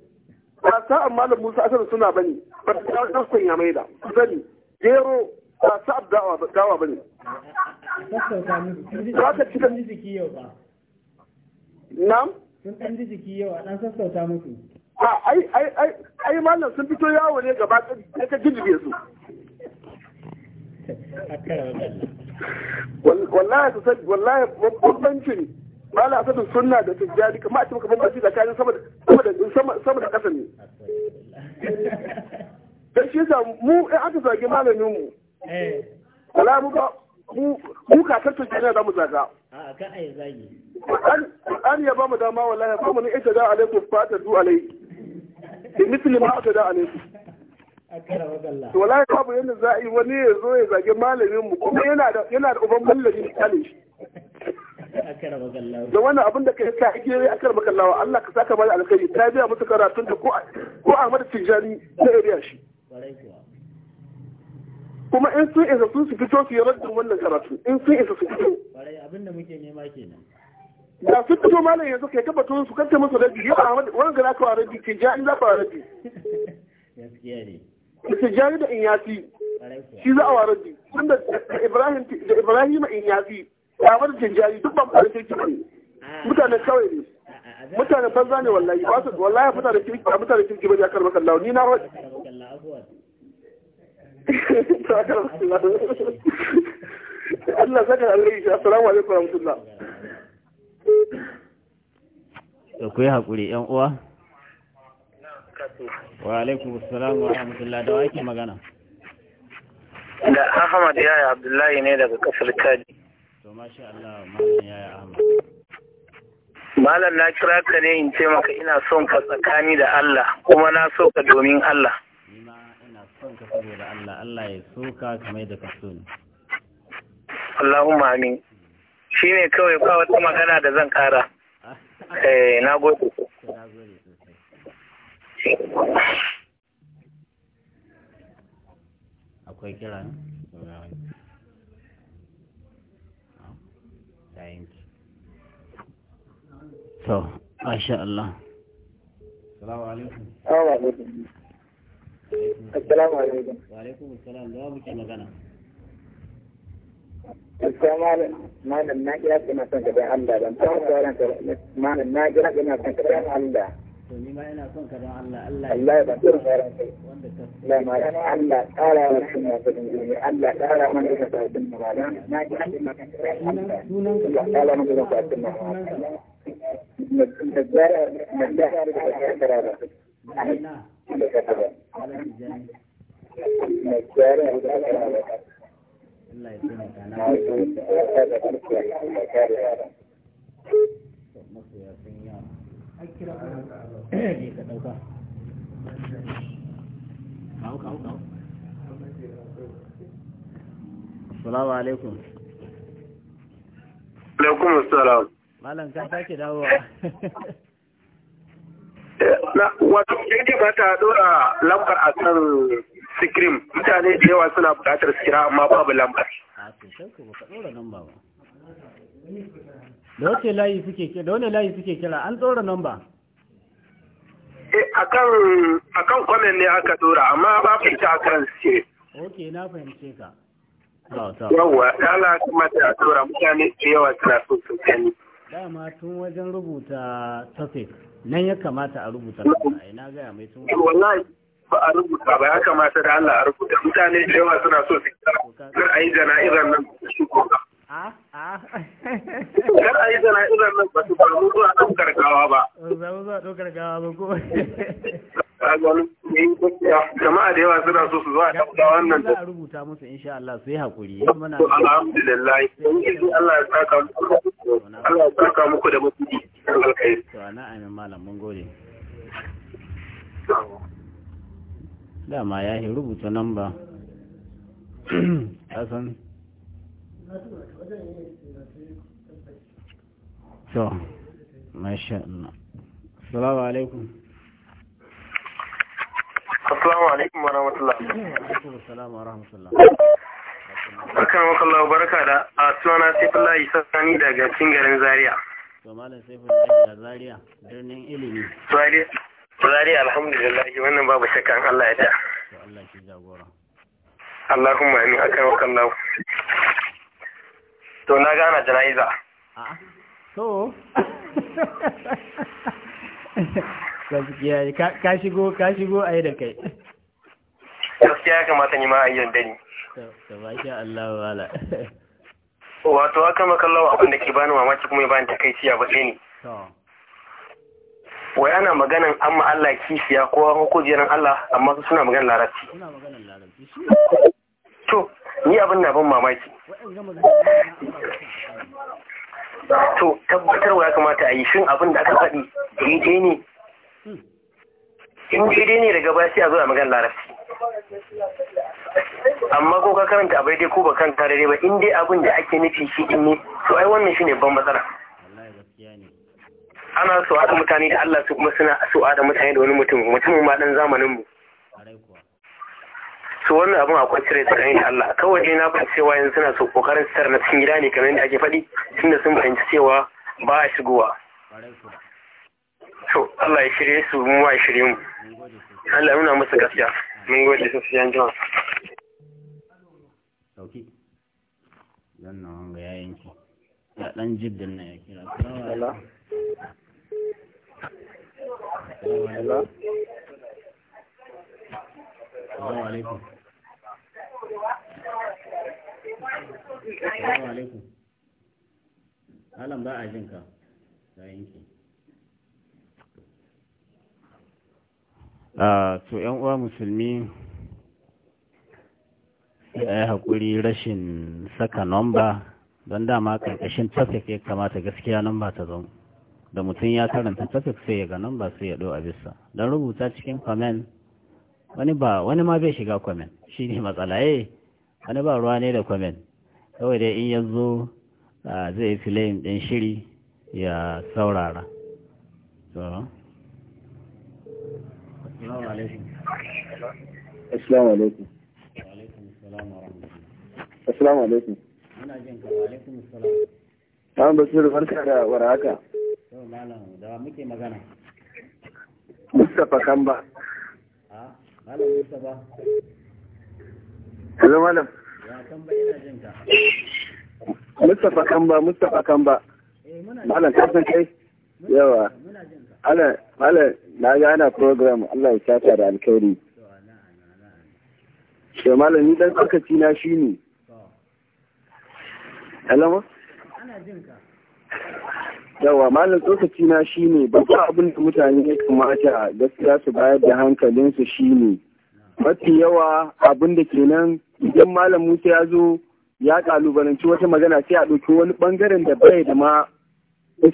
ba sa'an Malam Musa Asar suna ba ne, balantana wani ɗan kunya mai da. Sani, gero ba sa'an dawa ba ne. Ba jiki yau ba. Nam? Sun ɗan jiki yau a ɗan sassauta musu. ai ai ai ai malam sun fito yawo ne gaba ɗaya ka jirgin su. wallahi su sai wallahi bambanci ne ba la sunna da tijjani kamar a ce maka bambanci tsakanin sama da sama da ne dan shi yasa mu in aka zage malamin mu wallahi mu ba mu kakar tijjani za mu zaga an ya ba mu dama wallahi ba mu ne ita da du alai bi ma da alaikum to ka bu yadda za a yi wani ya zo ya zage malamin mu kuma yana da yana da uban malami kale shi da wannan abin da kai ka ake yi akar bakallawa Allah ka saka bani alkhairi ta biya musu karatun da ko ko Ahmad Tijani na area shi kuma in sun isa sun su fito su yi raddin wannan karatu in sun isa su fito abin da muke nema kenan da sun fito malam yanzu kai tabbatun su kanta musu raddi yau Ahmad wannan ga zaka wa da Tijani zaka wa raddi [laughs] gaskiya ne da da inyasi shi za a warar bi wanda da ibrahim ya kamar jinjari duk ban fara kirki ne mutanen kawai ne mutanen banza ne wallahi ba su wallahi mutanen kirki ba mutanen kirki ba jakar maka Allah ni na wadi [laughs] Allah saka alai assalamu alaikum wa rahmatullah ku yi hakuri yan uwa wa alaikum assalam wa rahmatullah da wake magana da ahmad yaya abdullahi ne daga kasar kadi to masha Allah malam yaya ahmad malam na kira ka ne in ce maka ina son ka tsakani da Allah kuma na so ka domin Allah ina son ka saboda Allah Allah ya so ka kamar da ka so Allahumma amin shine kawai kawai wata magana da zan kara ah. eh na gode akwai kira to masha Allah salamu alaikum assalamu alaikum wa alaikum assalam da muke magana malam na kira ina son ka Allah malam na kira ina son ka bayan Allah to ni ma Allah ya da ya ne eh, ka dauka kawo salamu alaikum alaikum salam malam ka sake dawowa wato yake ba ta dora lambar a kan sikirim mutane da yawa suna bukatar sikira amma babu lambar a sosai ku ka dora lamba ba da wace layi suke kira da wane layi suke kira an tsora namba eh, akan akan comment ne aka dora amma ba ta kan ce ok na fahimce ka yawwa dala kuma ta tsora mutane da yawa suna so su gani dama tun wajen rubuta topic nan ya kamata a rubuta mm. ai na ga mai tun eh, wallahi ba a rubuta ba ya kamata da Allah a rubuta mutane da yawa suna so su gani a yi jana'izar nan su ko Kar a yi nan ba su da yawa suna so su zuwa wannan. da a rubuta musu insha Allah Alhamdulillah. Allah ya saka muku. Allah ya saka muku amin malam mun gode. Dama ya rubuta namba. Asan. [clears throat] to masha Allah assalamu alaikum assalamu alaikum wa rahmatullahi wa rahmatullahi barkan Allah barka da a suna saifullahi sassani daga cikin garin zaria to malam saifullahi da zaria birnin ilimi zaria zaria alhamdulillah wannan babu shakka Allah ya ta Allah shi jagora Allahumma amin akan wakallahu to na gana jana'iza so [laughs] gaskiya ka shigo ka shigo a yi da kai gaskiya kamata ni ma a yi da ni ta ba shi Allah wala wato aka makallawa abin da ke bani mamaki kuma ya bani takaici a bace ni wai ana maganan an ma'alla kishiya ko hukujeran Allah amma su suna maganan larabci to ni abin na ban mamaki to tabbatarwa ya kamata a yi shin abin da aka faɗi daidai ne in daidai ne daga baya sai a zo a magan larabci amma ko ka karanta abai dai ko ba kan daidai ba in dai abin da ake nufi shi din ne to ai wannan shine ban matsala ana so da mutane da Allah su kuma suna so da mutane da wani mutum mutumin ma dan zamanin mu su wannan abin akwai cire tsakanin da Allah kawai dai na fahimci cewa yanzu suna so kokarin tsare na cikin gida ne kamar yadda ake faɗi tunda sun fahimci cewa ba a shigowa to Allah ya shirye su mu ya shirye mu Allah ya nuna musu gaskiya mun gode sosai an jima sauki zan na wanga ya yanki ya dan jiddin na ya kira Assalamu alaikum Assalamu alaikum. Malam ba a jin ka. Ah, to ‘yan uwa musulmi sai a yi haƙuri rashin saka nomba don dama ƙarƙashin tafik ya kamata gaskiya nomba ta zo da mutum ya karanta tafik sai ya ga nomba sai ya ɗo a bisa don rubuta cikin kwamen wani ma bai shiga kwamen shi ne matsalaye eh. wani ba ruwa ne da kwamen. kawai dai in ya zai fi layin ɗin shiri ya saurara Assalamu alaikum. Assalamu alaikum. Ana jin ka wa alaikum assalam. An basiru barka da warhaka. To malam da muke magana. Mustapha Kamba. Ah, malam Mustapha. Hello malam. Mustapha Kamba, Mustapha Kamba. Eh, malam ka san kai? Yawa. Malam, na ga ana program Allah ya saka da alkhairi. To malam ni dan tsakaci na ne. Alama? Ana jin ka. yawa malam tsokaci na shine babban abin da mutane ya kamata gaskiya su bayar da hankalinsu ne. mafi yawa abin da kenan idan malam Musa ya zo ya kalubalanci wata magana sai a ɗauki wani ɓangaren da bai da ma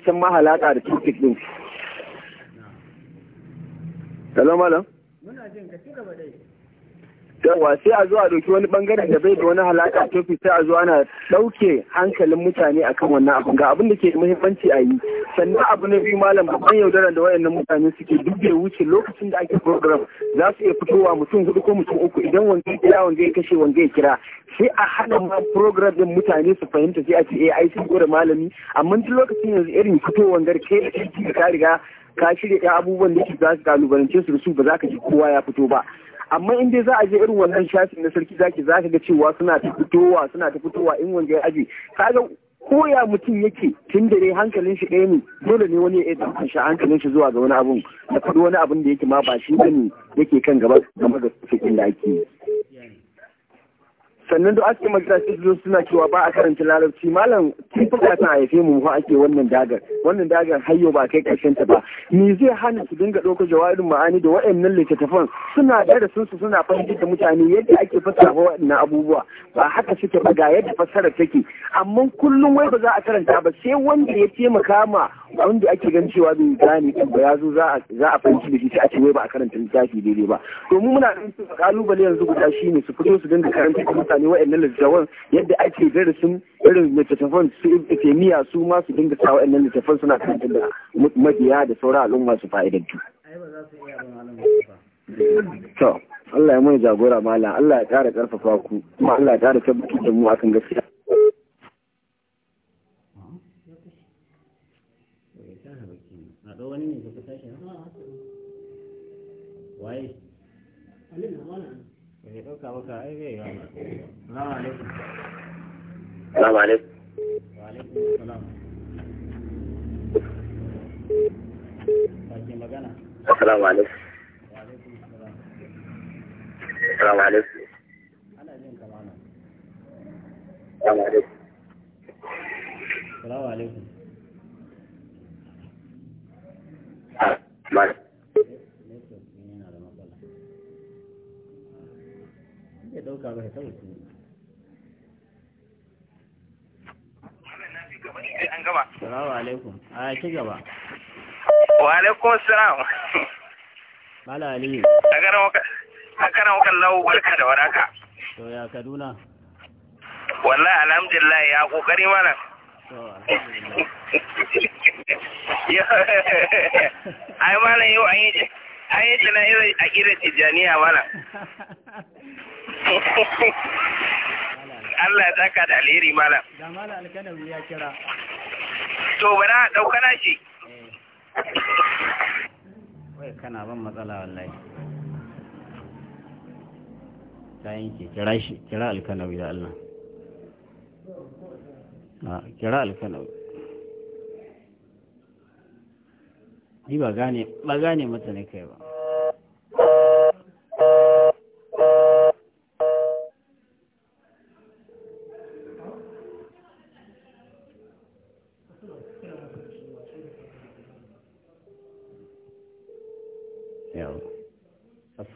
ma mahalaka da titik ɗin. Hello malam? Muna jin ka ci gaba dai. yawa sai a zo a ɗauki wani bangaren da bai da wani halaka tofi sai a zo ana ɗauke hankalin mutane akan wannan abin ga abin da ke muhimmanci a yi sannan abu na biyu malam babban yaudaran da wayannan mutane suke duk da wuce lokacin da ake program za su iya fitowa mutum hudu ko mutum uku idan ya kira ya kashe ya kira sai a hana ma program din mutane su fahimta sai a ce eh, ai sun da malami amma duk lokacin yanzu irin fitowar kai, da ka riga ka shirya abubuwan da ke za su kalubalance su da su ba za ka ji kowa ya fito ba amma in dai za a je irin wannan shafin na sarki zaki zaka ga cewa suna ta fitowa suna ta fitowa in wanda ya aje kaga koya mutum yake tun da dai hankalin shi ɗaya ne dole ne wani ya ɗaukan shi hankalin shi zuwa ga wani abun da faɗi wani abun da yake ma ba shi ne yake kan gaba game da cikin da ake yi sannan da ake magana sai su suna cewa ba a karanta larabci malam tun fa kafin a haife mu ake wannan dagar wannan dagar hayyo ba kai karshen ta ba me zai hana su dinga doka jawabin ma'ani da waɗannan littattafan suna darasin su suna fahimtar da mutane yadda ake fassara waɗannan abubuwa ba haka suke ba ga yadda fassara take amma kullum wai ba za a karanta ba sai wanda ya taimaka ma wanda ake gan cewa bai gane din ba ya zo za a fahimci da shi a ce wai ba a karanta littafi daidai ba domin muna ganin kalubale yanzu guda shine su fito su dinga karanta mutane mutane wa'annan littattafan yadda ake darasin irin littattafan su taimiyya su ma su dinga sa wa'annan littattafan suna kanta da mabiya da sauran al'umma su fa'idantu. To, Allah ya mai jagora mala, Allah ya ƙara ƙarfafa ku, kuma Allah ya ƙara tabbatar da mu akan gaskiya. wani ne ka fita shi waye ya ɗauka maka alaikum alaikum wa alaikum Assalamu Wa alaikum Assalamu alaikum. ya dauka mai ta wuce Salamu alaikum. A ci gaba. Wa salam. A karan wakan lau da waraka. To ya Kaduna. Wallahi alhamdulillah ya kokari [laughs] Ai mana yau an yi an irin a irin tijjaniya mana. [laughs] [laughs] Allah ya tsaka da alheri malam. Da malam ya kira. To bana ɗauka na shi. Eh. Wai kana ban matsala wallahi. Dayan ke kira shi, kira alkanawi da Allah. Ah, kira alkanawi. Ni ba gane, ba gane mata ne kai ba.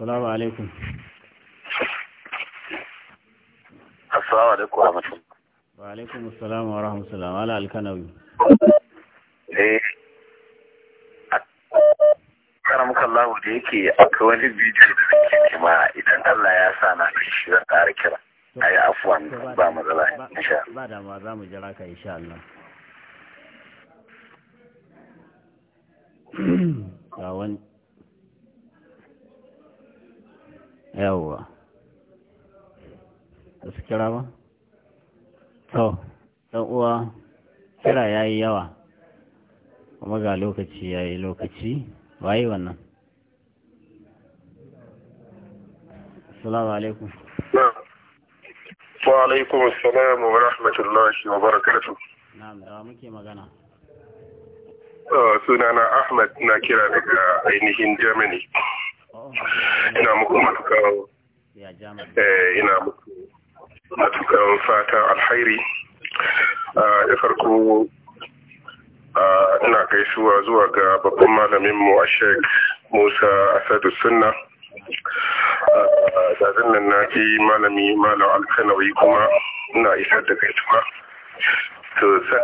Assalamu alaikum. Assalamu alaikum wa rahmatullahi. Wa alaikum assalam wa rahmatullahi wa ala alkanawi. Eh. muka lahu da yake akwai wani bidiyo da suke nema idan Allah ya sa na shi zan ƙara kira. Ayi afuwan ba matsala insha Allah. Ba ma za mu jira ka insha Allah. [clears throat] kuma ga lokaci ya yi lokaci waye wannan salamu alaikum wa alaikum assalam wa rahmatullahi wa barakatu na'am da muke magana ah, sunana Ahmad na kira daga ainihin Germany. Oh, ina muku matukan eh, ina muku matukan fata alhairi. Ah, da farko Ah, ina suwa zuwa ga babban malamin mu a shek musa asadu sunna ah, da nan na ji malami malam alkanawi kuma ina isar da kai gaisuwa to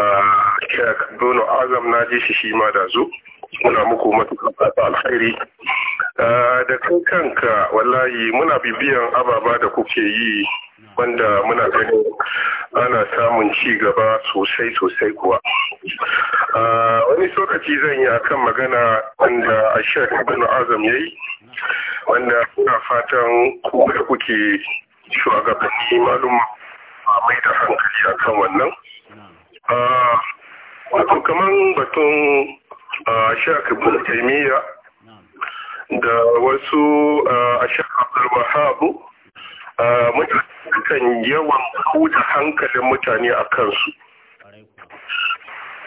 ah, sheik dono azam na ji shi shi ma da zo muna muku matuƙa alkhairi da kan kanka wallahi muna bibiyan ababa da kuke yi wanda muna gani ana samun ci gaba sosai sosai kuwa wani lokaci zan yi akan magana wanda a ibn azam ya yi wanda muna fatan kuma da kuke shugabanni a mai da hankali akan wannan wato kaman batun shek ibn taimiyya da wasu a sha'abar wahabu mutane kan yawan huta hankalin mutane a kansu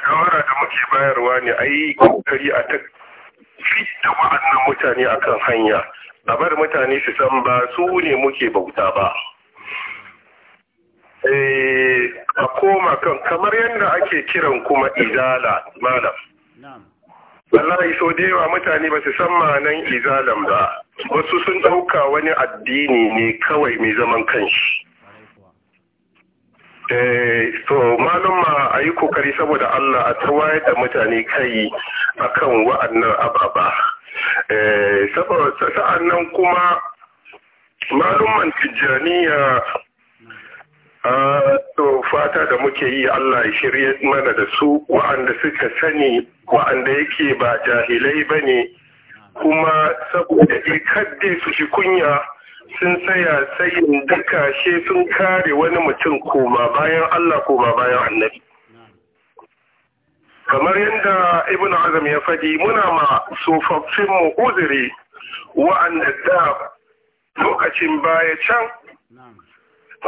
shawara da muke bayarwa ne a yi kokari a ta da wa'annan mutane a kan hanya a bar mutane su san ba su ne muke bauta ba eh, a koma kan kamar yadda ake kiran kuma izala malam wallahi so da yawa mutane ba su san ma'anan izalam ba wasu sun ɗauka wani addini ne kawai mai zaman kanshi eh, to malum ma a yi kokari saboda Allah a tawayar da mutane kai akan wa'annan ababa eh, sa'an nan kuma malumman tijjaniya to fata da muke yi Allah ya shirye mana da su wa'anda suka sani wa'anda yake ba jahilai ba ne kuma saboda ikadde su shi kunya sun tsaya sayin duka she sun kare wani mutum koma bayan Allah koma bayan annabi kamar yadda ibn azam ya faɗi muna ma tsofaffin mu uzuri wa'anda da lokacin baya can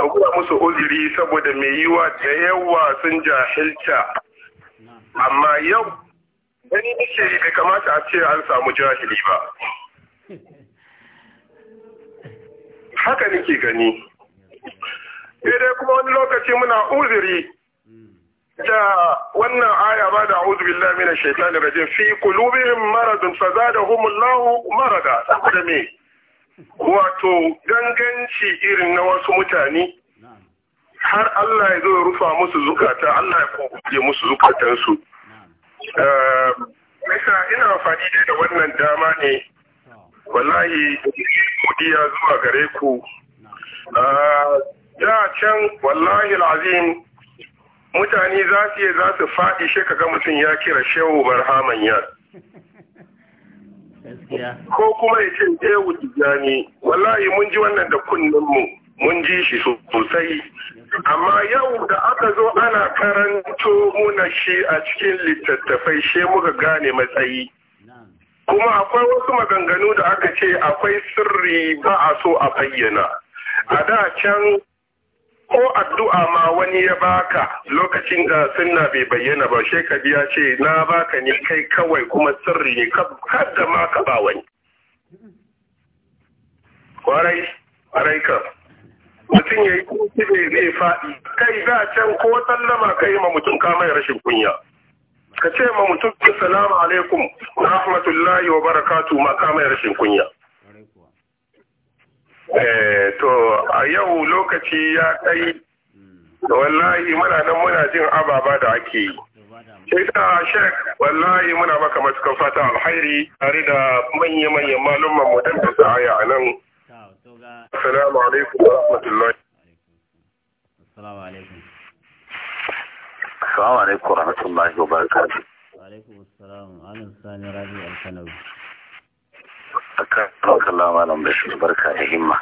kuma musu uzuri saboda mai yiwa da yawa sun jahilta amma yau gani nake bai kamata a ce an samu jahili ba haka nake gani dai kuma wani lokaci muna uzuri da wannan aya ba da a'udhu billahi minash shaitanir rajim fi qulubihim maradun fazadahumullahu marada saboda me wato ganganci irin na wasu mutane har Allah ya zo ya rufa musu zukata Allah ya kuɓe musu zukatansu Misa eh, ina faɗi da wannan dama ne wallahi ya zuwa gare ku eh, da can wallahi azim mutane za su yi za su faɗi shi kaga mutum ya kira shehu barhaman [laughs] ko kuma ya ce ɗaya wujjani wallahi mun ji wannan da mu mun ji shi sosai amma yau da aka zo ana karanto muna shi a cikin littattafai she muka gane matsayi kuma akwai wasu maganganu da aka ce akwai sirri ba a so a bayyana a da can ko addu'a ma wani ya baka lokacin da sunna bai bayyana ba ka ya ce na baka ne kai kawai kuma sirri ne kada ma ka ba wani kwarai kwarai ka mutum ya yi kuci ne zai faɗi kai a can ko sallama kai ma mutum ka mai rashin kunya ka ce ma mutum salamu alaikum rahmatullahi wa barakatu ma ka mai rashin kunya Eh, to a yau lokaci ya kai hmm. wallahi muna nan muna jin ababa da ake yi sai ta shek wallahi muna maka matukan fata alhairi tare da manya-manyan malumman mu da aya a nan assalamu alaikum wa rahmatullahi assalamu alaikum assalamu alaikum wa rahmatullahi wa barakatuh wa alaikum assalam sani rabi alkanawi akan kallon malam bashir barka da himma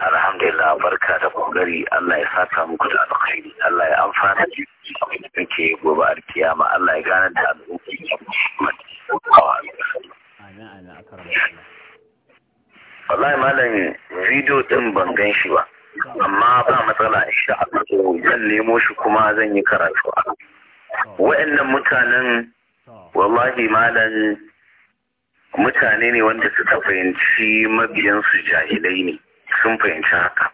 alhamdulillah barka da kokari Allah ya saka muku da alkhairi Allah ya amfana da abin da kake gobe alkiyama Allah ya gane da al'ummi wallahi malam video din ban gan shi ba amma ba matsala in sha Allah zan nemo shi kuma zan yi karatu a oh. wayannan mutanen wallahi malan mutane ne wanda suka fahimci mabiyansu jahilai ne sun fahimci haka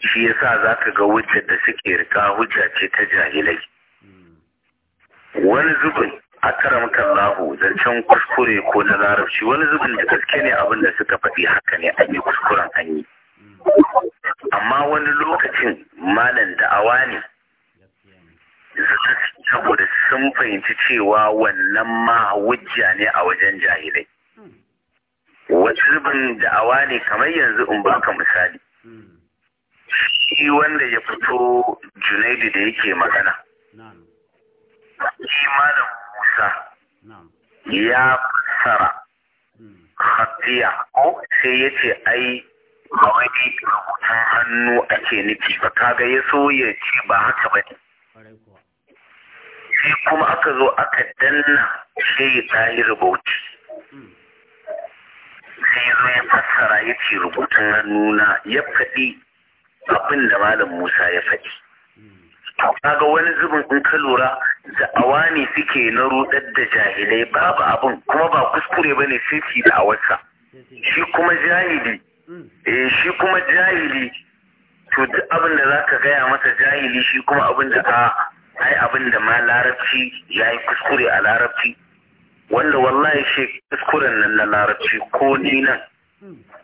shi yasa za ka ga hujjar da suke rika hujja ce ta jahilai wani zubin a karamtar lahu zancen kuskure ko na larabci wani zubin da gaske ne abin da suka faɗi haka ne an yi kuskuren an amma wani lokacin malam da'awa ne saboda sun fahimci cewa wannan ma hujja ne a wajen jahilai da da'awa ne kamar yanzu in baka misali shi wanda ya fito junaidu da yake magana shi malam musa ya fassara hafiya ko sai ya ce ai ba wani hannu ake nufi ba kaga ya so ya ce ba haka ba ne sai kuma aka zo aka danna sai tahir rubutu. sai zo ya fassara ya ce rubutun hannuna ya faɗi abin da malam musa ya faɗi kaga wani zubin in ka lura da awani suke na rudar da jahilai babu abin kuma ba kuskure ba ne, sai da awarsa shi kuma jahili eh shi kuma jahili to duk abin da ka gaya masa jahili shi kuma abin da ka ai abin da ma larabci ya yi kuskure a larabci wanda wallahi shi kuskuren nan na larabci ko ni nan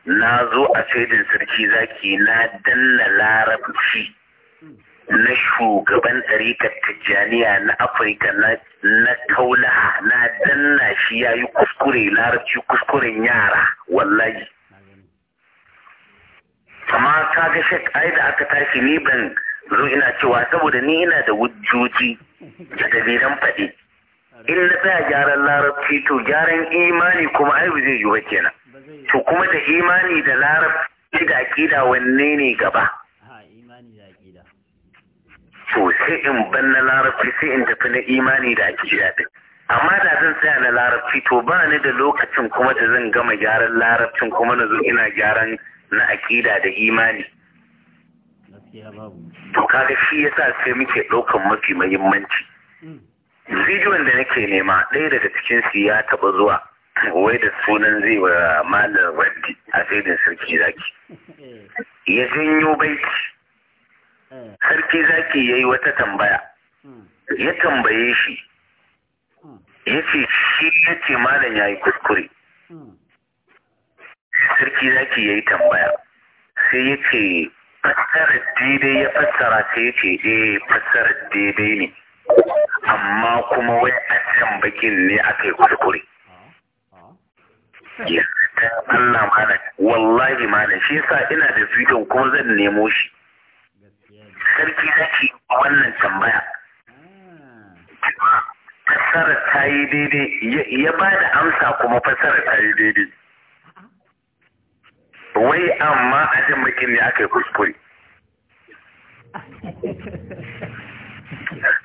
na zo a shaidin sarki zaki na danna larabci na shugaban ɗarikar tijjaniya na afirka na kaulaha na danna shi ya yi kuskure larabci kuskuren yara wallahi amma ka ga shek ai da aka tashi ni ban zo ina cewa saboda ni ina da wujjoji da dalilan faɗi in na tsaya gyaran larabci to gyaran imani kuma aibu zai yi ba kenan to kuma da imani da larabci da aƙida wanne ne gaba to sai in ban na larabci sai in tafi na imani da aƙida din amma da zan tsaya na larabci to ba ni da lokacin kuma da zan gama gyaran larabcin kuma na zo ina gyaran na aƙida da imani to kaga shi yasa sai muke ɗaukan mafi muhimmanci hmm. bidiyon da nake nema ɗaya daga cikin su ya taɓa zuwa wai da sunan zai wa malam raddi a saidin sarki zaki [laughs] ya janyo baiti eh. sarki zaki ya yi wata tambaya hmm. ya tambaye shi hmm. ya ce shi ya ce malam ya yi kuskure sarki zaki ya yi tambaya sai ya ce fassarar daidai ya fassara ta ya ce eh daidai ne amma kuma wai a can bakin ne aka yi kuskure ya Allah malam wallahi malam shi yasa ina da zuwa kuma zan nemo shi sarki zaki wannan tambaya fassara ta yi daidai ya ba da amsa kuma fassara ta yi daidai wai amma a jin makin ne aka yi kuskure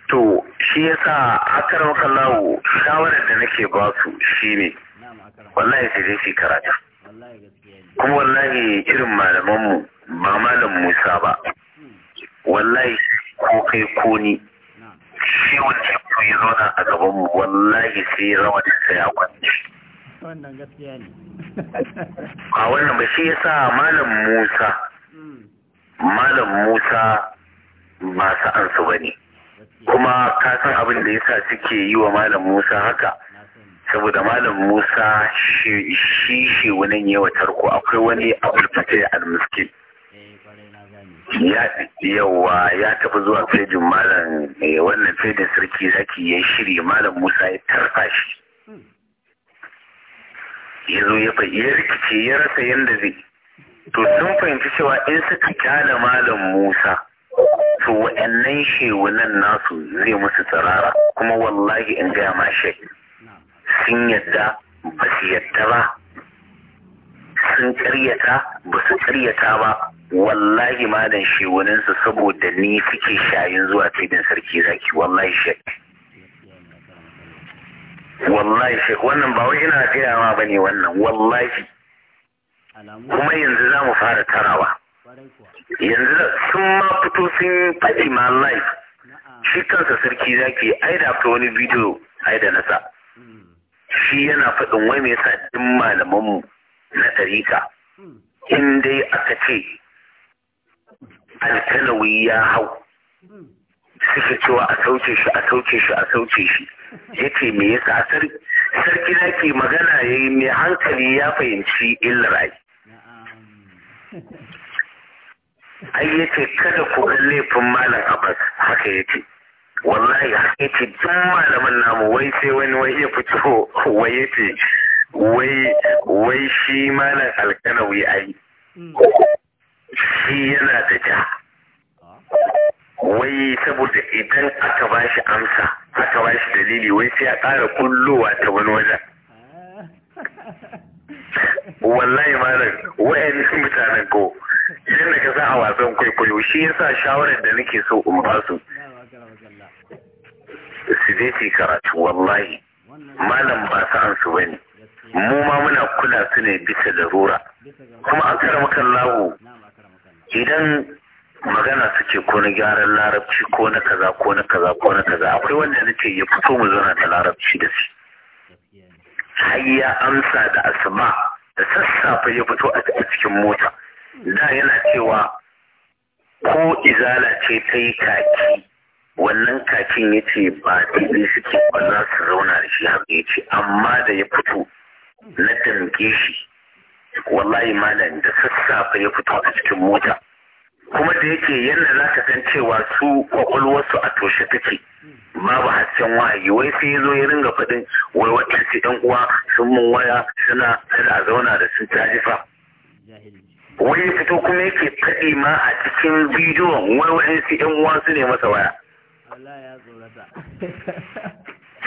to shi yasa akar makallawo shawarar da nake ba su shi ne, wallahi sai dai fi karata kuma wallahi irin malamanmu ba malam Musa ba wallahi ko kai ko ni shi wanda ya zo a gabanmu wallahi sai rawa da ya kwanci wannan gaskiya ne a wannan ba shi yasa malam Musa malam Musa ba sa'an su ne. kuma ka san abin da yasa suke yi wa malam Musa haka saboda malam Musa shi shi wani ne wa tarko akwai wani abul fatay ya miskin ya yawa ya tafi zuwa fejin malam eh, wannan fejin sarki zaki ya shiri malam Musa ya tarfa shi ya zo ya rikice ya rasa yadda zai to sun fahimci cewa in suka kyala malam musa to wa'annan shewunan nasu zai musu tsirara kuma wallahi in gaya ma shai sun yadda ba su yadda ba sun karyata ba su karyata ba wallahi malam shewunansu saboda ni suke shayin zuwa cibin sarki zaki wallahi shai wallahi sai wannan ba wai ina gaya ma bane wannan wallahi kuma yanzu za mu fara tarawa yanzu sun ma fito sun faɗi ma live shi kansa sarki zaki ai da wani bidiyo ai da nasa hmm. shi yana faɗin wai me yasa din malamanmu na tarika hmm. in dai aka ce alkalawi ya hau hmm. suke cewa a sauke shi a sauke shi a sauke shi Yake me yasa sarki sarki magana yayi mai hankali ya fahimci illar ai ai yace kada ku ga laifin malam abbas haka yace wallahi haka yace duk malaman namu wai sai wani wai ya fito [laughs] wai yace wai wai shi malam alkanawi ai mm. shi yana da ja wai saboda idan aka ba shi amsa aka ba shi dalili wai sai ya ƙara kullowa ta wani wajen wallahi malam wayan mutanen ko yadda ka sa a wasan kwaikwayo shi yasa shawarar da nake so in ba su su zai karatu wallahi malam ba su an su bane mu ma muna kula su ne bisa da rura kuma an karamakan lahu idan magana suke ko na gyaran larabci ko na kaza ko na kaza ko na kaza akwai wanda na ya fito mu zauna da larabci da shi har ya amsa da asma da sassafe ya fito a cikin mota da yana cewa ko izala ce ta yi kaki wannan kakin ya ce ba daidai suke ba za su zauna da shi har ya ce amma da ya fito na tamke shi wallahi malam da sassafe ya fito a cikin mota kuma da yake yadda za ka san cewa su kwakwalwarsu a toshe take babu hasken wahayi wai sai zo ya ringa faɗin wai waɗansu ɗan uwa sun mun waya suna a zauna da sun tajifa Wani ya fito kuma yake faɗi ma a cikin bidiyon wai waɗansu ɗan uwa su ne masa waya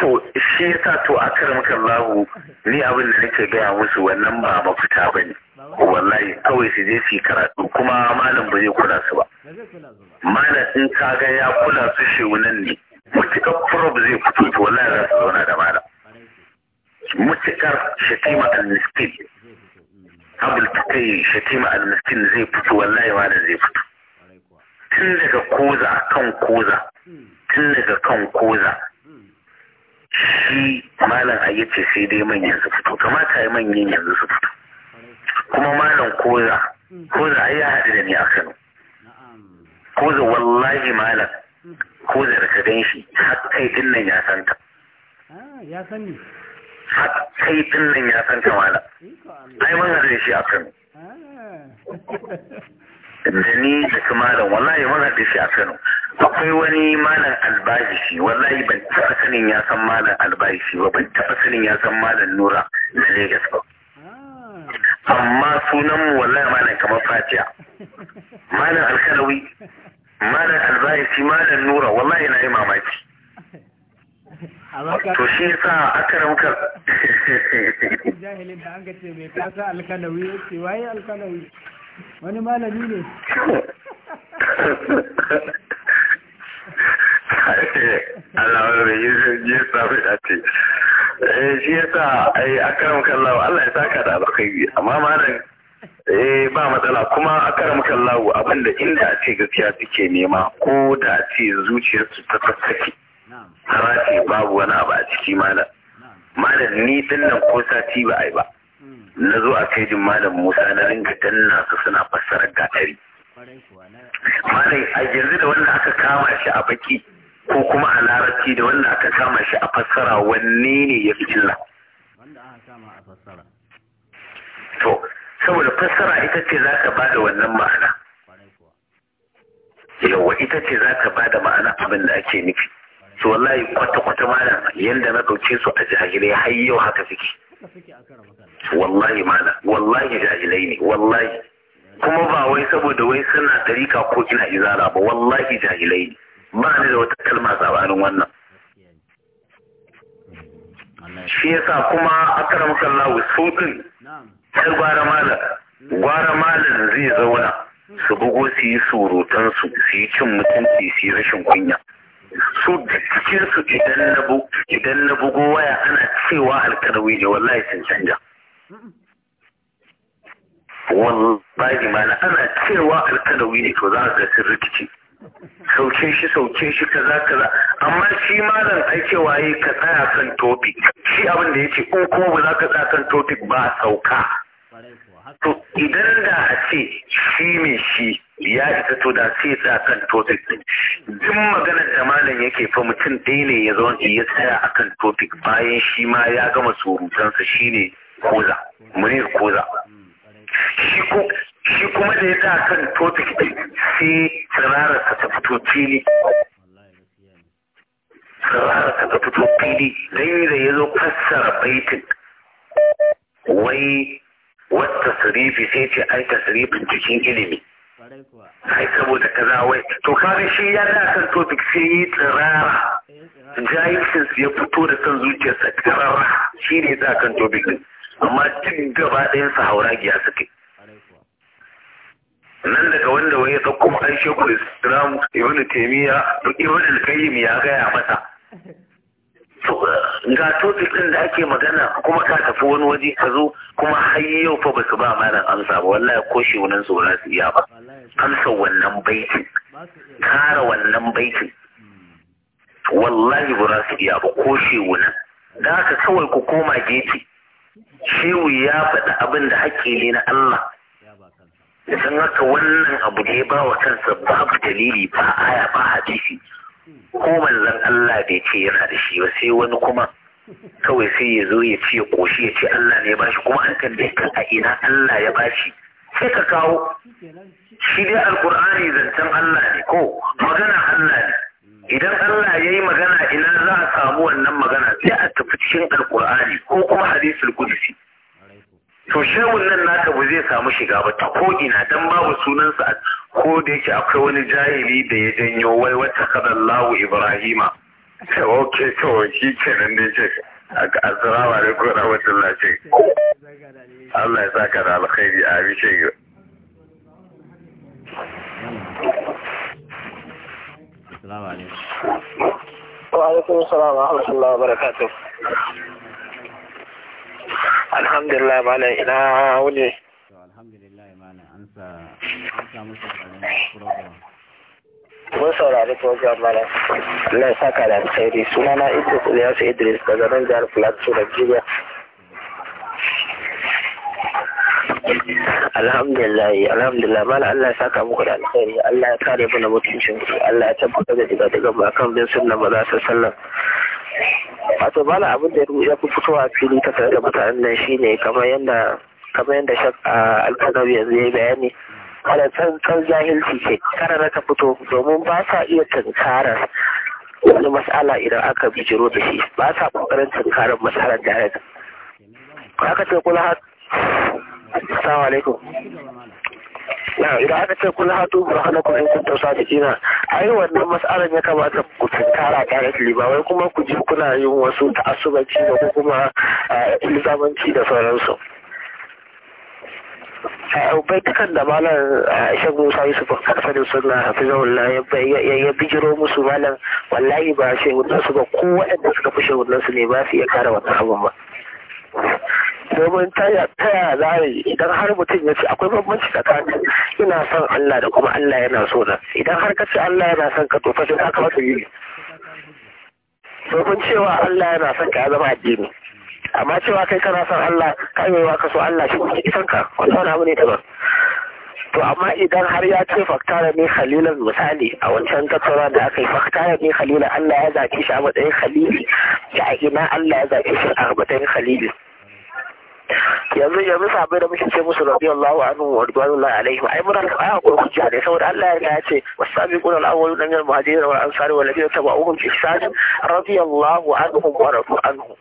to shi yasa to a karamkan ni abin da nake gaya musu wannan ba mafita ba ne wallahi kawai su je su karatu kuma malam ba zai kula su ba malam in ka ga ya kula su shewunan ne mutukar furob zai fito to wallahi za su zauna da malam mutukar shatima al-miskin mm. abul takai shatima al-miskin zai fito wallahi malam zai fito tun daga koza kan koza mm. tun daga kan koza mm. shi malam a yace sai dai manyan su fito kamata ya manyan yanzu su fito kuma malam koza mm. koza ai ya haɗu da ni a Kano koza wallahi malam koza da ka gan shi har kai din nan ya san ta ah, ya sani har kai din nan ya san ta malam ai mun haɗu da shi a Kano ah. da ni da su malam wallahi mun haɗu da shi a Kano akwai wani malam albashi wallahi ban taɓa sanin ya san malam albashi ba ban taɓa sanin ya san malam nura na Legas ba amma sunan mu wallahi malam kamar fatiya malam alkalawi malam albayisi malam nura wallahi na yi mamaki to shi yasa aka ramka [laughs] jahilin da an ga mai kasa alkalawi ce waye alkalawi wani malami ne [laughs] [laughs] Allah wani yi safi a ce shi ya sa ai akaram eh, eh, kallawa Allah ya saka da alkhairi amma malam eh ba matsala kuma akaram kallawa abinda inda a ce gaskiya suke nema ko da a ce zuciyarsu ta tsakake harace babu wani abu a ciki malam malam ni dinnan ko sati ba ai ba hmm. na zo a kai malam Musa na ringa danna su suna fassarar gadari malam a yanzu da wanda aka kama shi a baki ko kuma a larabci da wanda aka kama shi a fassara wanne ne ya fi illa to saboda fassara ita ce za ka ba da wannan ma'ana yawa ita ce za ka ba da ma'ana abin da ake nufi to wallahi kwata-kwata malam yadda na ɗauke su a jahilai har yau haka suke wallahi mana, wallahi jahilai ne wallahi kuma ba wai saboda wai suna ɗarika ko ina izara ba wallahi jahilai ne ba ni da wata kalma sabanin wannan shi yasa kuma akaram kallahu ɗin sai gwara malam gwara malam zai zauna su bugo su yi surutan su su yi cin mutunci su yi rashin kunya su cikin su idan na bugo waya ana cewa alkarawi ne wallahi sun canja wallahi mana ana cewa alkarawi ne to za a ga sun rikici sauke shi sauke shi kaza kaza amma shi malam ai cewa yi ka tsaya kan topic shi abin da yace in oh, ko ba za ka tsaya kan topic ba sauka to idan da a ce shi me shi ya isa to da sai tsaya kan topic din duk maganar da malam yake fa mutum dai ne ya zo ya tsaya akan topic bayan shi ma ya gama surutansa shine koza koza kuma da ya da kan topic din sai tsirara ta fito fili tsirara ta fito fili dai da ya zo fassara baitin wai wata sirifi sai ce ai tasirifin cikin ilimi ai saboda kaza wai to kare shi ya da kan topic sai yi tsirara jahilcin ya fito da kan zuciyarsa tsirara shi ne da kan topic amma duk gaba ɗayan sa haura giya suke nan daga wanda wani ya kuma an shekul islam ibn taimiyya duk ibn al ya gaya masa ga topic ɗin da ake magana kuma ka tafi wani waje ka zo kuma har yau fa basu ba malam amsa ba wallahi ko shi wannan su ba su iya ba amsa wannan baiti kara wannan baiti wallahi ba za su iya ba ko shi wannan da ka kawai ku koma gefe shehu ya faɗi abin da haƙƙi ne na Allah idan haka wannan abu da ya ba wa kansa babu dalili ba aya ba hadisi ko manzon Allah bai ce yana da shi ba sai wani kuma kawai sai ya zo ya ce koshi ya ce Allah ne ya bashi kuma an tambaye kan a ina Allah ya bashi sai ka kawo shi dai alkur'ani zancen Allah ne ko magana Allah ne idan Allah ya yi magana ina za a samu wannan magana sai a tafi cikin alkur'ani ko kuma hadisul kudusi to shehun nan naka ba zai samu shiga ba ta ko ina dan babu sunansa ko da yake akwai wani jahili da ya janyo wai wata kadallahu ibrahima ta ok to shi kenan dai ce assalamu alaikum rahmatullah ce Allah ya saka da alkhairi a bishe ga Assalamu alaikum. Wa alaikum assalam wa rahmatullahi wa barakatuh. alhamdulillah malam ina wuni alhamdulillah malam an samu program mun saurari program malam Allah ya saka da alkhairi sunana ya Ilyasu Idris daga nan jihar Plateau Nigeria alhamdulillah alhamdulillah mala Allah ya saka muku da alkhairi Allah ya kare mana mutuncin ku Allah ya tabbata da daga daga ba kan bin sunna ba za su sallar wato bala abin da ya fi fitowa fili ta tare da mutanen nan shine kamar yadda kamar yadda shak yanzu ya yi bayani wadda tsantsan zahilci ce karara ta fito domin ba sa iya tunkarar wani matsala idan aka bijiro da shi ba sa kokarin tunkarar matsalar da haka ce kula assalamu alaikum idan aka ce kula hatu ku in kuntum a ai wannan mas'alan ya kamata ku tunkara directly ba wai kuma ku je kuna yin wasu ta'assubanci da ko kuma ilzamanci da sauransu bai dukan da malam shan Musa Yusuf hafi zaun na, ya bijiro musu malam wallahi ba shehunansu ba ko waɗanda suka fi shehunansu ne ba su iya kara wata abin ba. domin ta yi za a yi idan har mutum ya ce akwai bambanci tsakanin ina son Allah da kuma Allah yana so na idan har ka ce Allah yana son ka tofa sai ka masa yi domin cewa Allah yana son ka ya zama addini amma cewa kai kana son Allah kai ka so Allah shi kuma isan ka wanda wani abu ne daban to amma idan har ya ce faktara mai khalilan misali a wancan tattara da aka yi faktara mai khalilan Allah ya zaki shi a matsayin khalili ya a ina Allah ya zaki shi a matsayin khalili yanzu yanzu sabai da muke ce musu radiyallahu anhu wa radiyallahu alaihim ai muna da aya ko hujja ne saboda Allah ya riga ya ce wasabiquna al-awwalun min al-muhajirin wal ansari wal ladina tabauhum bi ihsan radiyallahu anhum wa radu anhu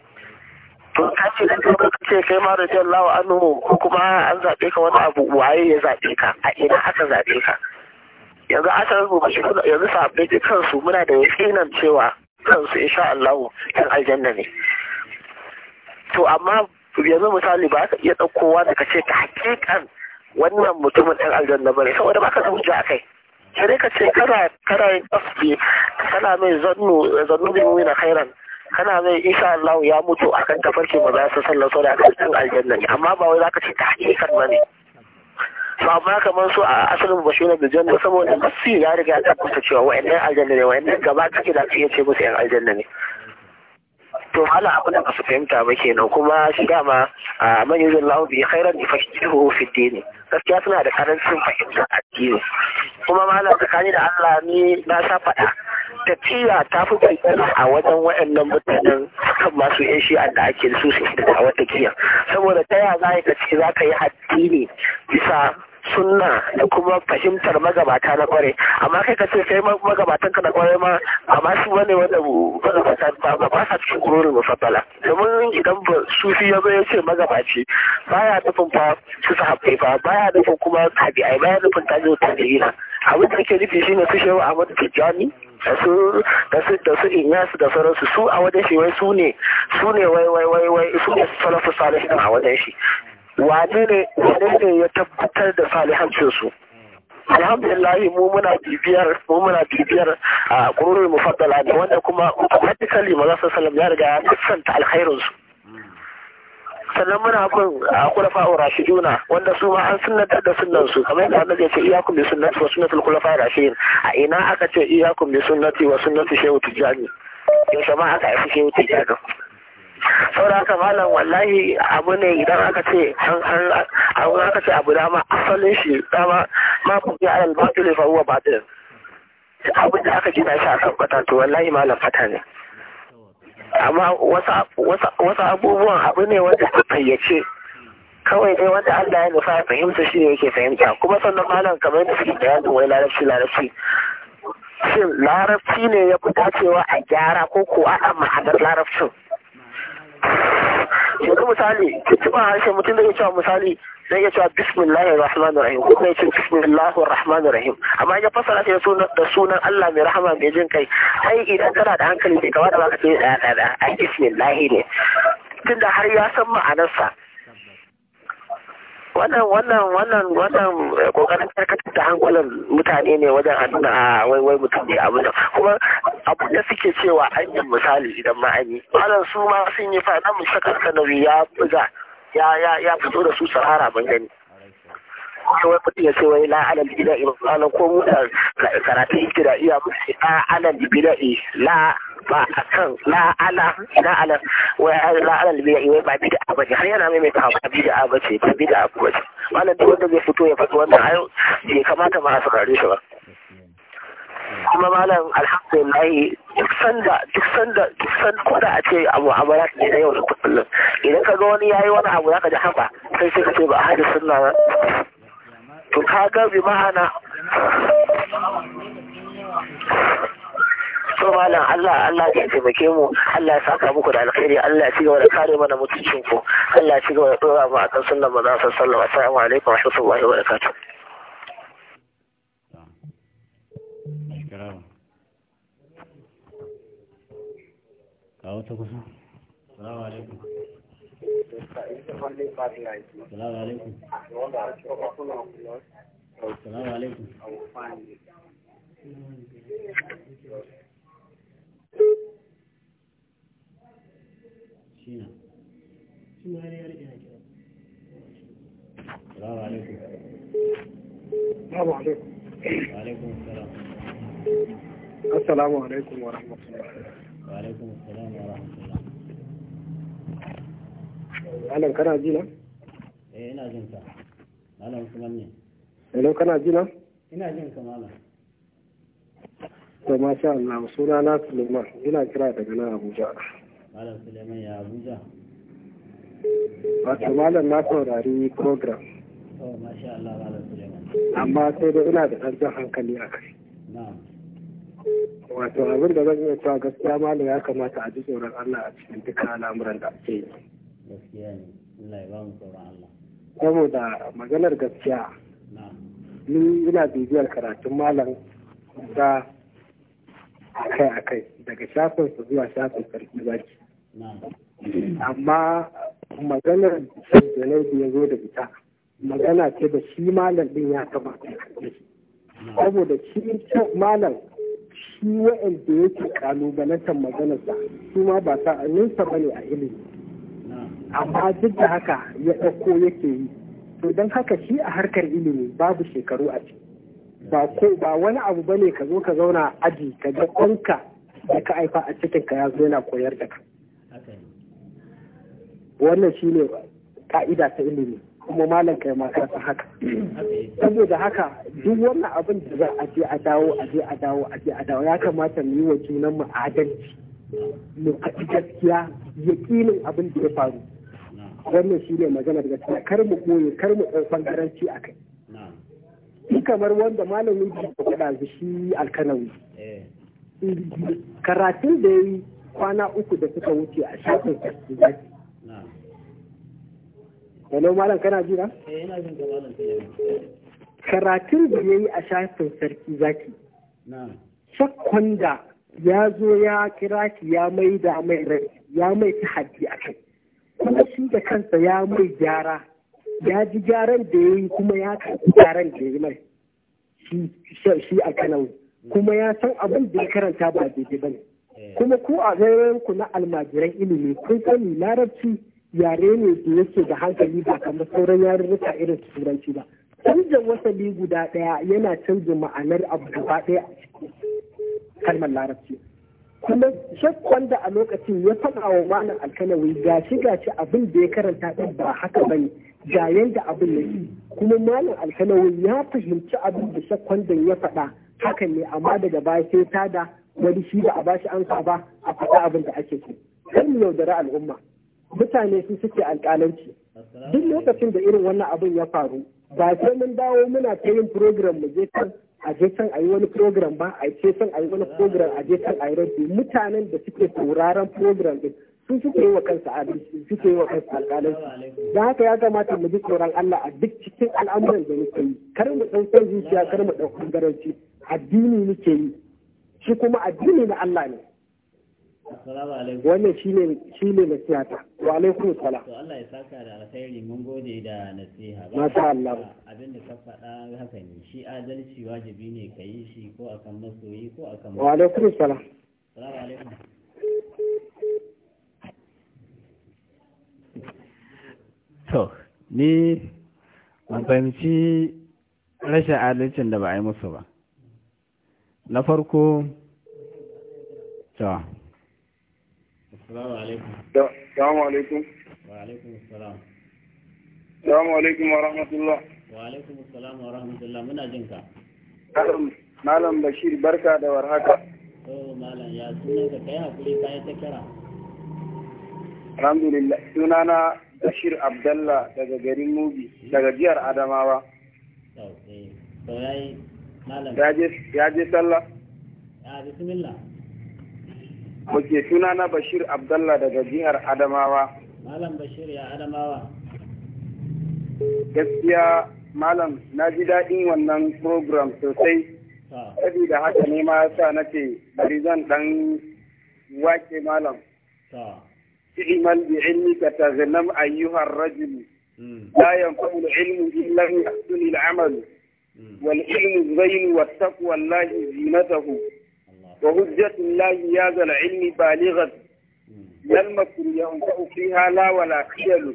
to ka ce da kuma ce kai ma radiyallahu anhu ko kuma an zabe ka wani abu waye ya zabe ka a ina aka zabe ka yanzu aka rubuta shi yanzu sabai kansu muna da yakinan cewa kansu insha Allah yan aljanna ne to amma su yanzu misali ba ka iya ɗaukowa da ka ce ta hakikan wannan mutumin ɗan aljanna ba ne saboda ba ka da hujja akai sai dai ka ce kana kana yin tasbi kana mai zannu zannu bin na khairan kana mai insha Allah ya mutu akan tafarki ba za su sallato da akan cikin aljanna ne amma ba wai za ka ce ta hakikan ne. ba ma kamar su a asalin bashir da janna saboda nasi ya riga ya tabbata cewa wa'annan aljanna ne wa'annan gaba take da su iya ce musu yan aljanna ne to hala abin da ba fahimta ba kenan kuma shi dama a yuzin lahu bi khairan yafashihu fi dini gaskiya suna da karancin fahimta addini kuma ma na tsakani da Allah ni na sa faɗa tafiya ta fi kwaikwayo a wajen waɗannan mutanen kan masu yan shi'a da ake su su da wata kiyan saboda ta yaya za ka ce za ka yi addini bisa sunna da kuma fahimtar magabata na kware amma kai ka ce kai magabatan ka na kware ma amma su bane wanda magabata ba ba sa cikin gururin mufaddala domin idan sufi ya bai ce magabaci baya nufin fa su sahabbai fa baya nufin kuma tabi'ai baya nufin ta tabi'ina abin da ake nufi shine su shehu Ahmad Tijjani da su da su da su da sauransu su a wajen shi wai su ne su ne wai wai wai wai su ne salafu salihin a wajen shi wane ne ya tabbatar da salihancinsu alhamdulillah mu muna bibiyar mu muna bibiyar a qururul mufaddala da wanda kuma automatically maza salam ya riga ya tsanta alkhairun su sannan muna kun a kulafa wa rashiduna wanda su ma an sunnatar da sunnan su kamar yadda annabi ya ce iyyakum bi sunnati wa sunnatul khulafa rashidin a ina aka ce iyyakum bi sunnati wa sunnati shehu tijani yaushe ma aka yi shehu tijani saboda haka malam wallahi abu ne idan aka ce an aka ce abu dama asalin shi dama ma ku ga alal batil fa huwa batil abu da aka gina shi akan fata to wallahi malam fata ne amma wasu abubuwan abu ne wanda ta fayyace kawai dai wanda Allah ya nufa ya fahimta shi ne yake fahimta kuma sannan malam kamar da suke bayanin wani larabci larabci shin larabci ne ya fi dacewa a gyara ko ko a ma'adar larabcin yanzu misali tuntuɓa harshen mutum zai cewa misali zai iya cewa bismillahir rahmanir rahim ko kuma ce bismillahir rahmanir rahim amma ya fasara shi da sunan Allah mai rahama mai jin kai ai idan kana da hankali ne kamar da ka ce da da ai bismillah ne tunda har ya san ma'anarsa wannan wannan wannan wannan eh, kokarin karkatar da hankulan mutane ne wajen aduna a ah, wai wai mutum ne abu kuma abu da suke cewa an yi misali idan ma an yi wannan su ma sun yi fa dan mu shakar kanawi ya buga ya ya ya fito da su sahara ban gani ko wai mutum ya ce wai la alal bida'i malam ko mu da karatu ibtida'iyya mu ce la'anan alal bida'i la ba a kan la'ana ala la wai la ala bida'i wai ba bida'a ba ce har yana mai mai ba bida'a ba ce ba bida'a ba ce malam duk wanda zai fito ya faɗi wannan ayo bai kamata ma a saurare shi ba kuma malam alhamdulillah duk sanda duk sanda duk sanda ko da a ce a mu'amala ne na yau da kullum idan ka ga wani yayi wani abu zaka ji haka sai sai ka ce ba a hajji sunna ba to kaga bi ma'ana to malam Allah Allah ya taimake mu Allah ya saka muku da alkhairi Allah ya ci gaba da kare mana mutuncin ku Allah ya ci gaba da dora mu akan sunnar manzo sallallahu alaihi wasallam assalamu alaikum wa rahmatullahi wa barakatuh Assalamu alaikum. Salamu alaikum. Salamu alaikum. Salamu alaikum. Salamu alaikum. alaikum alaikum Malam kana ji na? Eh ina jin ka. Malam kuma ne. Hello kana ji na? Ina jin ka malam. To masha Allah suna na Suleiman ina kira daga nan Abuja. Malam Suleiman ya Abuja. Wato malam na saurari program. Oh masha Allah malam Suleiman. Amma sai dai ina da ɗan hankali a kai. Na'am. wato abin da zan iya cewa gaskiya malam ya kamata a ji tsoron Allah a cikin duka al'amuran da ake yi gaskiya ne Allah ya ba mu tsoron Allah saboda maganar gaskiya ni ina bibiyar karatun malam da akai akai daga shafin su zuwa shafin sarki zaki amma maganar da laifi ya zo da ita magana ce da shi malam din ya kamata ya saboda shi malam shi wa'anda yake kalubalantar maganarsa su ma ba ba bane a ilimi amma duk da haka ya ɗauko yake yi to don haka shi a harkar ilimi babu shekaru a ciki ba ko ba wani abu bane ka zo ka zauna aji ka ga kwanka da ka aifa a cikin ka ya zo yana koyar da ka wannan shine ka'ida ta ilimi kuma malam kai ma ka haka saboda haka duk wannan abin da za a je a dawo a je a dawo a je a dawo ya kamata mu yi wa junanmu adalci mu faɗi gaskiya yaƙinin abin da ya faru wannan shi ne magana daga cikin kar mu koyi kar mu ɗan bangaranci a kai shi kamar wanda malamin ji da kuɗa shi alkanawi eh. karatun da ya yi kwana uku da suka wuce a shafin zaki Hello malam kana jira? Eh, karatun da ya yi a shafin sarki zaki. Shakkon ya zo ya kira ki ya mai da mai rai ya mai ta haddi a kai. kuma shi da kansa ya mai gyara ya ji gyaran da ya yi kuma ya karɓi gyaran da ya yi mai shi a kanau kuma ya san abin da ya karanta ba daidai ba ne eh. kuma ko a ku na almajiran ilimi kun sani larabci yare ne da yake da hankali ba kamar sauran yarurruka irin turanci ba canza wasali guda ɗaya yana canza ma'anar abu gaba ɗaya a cikin kalmar larabci kuma shek wanda a lokacin ya faɗa wa malam alkanawi gashi gashi abin da ya karanta ɗin ba haka ba ne ga yanda abin yi, kuma malam alkalawi ya fahimci abin da shek wanda ya faɗa hakan ne amma daga baya sai ta da wani shi ba a bashi sa ba a faɗa abin da ake so kar mu yaudari al'umma mutane su suke alƙalanci duk lokacin da irin wannan abin ya faru ba sai mun dawo muna ta yin program mu je kan a je can a yi wani program ba a ce can a yi wani program a je can a yi rabbi mutanen da suke sauraron program din sun suke yi wa kansu adalci suke yi wa kansu alƙalanci da haka ya kamata mu ji tsoron Allah a duk cikin al'amuran da muke yi kar mu ɗan san zuciya kar mu ɗan kungaranci addini muke yi shi kuma addini na Allah ne wannan shi ne nasihata wa alaikum sala to Allah ya saka da alkhairi mun gode da nasiha ba masha Allah abin da ka faɗa haka ne shi adalci wajibi ne ka yi shi ko akan masoyi ko akan wa alaikum sala salamu alaikum to ni ban fahimci rashin adalcin da ba a yi musu ba na farko to Salamu alaikum. Salamu alaikum. Wa alaikum salam. Salamu alaikum wa rahmatullah. Wa alaikum salam wa rahmatullah muna jin Malam Bashir barka da warhaka. Oh malam ya sunan ka kai hakuri bayan ta kira. Alhamdulillah sunana Bashir Abdallah daga garin Mubi daga jihar Adamawa. Eh, ya je sallah? Ya ah, bismillah. muke suna na Bashir Abdallah daga jihar Adamawa. Malam Bashir ya Adamawa. Gaskiya Malam na ji daɗin wannan program sosai. Sabida haka ne ma sa na ce bari zan ɗan wake Malam. Imal bi ilmi ka tazanam ayyuhar rajuli. لا ينفع العلم إلا من أحسن العمل والعلم wa والتقوى الله زينته وهجة الله يا ذا العلم بالغة لا المكر ينفع فيها لا ولا خيل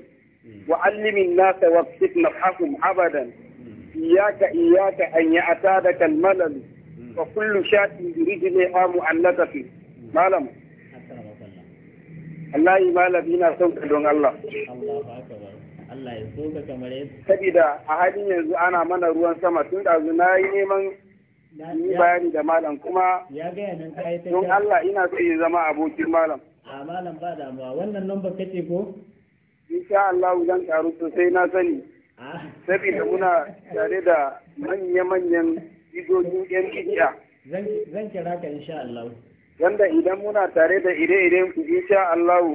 وعلم الناس واكشف نفحهم أبدا إياك إياك أن يأتادك الملل وكل شاة برجلها معلقة malam Allah yi malami na son ka don الله Allah ya so ka kamar yadda sabida a halin yanzu ana mana ruwan sama tun da na neman yi bayani da malam kuma don Allah ina so yi zama abokin malam. A malam ba damuwa wannan number kace ko? Insha Allah zan karu sosai na sani. Saboda muna tare da manya-manyan idojin yan kijiya. Zan kira ka insha Allah. Wanda idan muna tare da ire-iren ku insha Allah.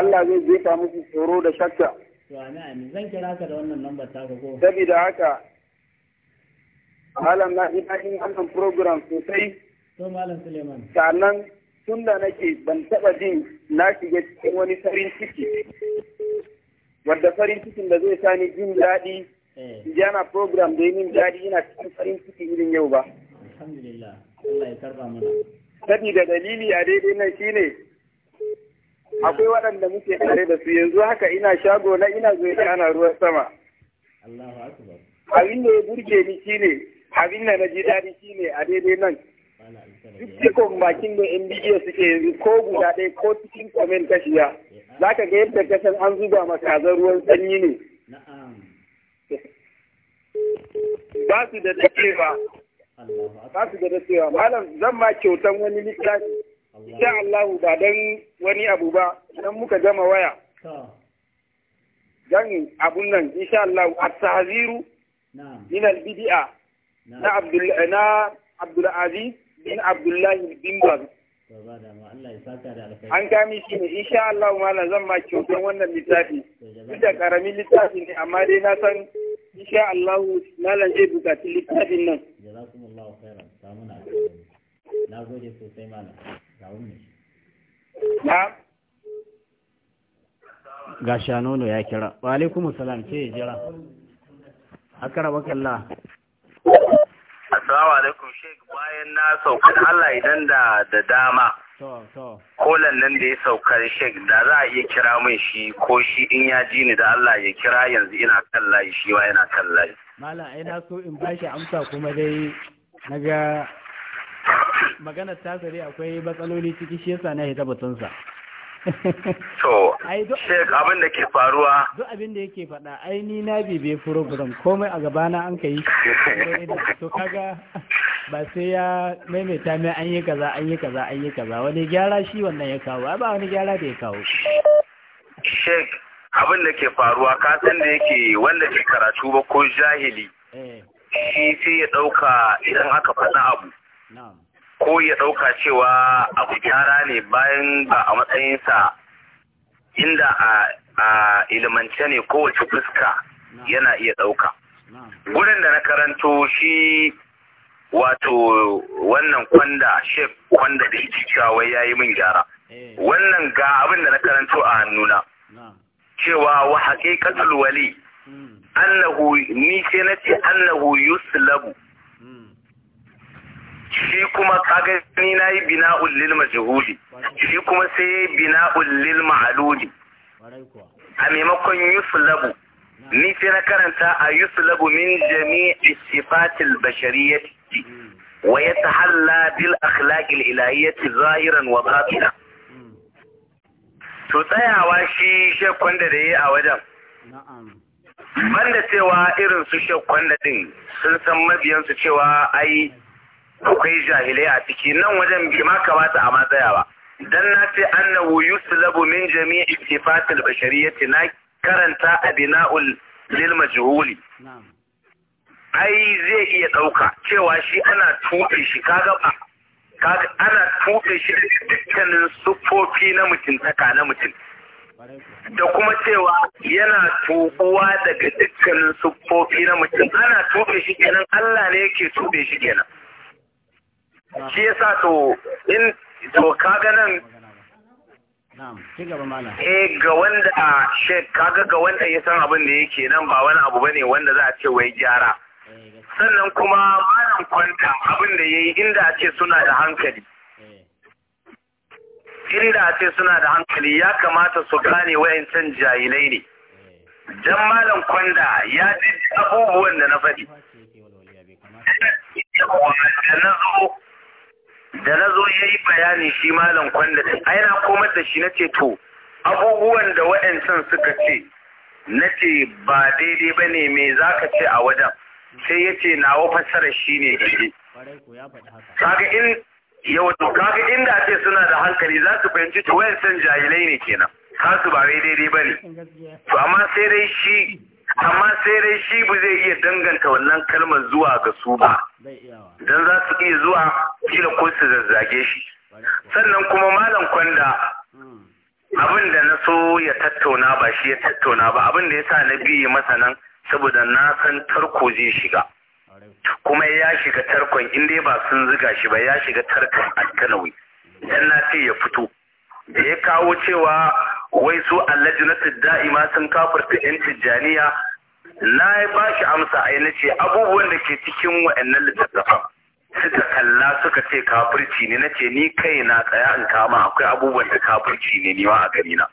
Allah zai jefa musu tsoro da shakka. To amin amin zan kira ka da wannan lambar ta ko. Saboda haka malam na ina yin wannan program sosai to malam suleiman sannan tun da nake ban taba jin na shiga cikin wani farin ciki wadda farin cikin da zai sani jin daɗi yana eh. program da yi daɗi yana cikin farin ciki irin yau ba alhamdulillah Allah ya karba mana sabida dalili a daidai nan shine akwai waɗanda muke tare da su yanzu haka ina shago na ina zuwa ana ruwan sama Allahu abin da ya burge ni shine abin da na ji daɗi shine a daidai nan dukkan bakin da NBA suke yanzu ko guda ɗaya ko cikin kwamen kashiya. Eh, za ka ga yadda kasan an zuba makazan ruwan sanyi ne ba su da dacewa ba su da dacewa malam zan ma kyautan wani littafi insha Allah ba dan wani abu ba idan muka gama waya dan abun nan insha Allah at-tahziru min al na Abdul na Aziz bin abdullahi bin Baz an kami shi ne insha Allah malam zan ma kyautar wannan littafi duk da karamin littafi ne amma dai na san insha Allah malam zai bukaci littafin nan jazakumullahu khairan samuna na gode sosai malam ga wannan na ga shanono ya kira wa salam! ce jira akara wakalla Assalamu alaikum Sheikh bayan na sauka Allah idan da da dama. Kolan nan da ya sauka Sheikh da za a iya kira min shi ko shi in ya ji ni da Allah ya kira yanzu ina kan layi shi ma yana kan layi. Malam ai na so in bashi amsa kuma dai naga maganar tasiri akwai matsaloli ciki shi yasa na hita batunsa. to [laughs] shek abin da ke faruwa duk abin da yake faɗa aini na bibe program komai a gabana an ka yi [laughs] to kaga ba sai ya maimaita mai an yi kaza an yi kaza an yi kaza wani gyara shi wannan ya kawo ba wani gyara da ya kawo shek abin da ke faruwa ka san da yake wanda ke karatu ba ko jahili eh. shi sai ya ɗauka idan aka faɗa abu ko ya ɗauka cewa abu gyara ne bayan ba a matsayinsa inda a ilimance ne kowace fuska yana iya ɗauka. Gurin da na karanto shi wato wannan kwanda shef kwanda da yake cewa ya yi min gyara. Eh. Wannan ga abin da na karanto a hannuna. Cewa wa haƙiƙatul wali hmm. annahu ni ce na ce annahu yuslabu shi kuma kaga ni nayi bina'ul lil majhuli shi kuma sai yi bina'ul lil ma'luli a maimakon yuslabu ni sai na karanta a yuslabu min jami'i sifatil bashariyati wa yatahalla bil akhlaqil ilahiyyati zahiran wa batinan to tsayawa shi shekwan da yayi a wajen banda cewa irin su shekwan da din sun san mabiyansu cewa ai akwai jahilai a ciki nan wajen bai ma kamata a matsaya ba dan na ce annahu yuslabu min jami'i sifatil bashariyati na karanta abina'ul lil majhuli ai zai iya ɗauka cewa shi ana tuɓe shi kaga ba kaga ana tuɓe shi da dukkanin sufofi na mutuntaka na mutum da kuma cewa yana tuɓuwa daga dukkanin sufofi na mutum ana tuɓe shi kenan Allah ne yake tuɓe shi kenan shi yasa to in to kaga nan Eh ga wanda shek kaga ga wanda ya san abin da yake nan ba wani abu bane wanda za a ce wai gyara. Eh, Sannan kuma malam kwanta abin da yayi inda a ce suna da hankali. Eh. Inda a ce suna da hankali ya kamata su gane can jahilai ne. Jan eh. malam kwanda ya ji abubuwan da na faɗi. Da na zo da na zo ya yi bayani shi malam kwanda A yana komar da shi na ce to abubuwan da waɗancan suka ce na ce ba daidai ba ne me za ka ce a wajen sai ya ce nawa fassara shi ne daidai kaga in yau kaga inda ce suna da hankali za su fahimci to waɗancan jahilai ne kenan kasu ba daidai ba ne to amma sai dai shi amma sai dai shi ba zai iya danganta wannan kalmar zuwa ga su ba don za su iya zuwa kila ko su zazzage shi sannan kuma malam kwanda hmm. abin da na so ya tattauna ba shi ya tattauna ba abin da ya sa na biye masa nan saboda na san tarko zai shiga kuma ya shiga tarkon inda dai ba sun ziga shi ba ya shiga tarkon alkanawi dan na ce ya fito da ya kawo cewa wai su allajinatu da'ima sun kafarta yan tijjaniya na ya ba shi amsa a na ce abubuwan da ke cikin wa'annan littattafan suka kalla suka ce kafirci ne na ce ni kai na tsaya in kama akwai abubuwan da kafirci ne ni a gani na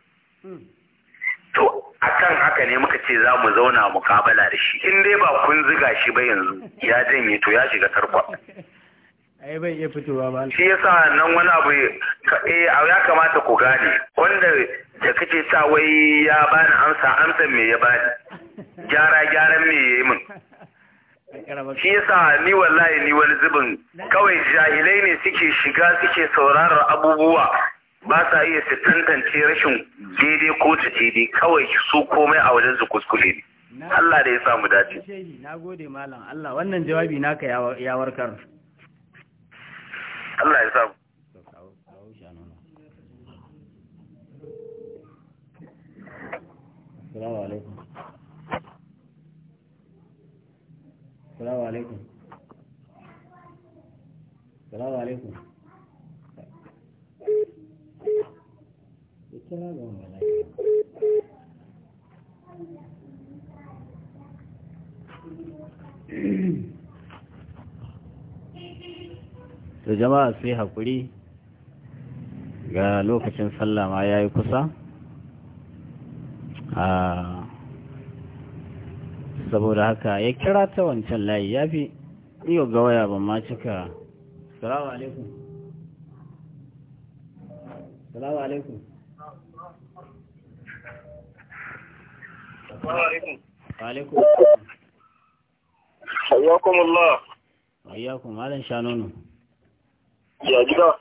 to a kan haka ne muka ce za mu zauna mukabala da shi in dai ba kun ziga shi ba yanzu ya janye to ya shiga tarkwa ai bai iya fitowa ba shi yasa nan wani abu eh ya kamata ku gane wanda da kace ta wai ya bani amsa amsa me ya bani gyara gyaran me yayi min shi yasa ni wallahi ni wani zubin kawai jahilai ne suke shiga suke sauraron abubuwa ba sa iya su tantance rashin daidai ko ta daidai kawai su komai a wajen su kuskure ne Allah da ya samu dace. Na gode malam Allah wannan jawabi naka ya warkar. Allah ya samu Assalamu alaikum Assalamu alaikum Assalamu alaikum da jama'a sai haƙuri ga lokacin sallah ma ya yi kusa ah, saboda haka ya kira ta wancan layi ya fi iyo ga waya ban ma cika salamu alaikum salamu alaikum Allah ya gida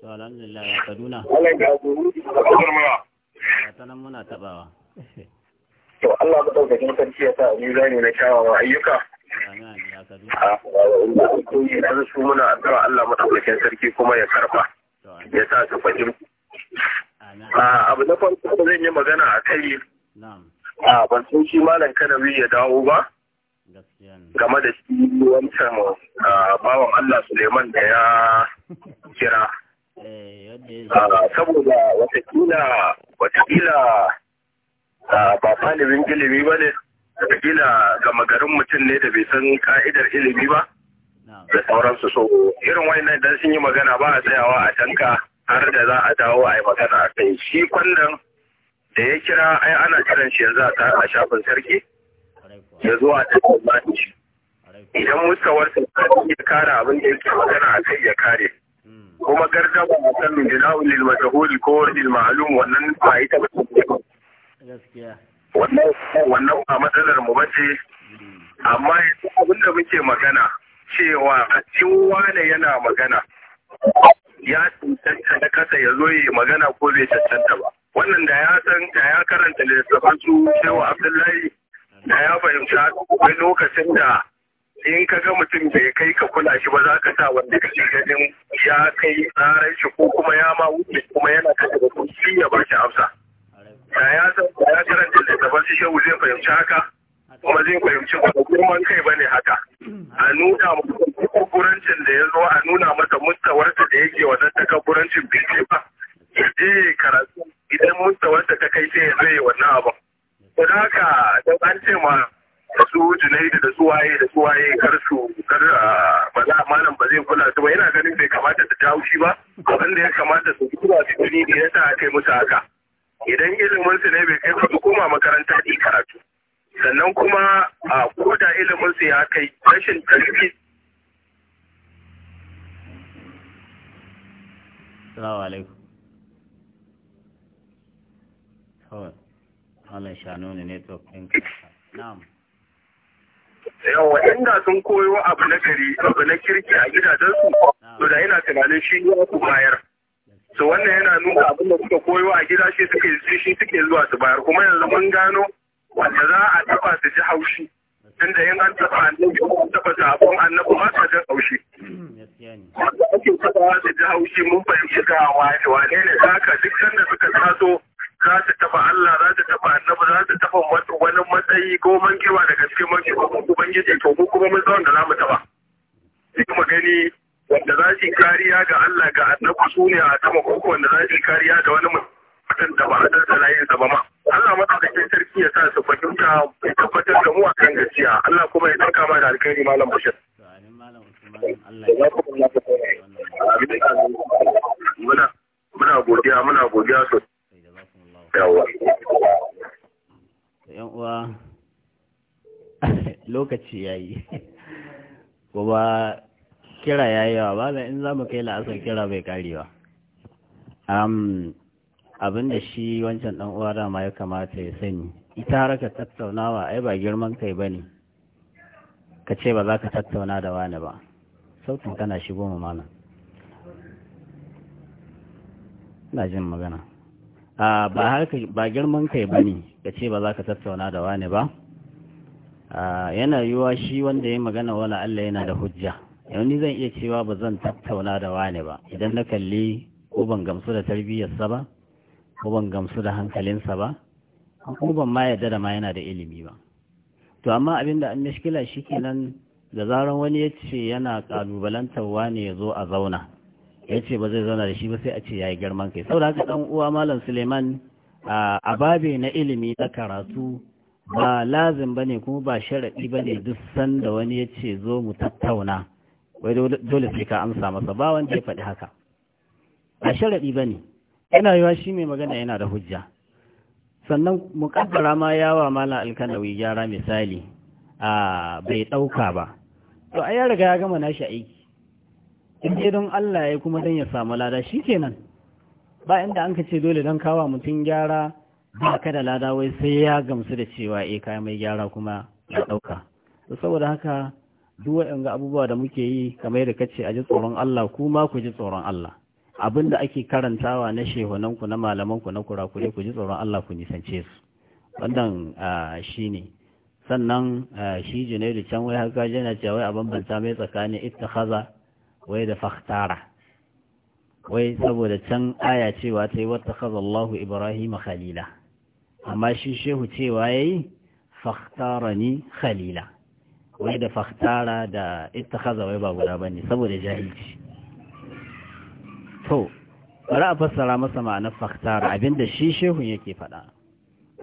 to alhamdulillah ya kaduna Allah ya muna tabawa [laughs] to Allah ba dauka kin sarki ya sa ni zani na kyawawan ayyuka amin ya kaduna a ko da su muna addu'a Allah sarki kuma ya karba ya sa su fahimta abu na farko zan yi magana a kai ban san shi malam kanawi ya dawo ba game da shi wancan bawan Allah Suleiman da ya kira eh, saboda watakila watakila ba falibin ilimi ba ne watakila gama garin mutum ne da bai san ka'idar ilimi ba da sauransu so irin wannan dan sun yi magana ba a tsayawa a tanka har da za a dawo a yi magana a kai shi kwandon da ya kira ai ana kiran shi yanzu a shafin sarki ya zo a cikin zaɓi idan muskawarsa ya kare abin da yake magana a kai ya kare kuma gargaba musamman jina'un lil majahul ko lil ma'lum wannan ba ita ba gaskiya wannan ba matsalar mu bace amma yanzu abin da muke magana cewa a cikin wane yana magana ya cancanta na kasa ya zo yi magana ko bai cancanta ba wannan da ya san da ya karanta littattafan su cewa abdullahi da ya fahimta akwai lokacin da in ka ga mutum bai kai ka kula shi ba za ka sa wanda kake ganin ya kai tsaran shi ko kuma ya ma wuce kuma yana ka kun shi ya ba shi amsa da ya san da ya karanta littafin shi shehu zai fahimci haka kuma zai fahimci ba girman kai ne haka a nuna kukurancin da ya zo a nuna masa mustawarsa da yake wannan takaburancin bai ba ya je karatu idan mustawarsa ta kai sai ya zai wannan abin Don haka don an ce ma da su Junaidu da su waye da su waye kar su kar ah, ba za a malam ba zai kula su ba yana ganin bai kamata su ta haushi ba abin da ya kamata su zuwa su gani da yasa aka yi musu haka. Idan ilimin su ne bai kai su koma makaranta ɗi karatu. Sannan kuma a koda ilimin su ya kai rashin tarbiyya Assalamu alaikum. Kawai. Malam Shanu ne network ɗin ka Na'am. Yawa inda sun koyo abu na gari abu na kirki a su to da yana tunanin shi ne ku bayar. So wannan yana nuna abin da suka koyo a gida shi suke shi suke zuwa su bayar kuma yanzu mun gano wanda za a taba su ji haushi. Tunda yin an taba annabi ko an taba sabon annabi ba sa jin haushi. Wanda ake taba su ji haushi mun fahimci ga wani wane ne zaka duk sanda suka taso za ta taba Allah za ta taba annabi za ta taba wani matsayi ko mankewa daga cikin mankewa ko ubangiji to ko kuma mun tsawon da za mu taba shi kuma gani wanda za su kariya ga Allah ga annabi su ne a sama ko wanda za su kariya ga wani mutum da ba a dasa sa ba ma Allah ke sarki ya sa su fahimta ya tabbatar da mu a kan gaskiya Allah kuma ya tsaka ma da alkhairi malam bashir muna godiya muna godiya sosai yan [laughs] lokaci ya yi kuma [laughs] kira ya yi yawa ba in za mu kai la'asar kira bai karewa Abinda shi wancan ɗan uwa dama ya kamata ya sani ita harkar tattaunawa ai ba girman kai ba ne ka ce ba za ka tattauna da wani ba sautin kana shigo mu mana ina jin magana ba ba girman kai ba ne ka ce ba za ka tattauna da wani ba yana yiwuwa shi wanda ya magana wala Allah yana da hujja yau ni zan iya cewa ba zan tattauna da wani ba idan na kalli ko ban gamsu da tarbiyyarsa ba ko ban gamsu da hankalinsa ba ko ban ma yarda da ma yana da ilimi ba to amma abin da an mishkila shi kenan da zaran wani ya ce yana kalubalantar wani ya zo a zauna ya ce ba zai zauna da shi ba sai a ce ya yi girman kai da haka ɗan uwa malam suleiman a babe na ilimi na karatu ba lazim ba ne kuma ba sharaɗi ba ne duk sanda wani ya ce zo mu tattauna wai dole sai ka amsa masa ba wanda ya faɗi haka ba sharaɗi ba ne yana yiwa shi mai magana yana da hujja sannan muƙaddara ma yawa malam alkanawi gyara misali a bai ɗauka ba to a ya riga ya gama nashi aiki in dai don Allah ya kuma don ya samu lada shi kenan ba inda an ka ce dole don kawa mutum gyara ba ka da lada wai sai ya gamsu da cewa e eh, kayan mai gyara kuma ya ɗauka saboda haka duk ga abubuwa da muke yi kamar da kace a ji tsoron Allah kuma ku ji tsoron Allah abin da ake karantawa na shehunanku na malamanku na kurakure ku ji tsoron Allah ku nisance su wannan shi ne sannan shi junaidu can wai haka yana cewa wai a bambanta mai tsakanin ita wai da fakhtara wai saboda can aya cewa ta yi wata kazallahu ibrahim khalila amma shi shehu cewa ya yi fakhtara ni khalila wai da fakhtara da ita kaza wai ba guda ba ne saboda jahilci to bari a fassara masa ma'anar fakhtara abinda shi shehun yake faɗa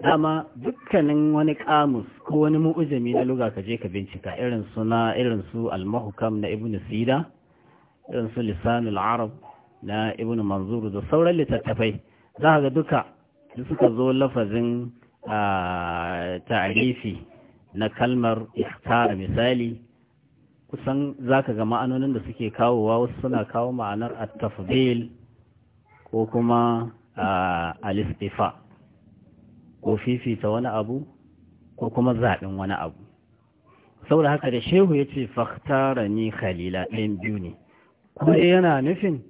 dama dukkanin wani kamus ko wani mu'ujami na luga ka je ka bincika irin suna irin su almahukam na ibnu sida irin su arab na ibn manzur da sauran littattafai za ga duka da suka zo lafazin ta'arifi na kalmar ikhtar misali kusan za ka ga ma'anonin da suke kawowa wasu suna kawo ma'anar attafdil ko kuma alistifa ko fifita wani abu ko kuma zaɓin wani abu saboda haka da shehu ya ce fahtara ni khalila ɗin biyu ne kuma eh, yana nufin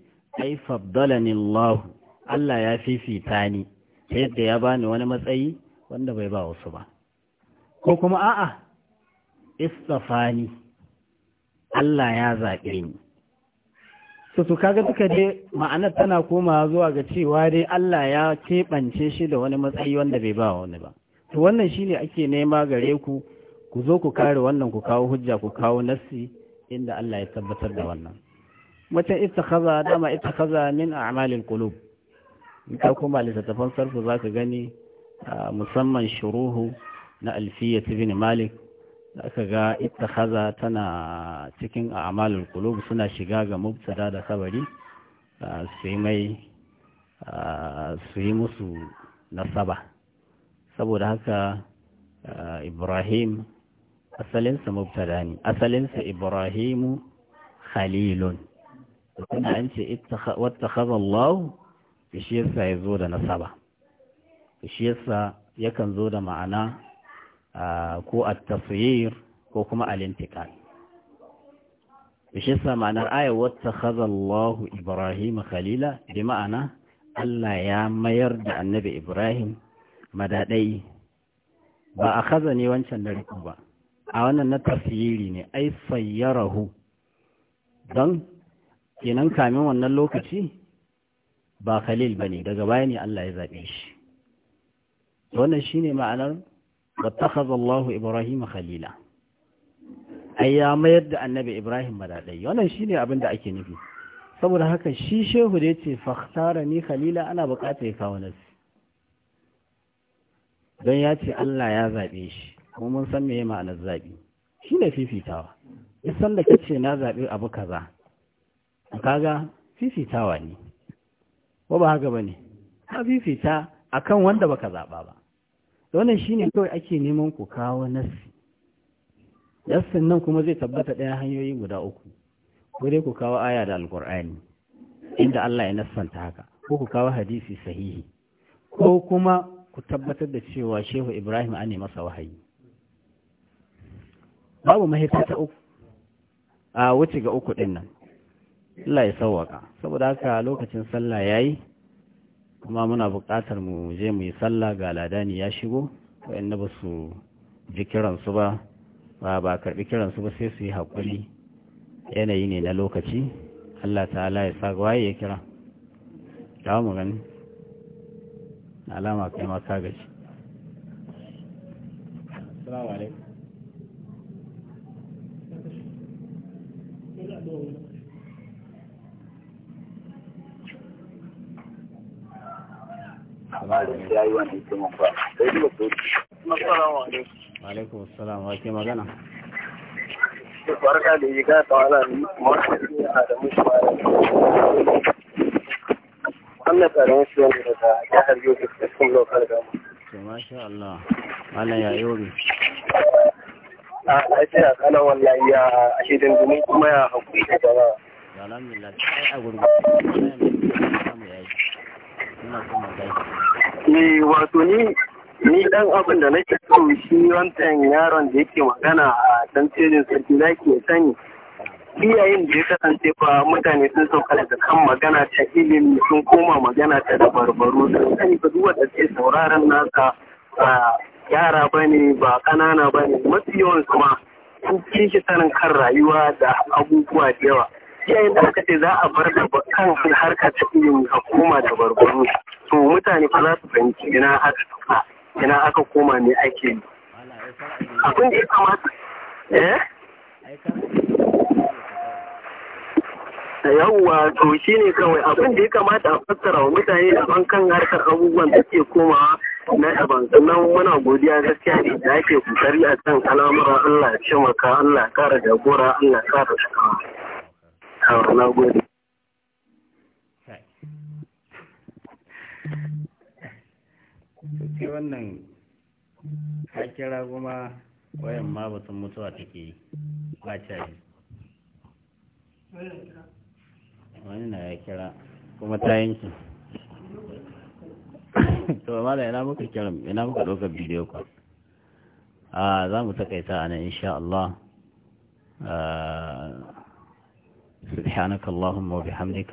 ai faddalani Allah Allah ya fifita ni yadda ya bani wani matsayi wanda bai ba wasu ba ko kuma a'a istafani Allah ya zaɓe ni su su kaga duka dai ma'anar tana koma zuwa ga cewa dai Allah ya keɓance shi da wani matsayi wanda bai ba wani ba to wannan shine ake nema gare ku ku zo ku kare wannan ku kawo hujja ku kawo nassi inda Allah ya tabbatar da wannan wata ittakhadha dama ittakhadha min a'malil qulub ka kuma littattafan sarfu zaka gani musamman shuruhu na alfiyat ibn malik aka ga ittakhadha tana cikin a'malil qulub suna shiga ga mubtada da khabari suyi mai sai musu nasaba saboda haka ibrahim asalinsa mubtada ne asalinsa ibrahimu khalilun tunda an ce wattakhadha Allah shi yasa ya zo da nasaba shi yasa yakan zo da ma'ana ko a tasghir ko kuma al shi yasa ma'anar ayat wattakhadha Allah Ibrahim khalila da ma'ana Allah ya mayar da annabi Ibrahim madadai ba a kaza ne wancan da riku ba a wannan na tafsiri ne ai sayyarahu don kenan kamin wannan lokaci ba khalil ba ne daga baya ne Allah ya zaɓe shi wannan shi ne ma'anar wattakazallahu ibrahim khalila ai ya mayar da annabi ibrahim madaɗai wannan shi ne abin da ake nufi saboda haka shi shehu da ya ce fahtara ni khalila ana buƙatar ya kawo nasi don ya ce Allah ya zaɓe shi kuma mun san me ma'anar zaɓi shi ne fifitawa isan da kace na zaɓe abu kaza kaga fifitawa ne ko ba haka bane A fifita akan wanda baka zaɓa ba wannan shine kawai ake neman ku kawo nassi nassin nan kuma zai tabbata ɗaya hanyoyi guda uku ko dai ku kawo aya da alkur'ani inda Allah ya nassanta haka ko ku kawo hadisi sahihi ko kuma ku tabbatar da cewa shehu Ibrahim an ne masa wahayi babu mahita ta uku a wuce ga uku ɗin nan Allah ya sauwaka saboda haka lokacin sallah yayi kuma muna buƙatar mu je mu yi sallah ga ladani ya shigo wa'anda ba su ji kiransu ba ba ba karbi kiran su ba sai su yi haƙuri yanayi ne na lokaci Allah ta'ala ya sa waye ya kira ta mu gani alama kai ma ka gaji assalamu alaikum malami ya yi wani ba sai duba ko wa wa ke magana barka da yi tawala ne da wannan tsarin shi wani daga jihar yau da cikin lokal gama to masha Allah malam ya yori a lafiya kalan wallahi ya ashe dandumin kuma ya hakuri da jama'a alhamdulillah sai a gurgurta samu yayi ina kuma gaishe ne eh, wato ni ni dan abin da nake so shi wancan yaron da yake magana a dan cejin sarki na ke sani iyayen da ya kasance ba mutane sun sauka daga kan magana ta ilimi sun koma magana ta barbaro da sani ba duwa da ke sauraron nasa ba yara ba ne ba ƙanana ba ne mafi yawan su ma sun kishi sanin kan rayuwa da abubuwa da yawa iyayen da aka ce za a bar da kan harkar ta ilimi a koma da barbaro to mutane fa za su fahimci ina aka tuka ina aka koma me ake yi abin da ya kamata eh yawwa to shi ne kawai abin da ya kamata a fassara wa mutane a kan harkar abubuwan da ke komawa na daban sannan muna godiya gaskiya ne da ake kokari a kan al'amura Allah ya maka, Allah ya kara jagora Allah ya kara shakawa. Na gode. ce wannan ka kira kuma wayan ma batun mutuwa take yi ba yi. wani na ya kira kuma ta yanki to ma da ina muka kira ina muka ɗaukar bidiyo ku a za mu takaita a nan insha Allah سبحانك اللهم وبحمدك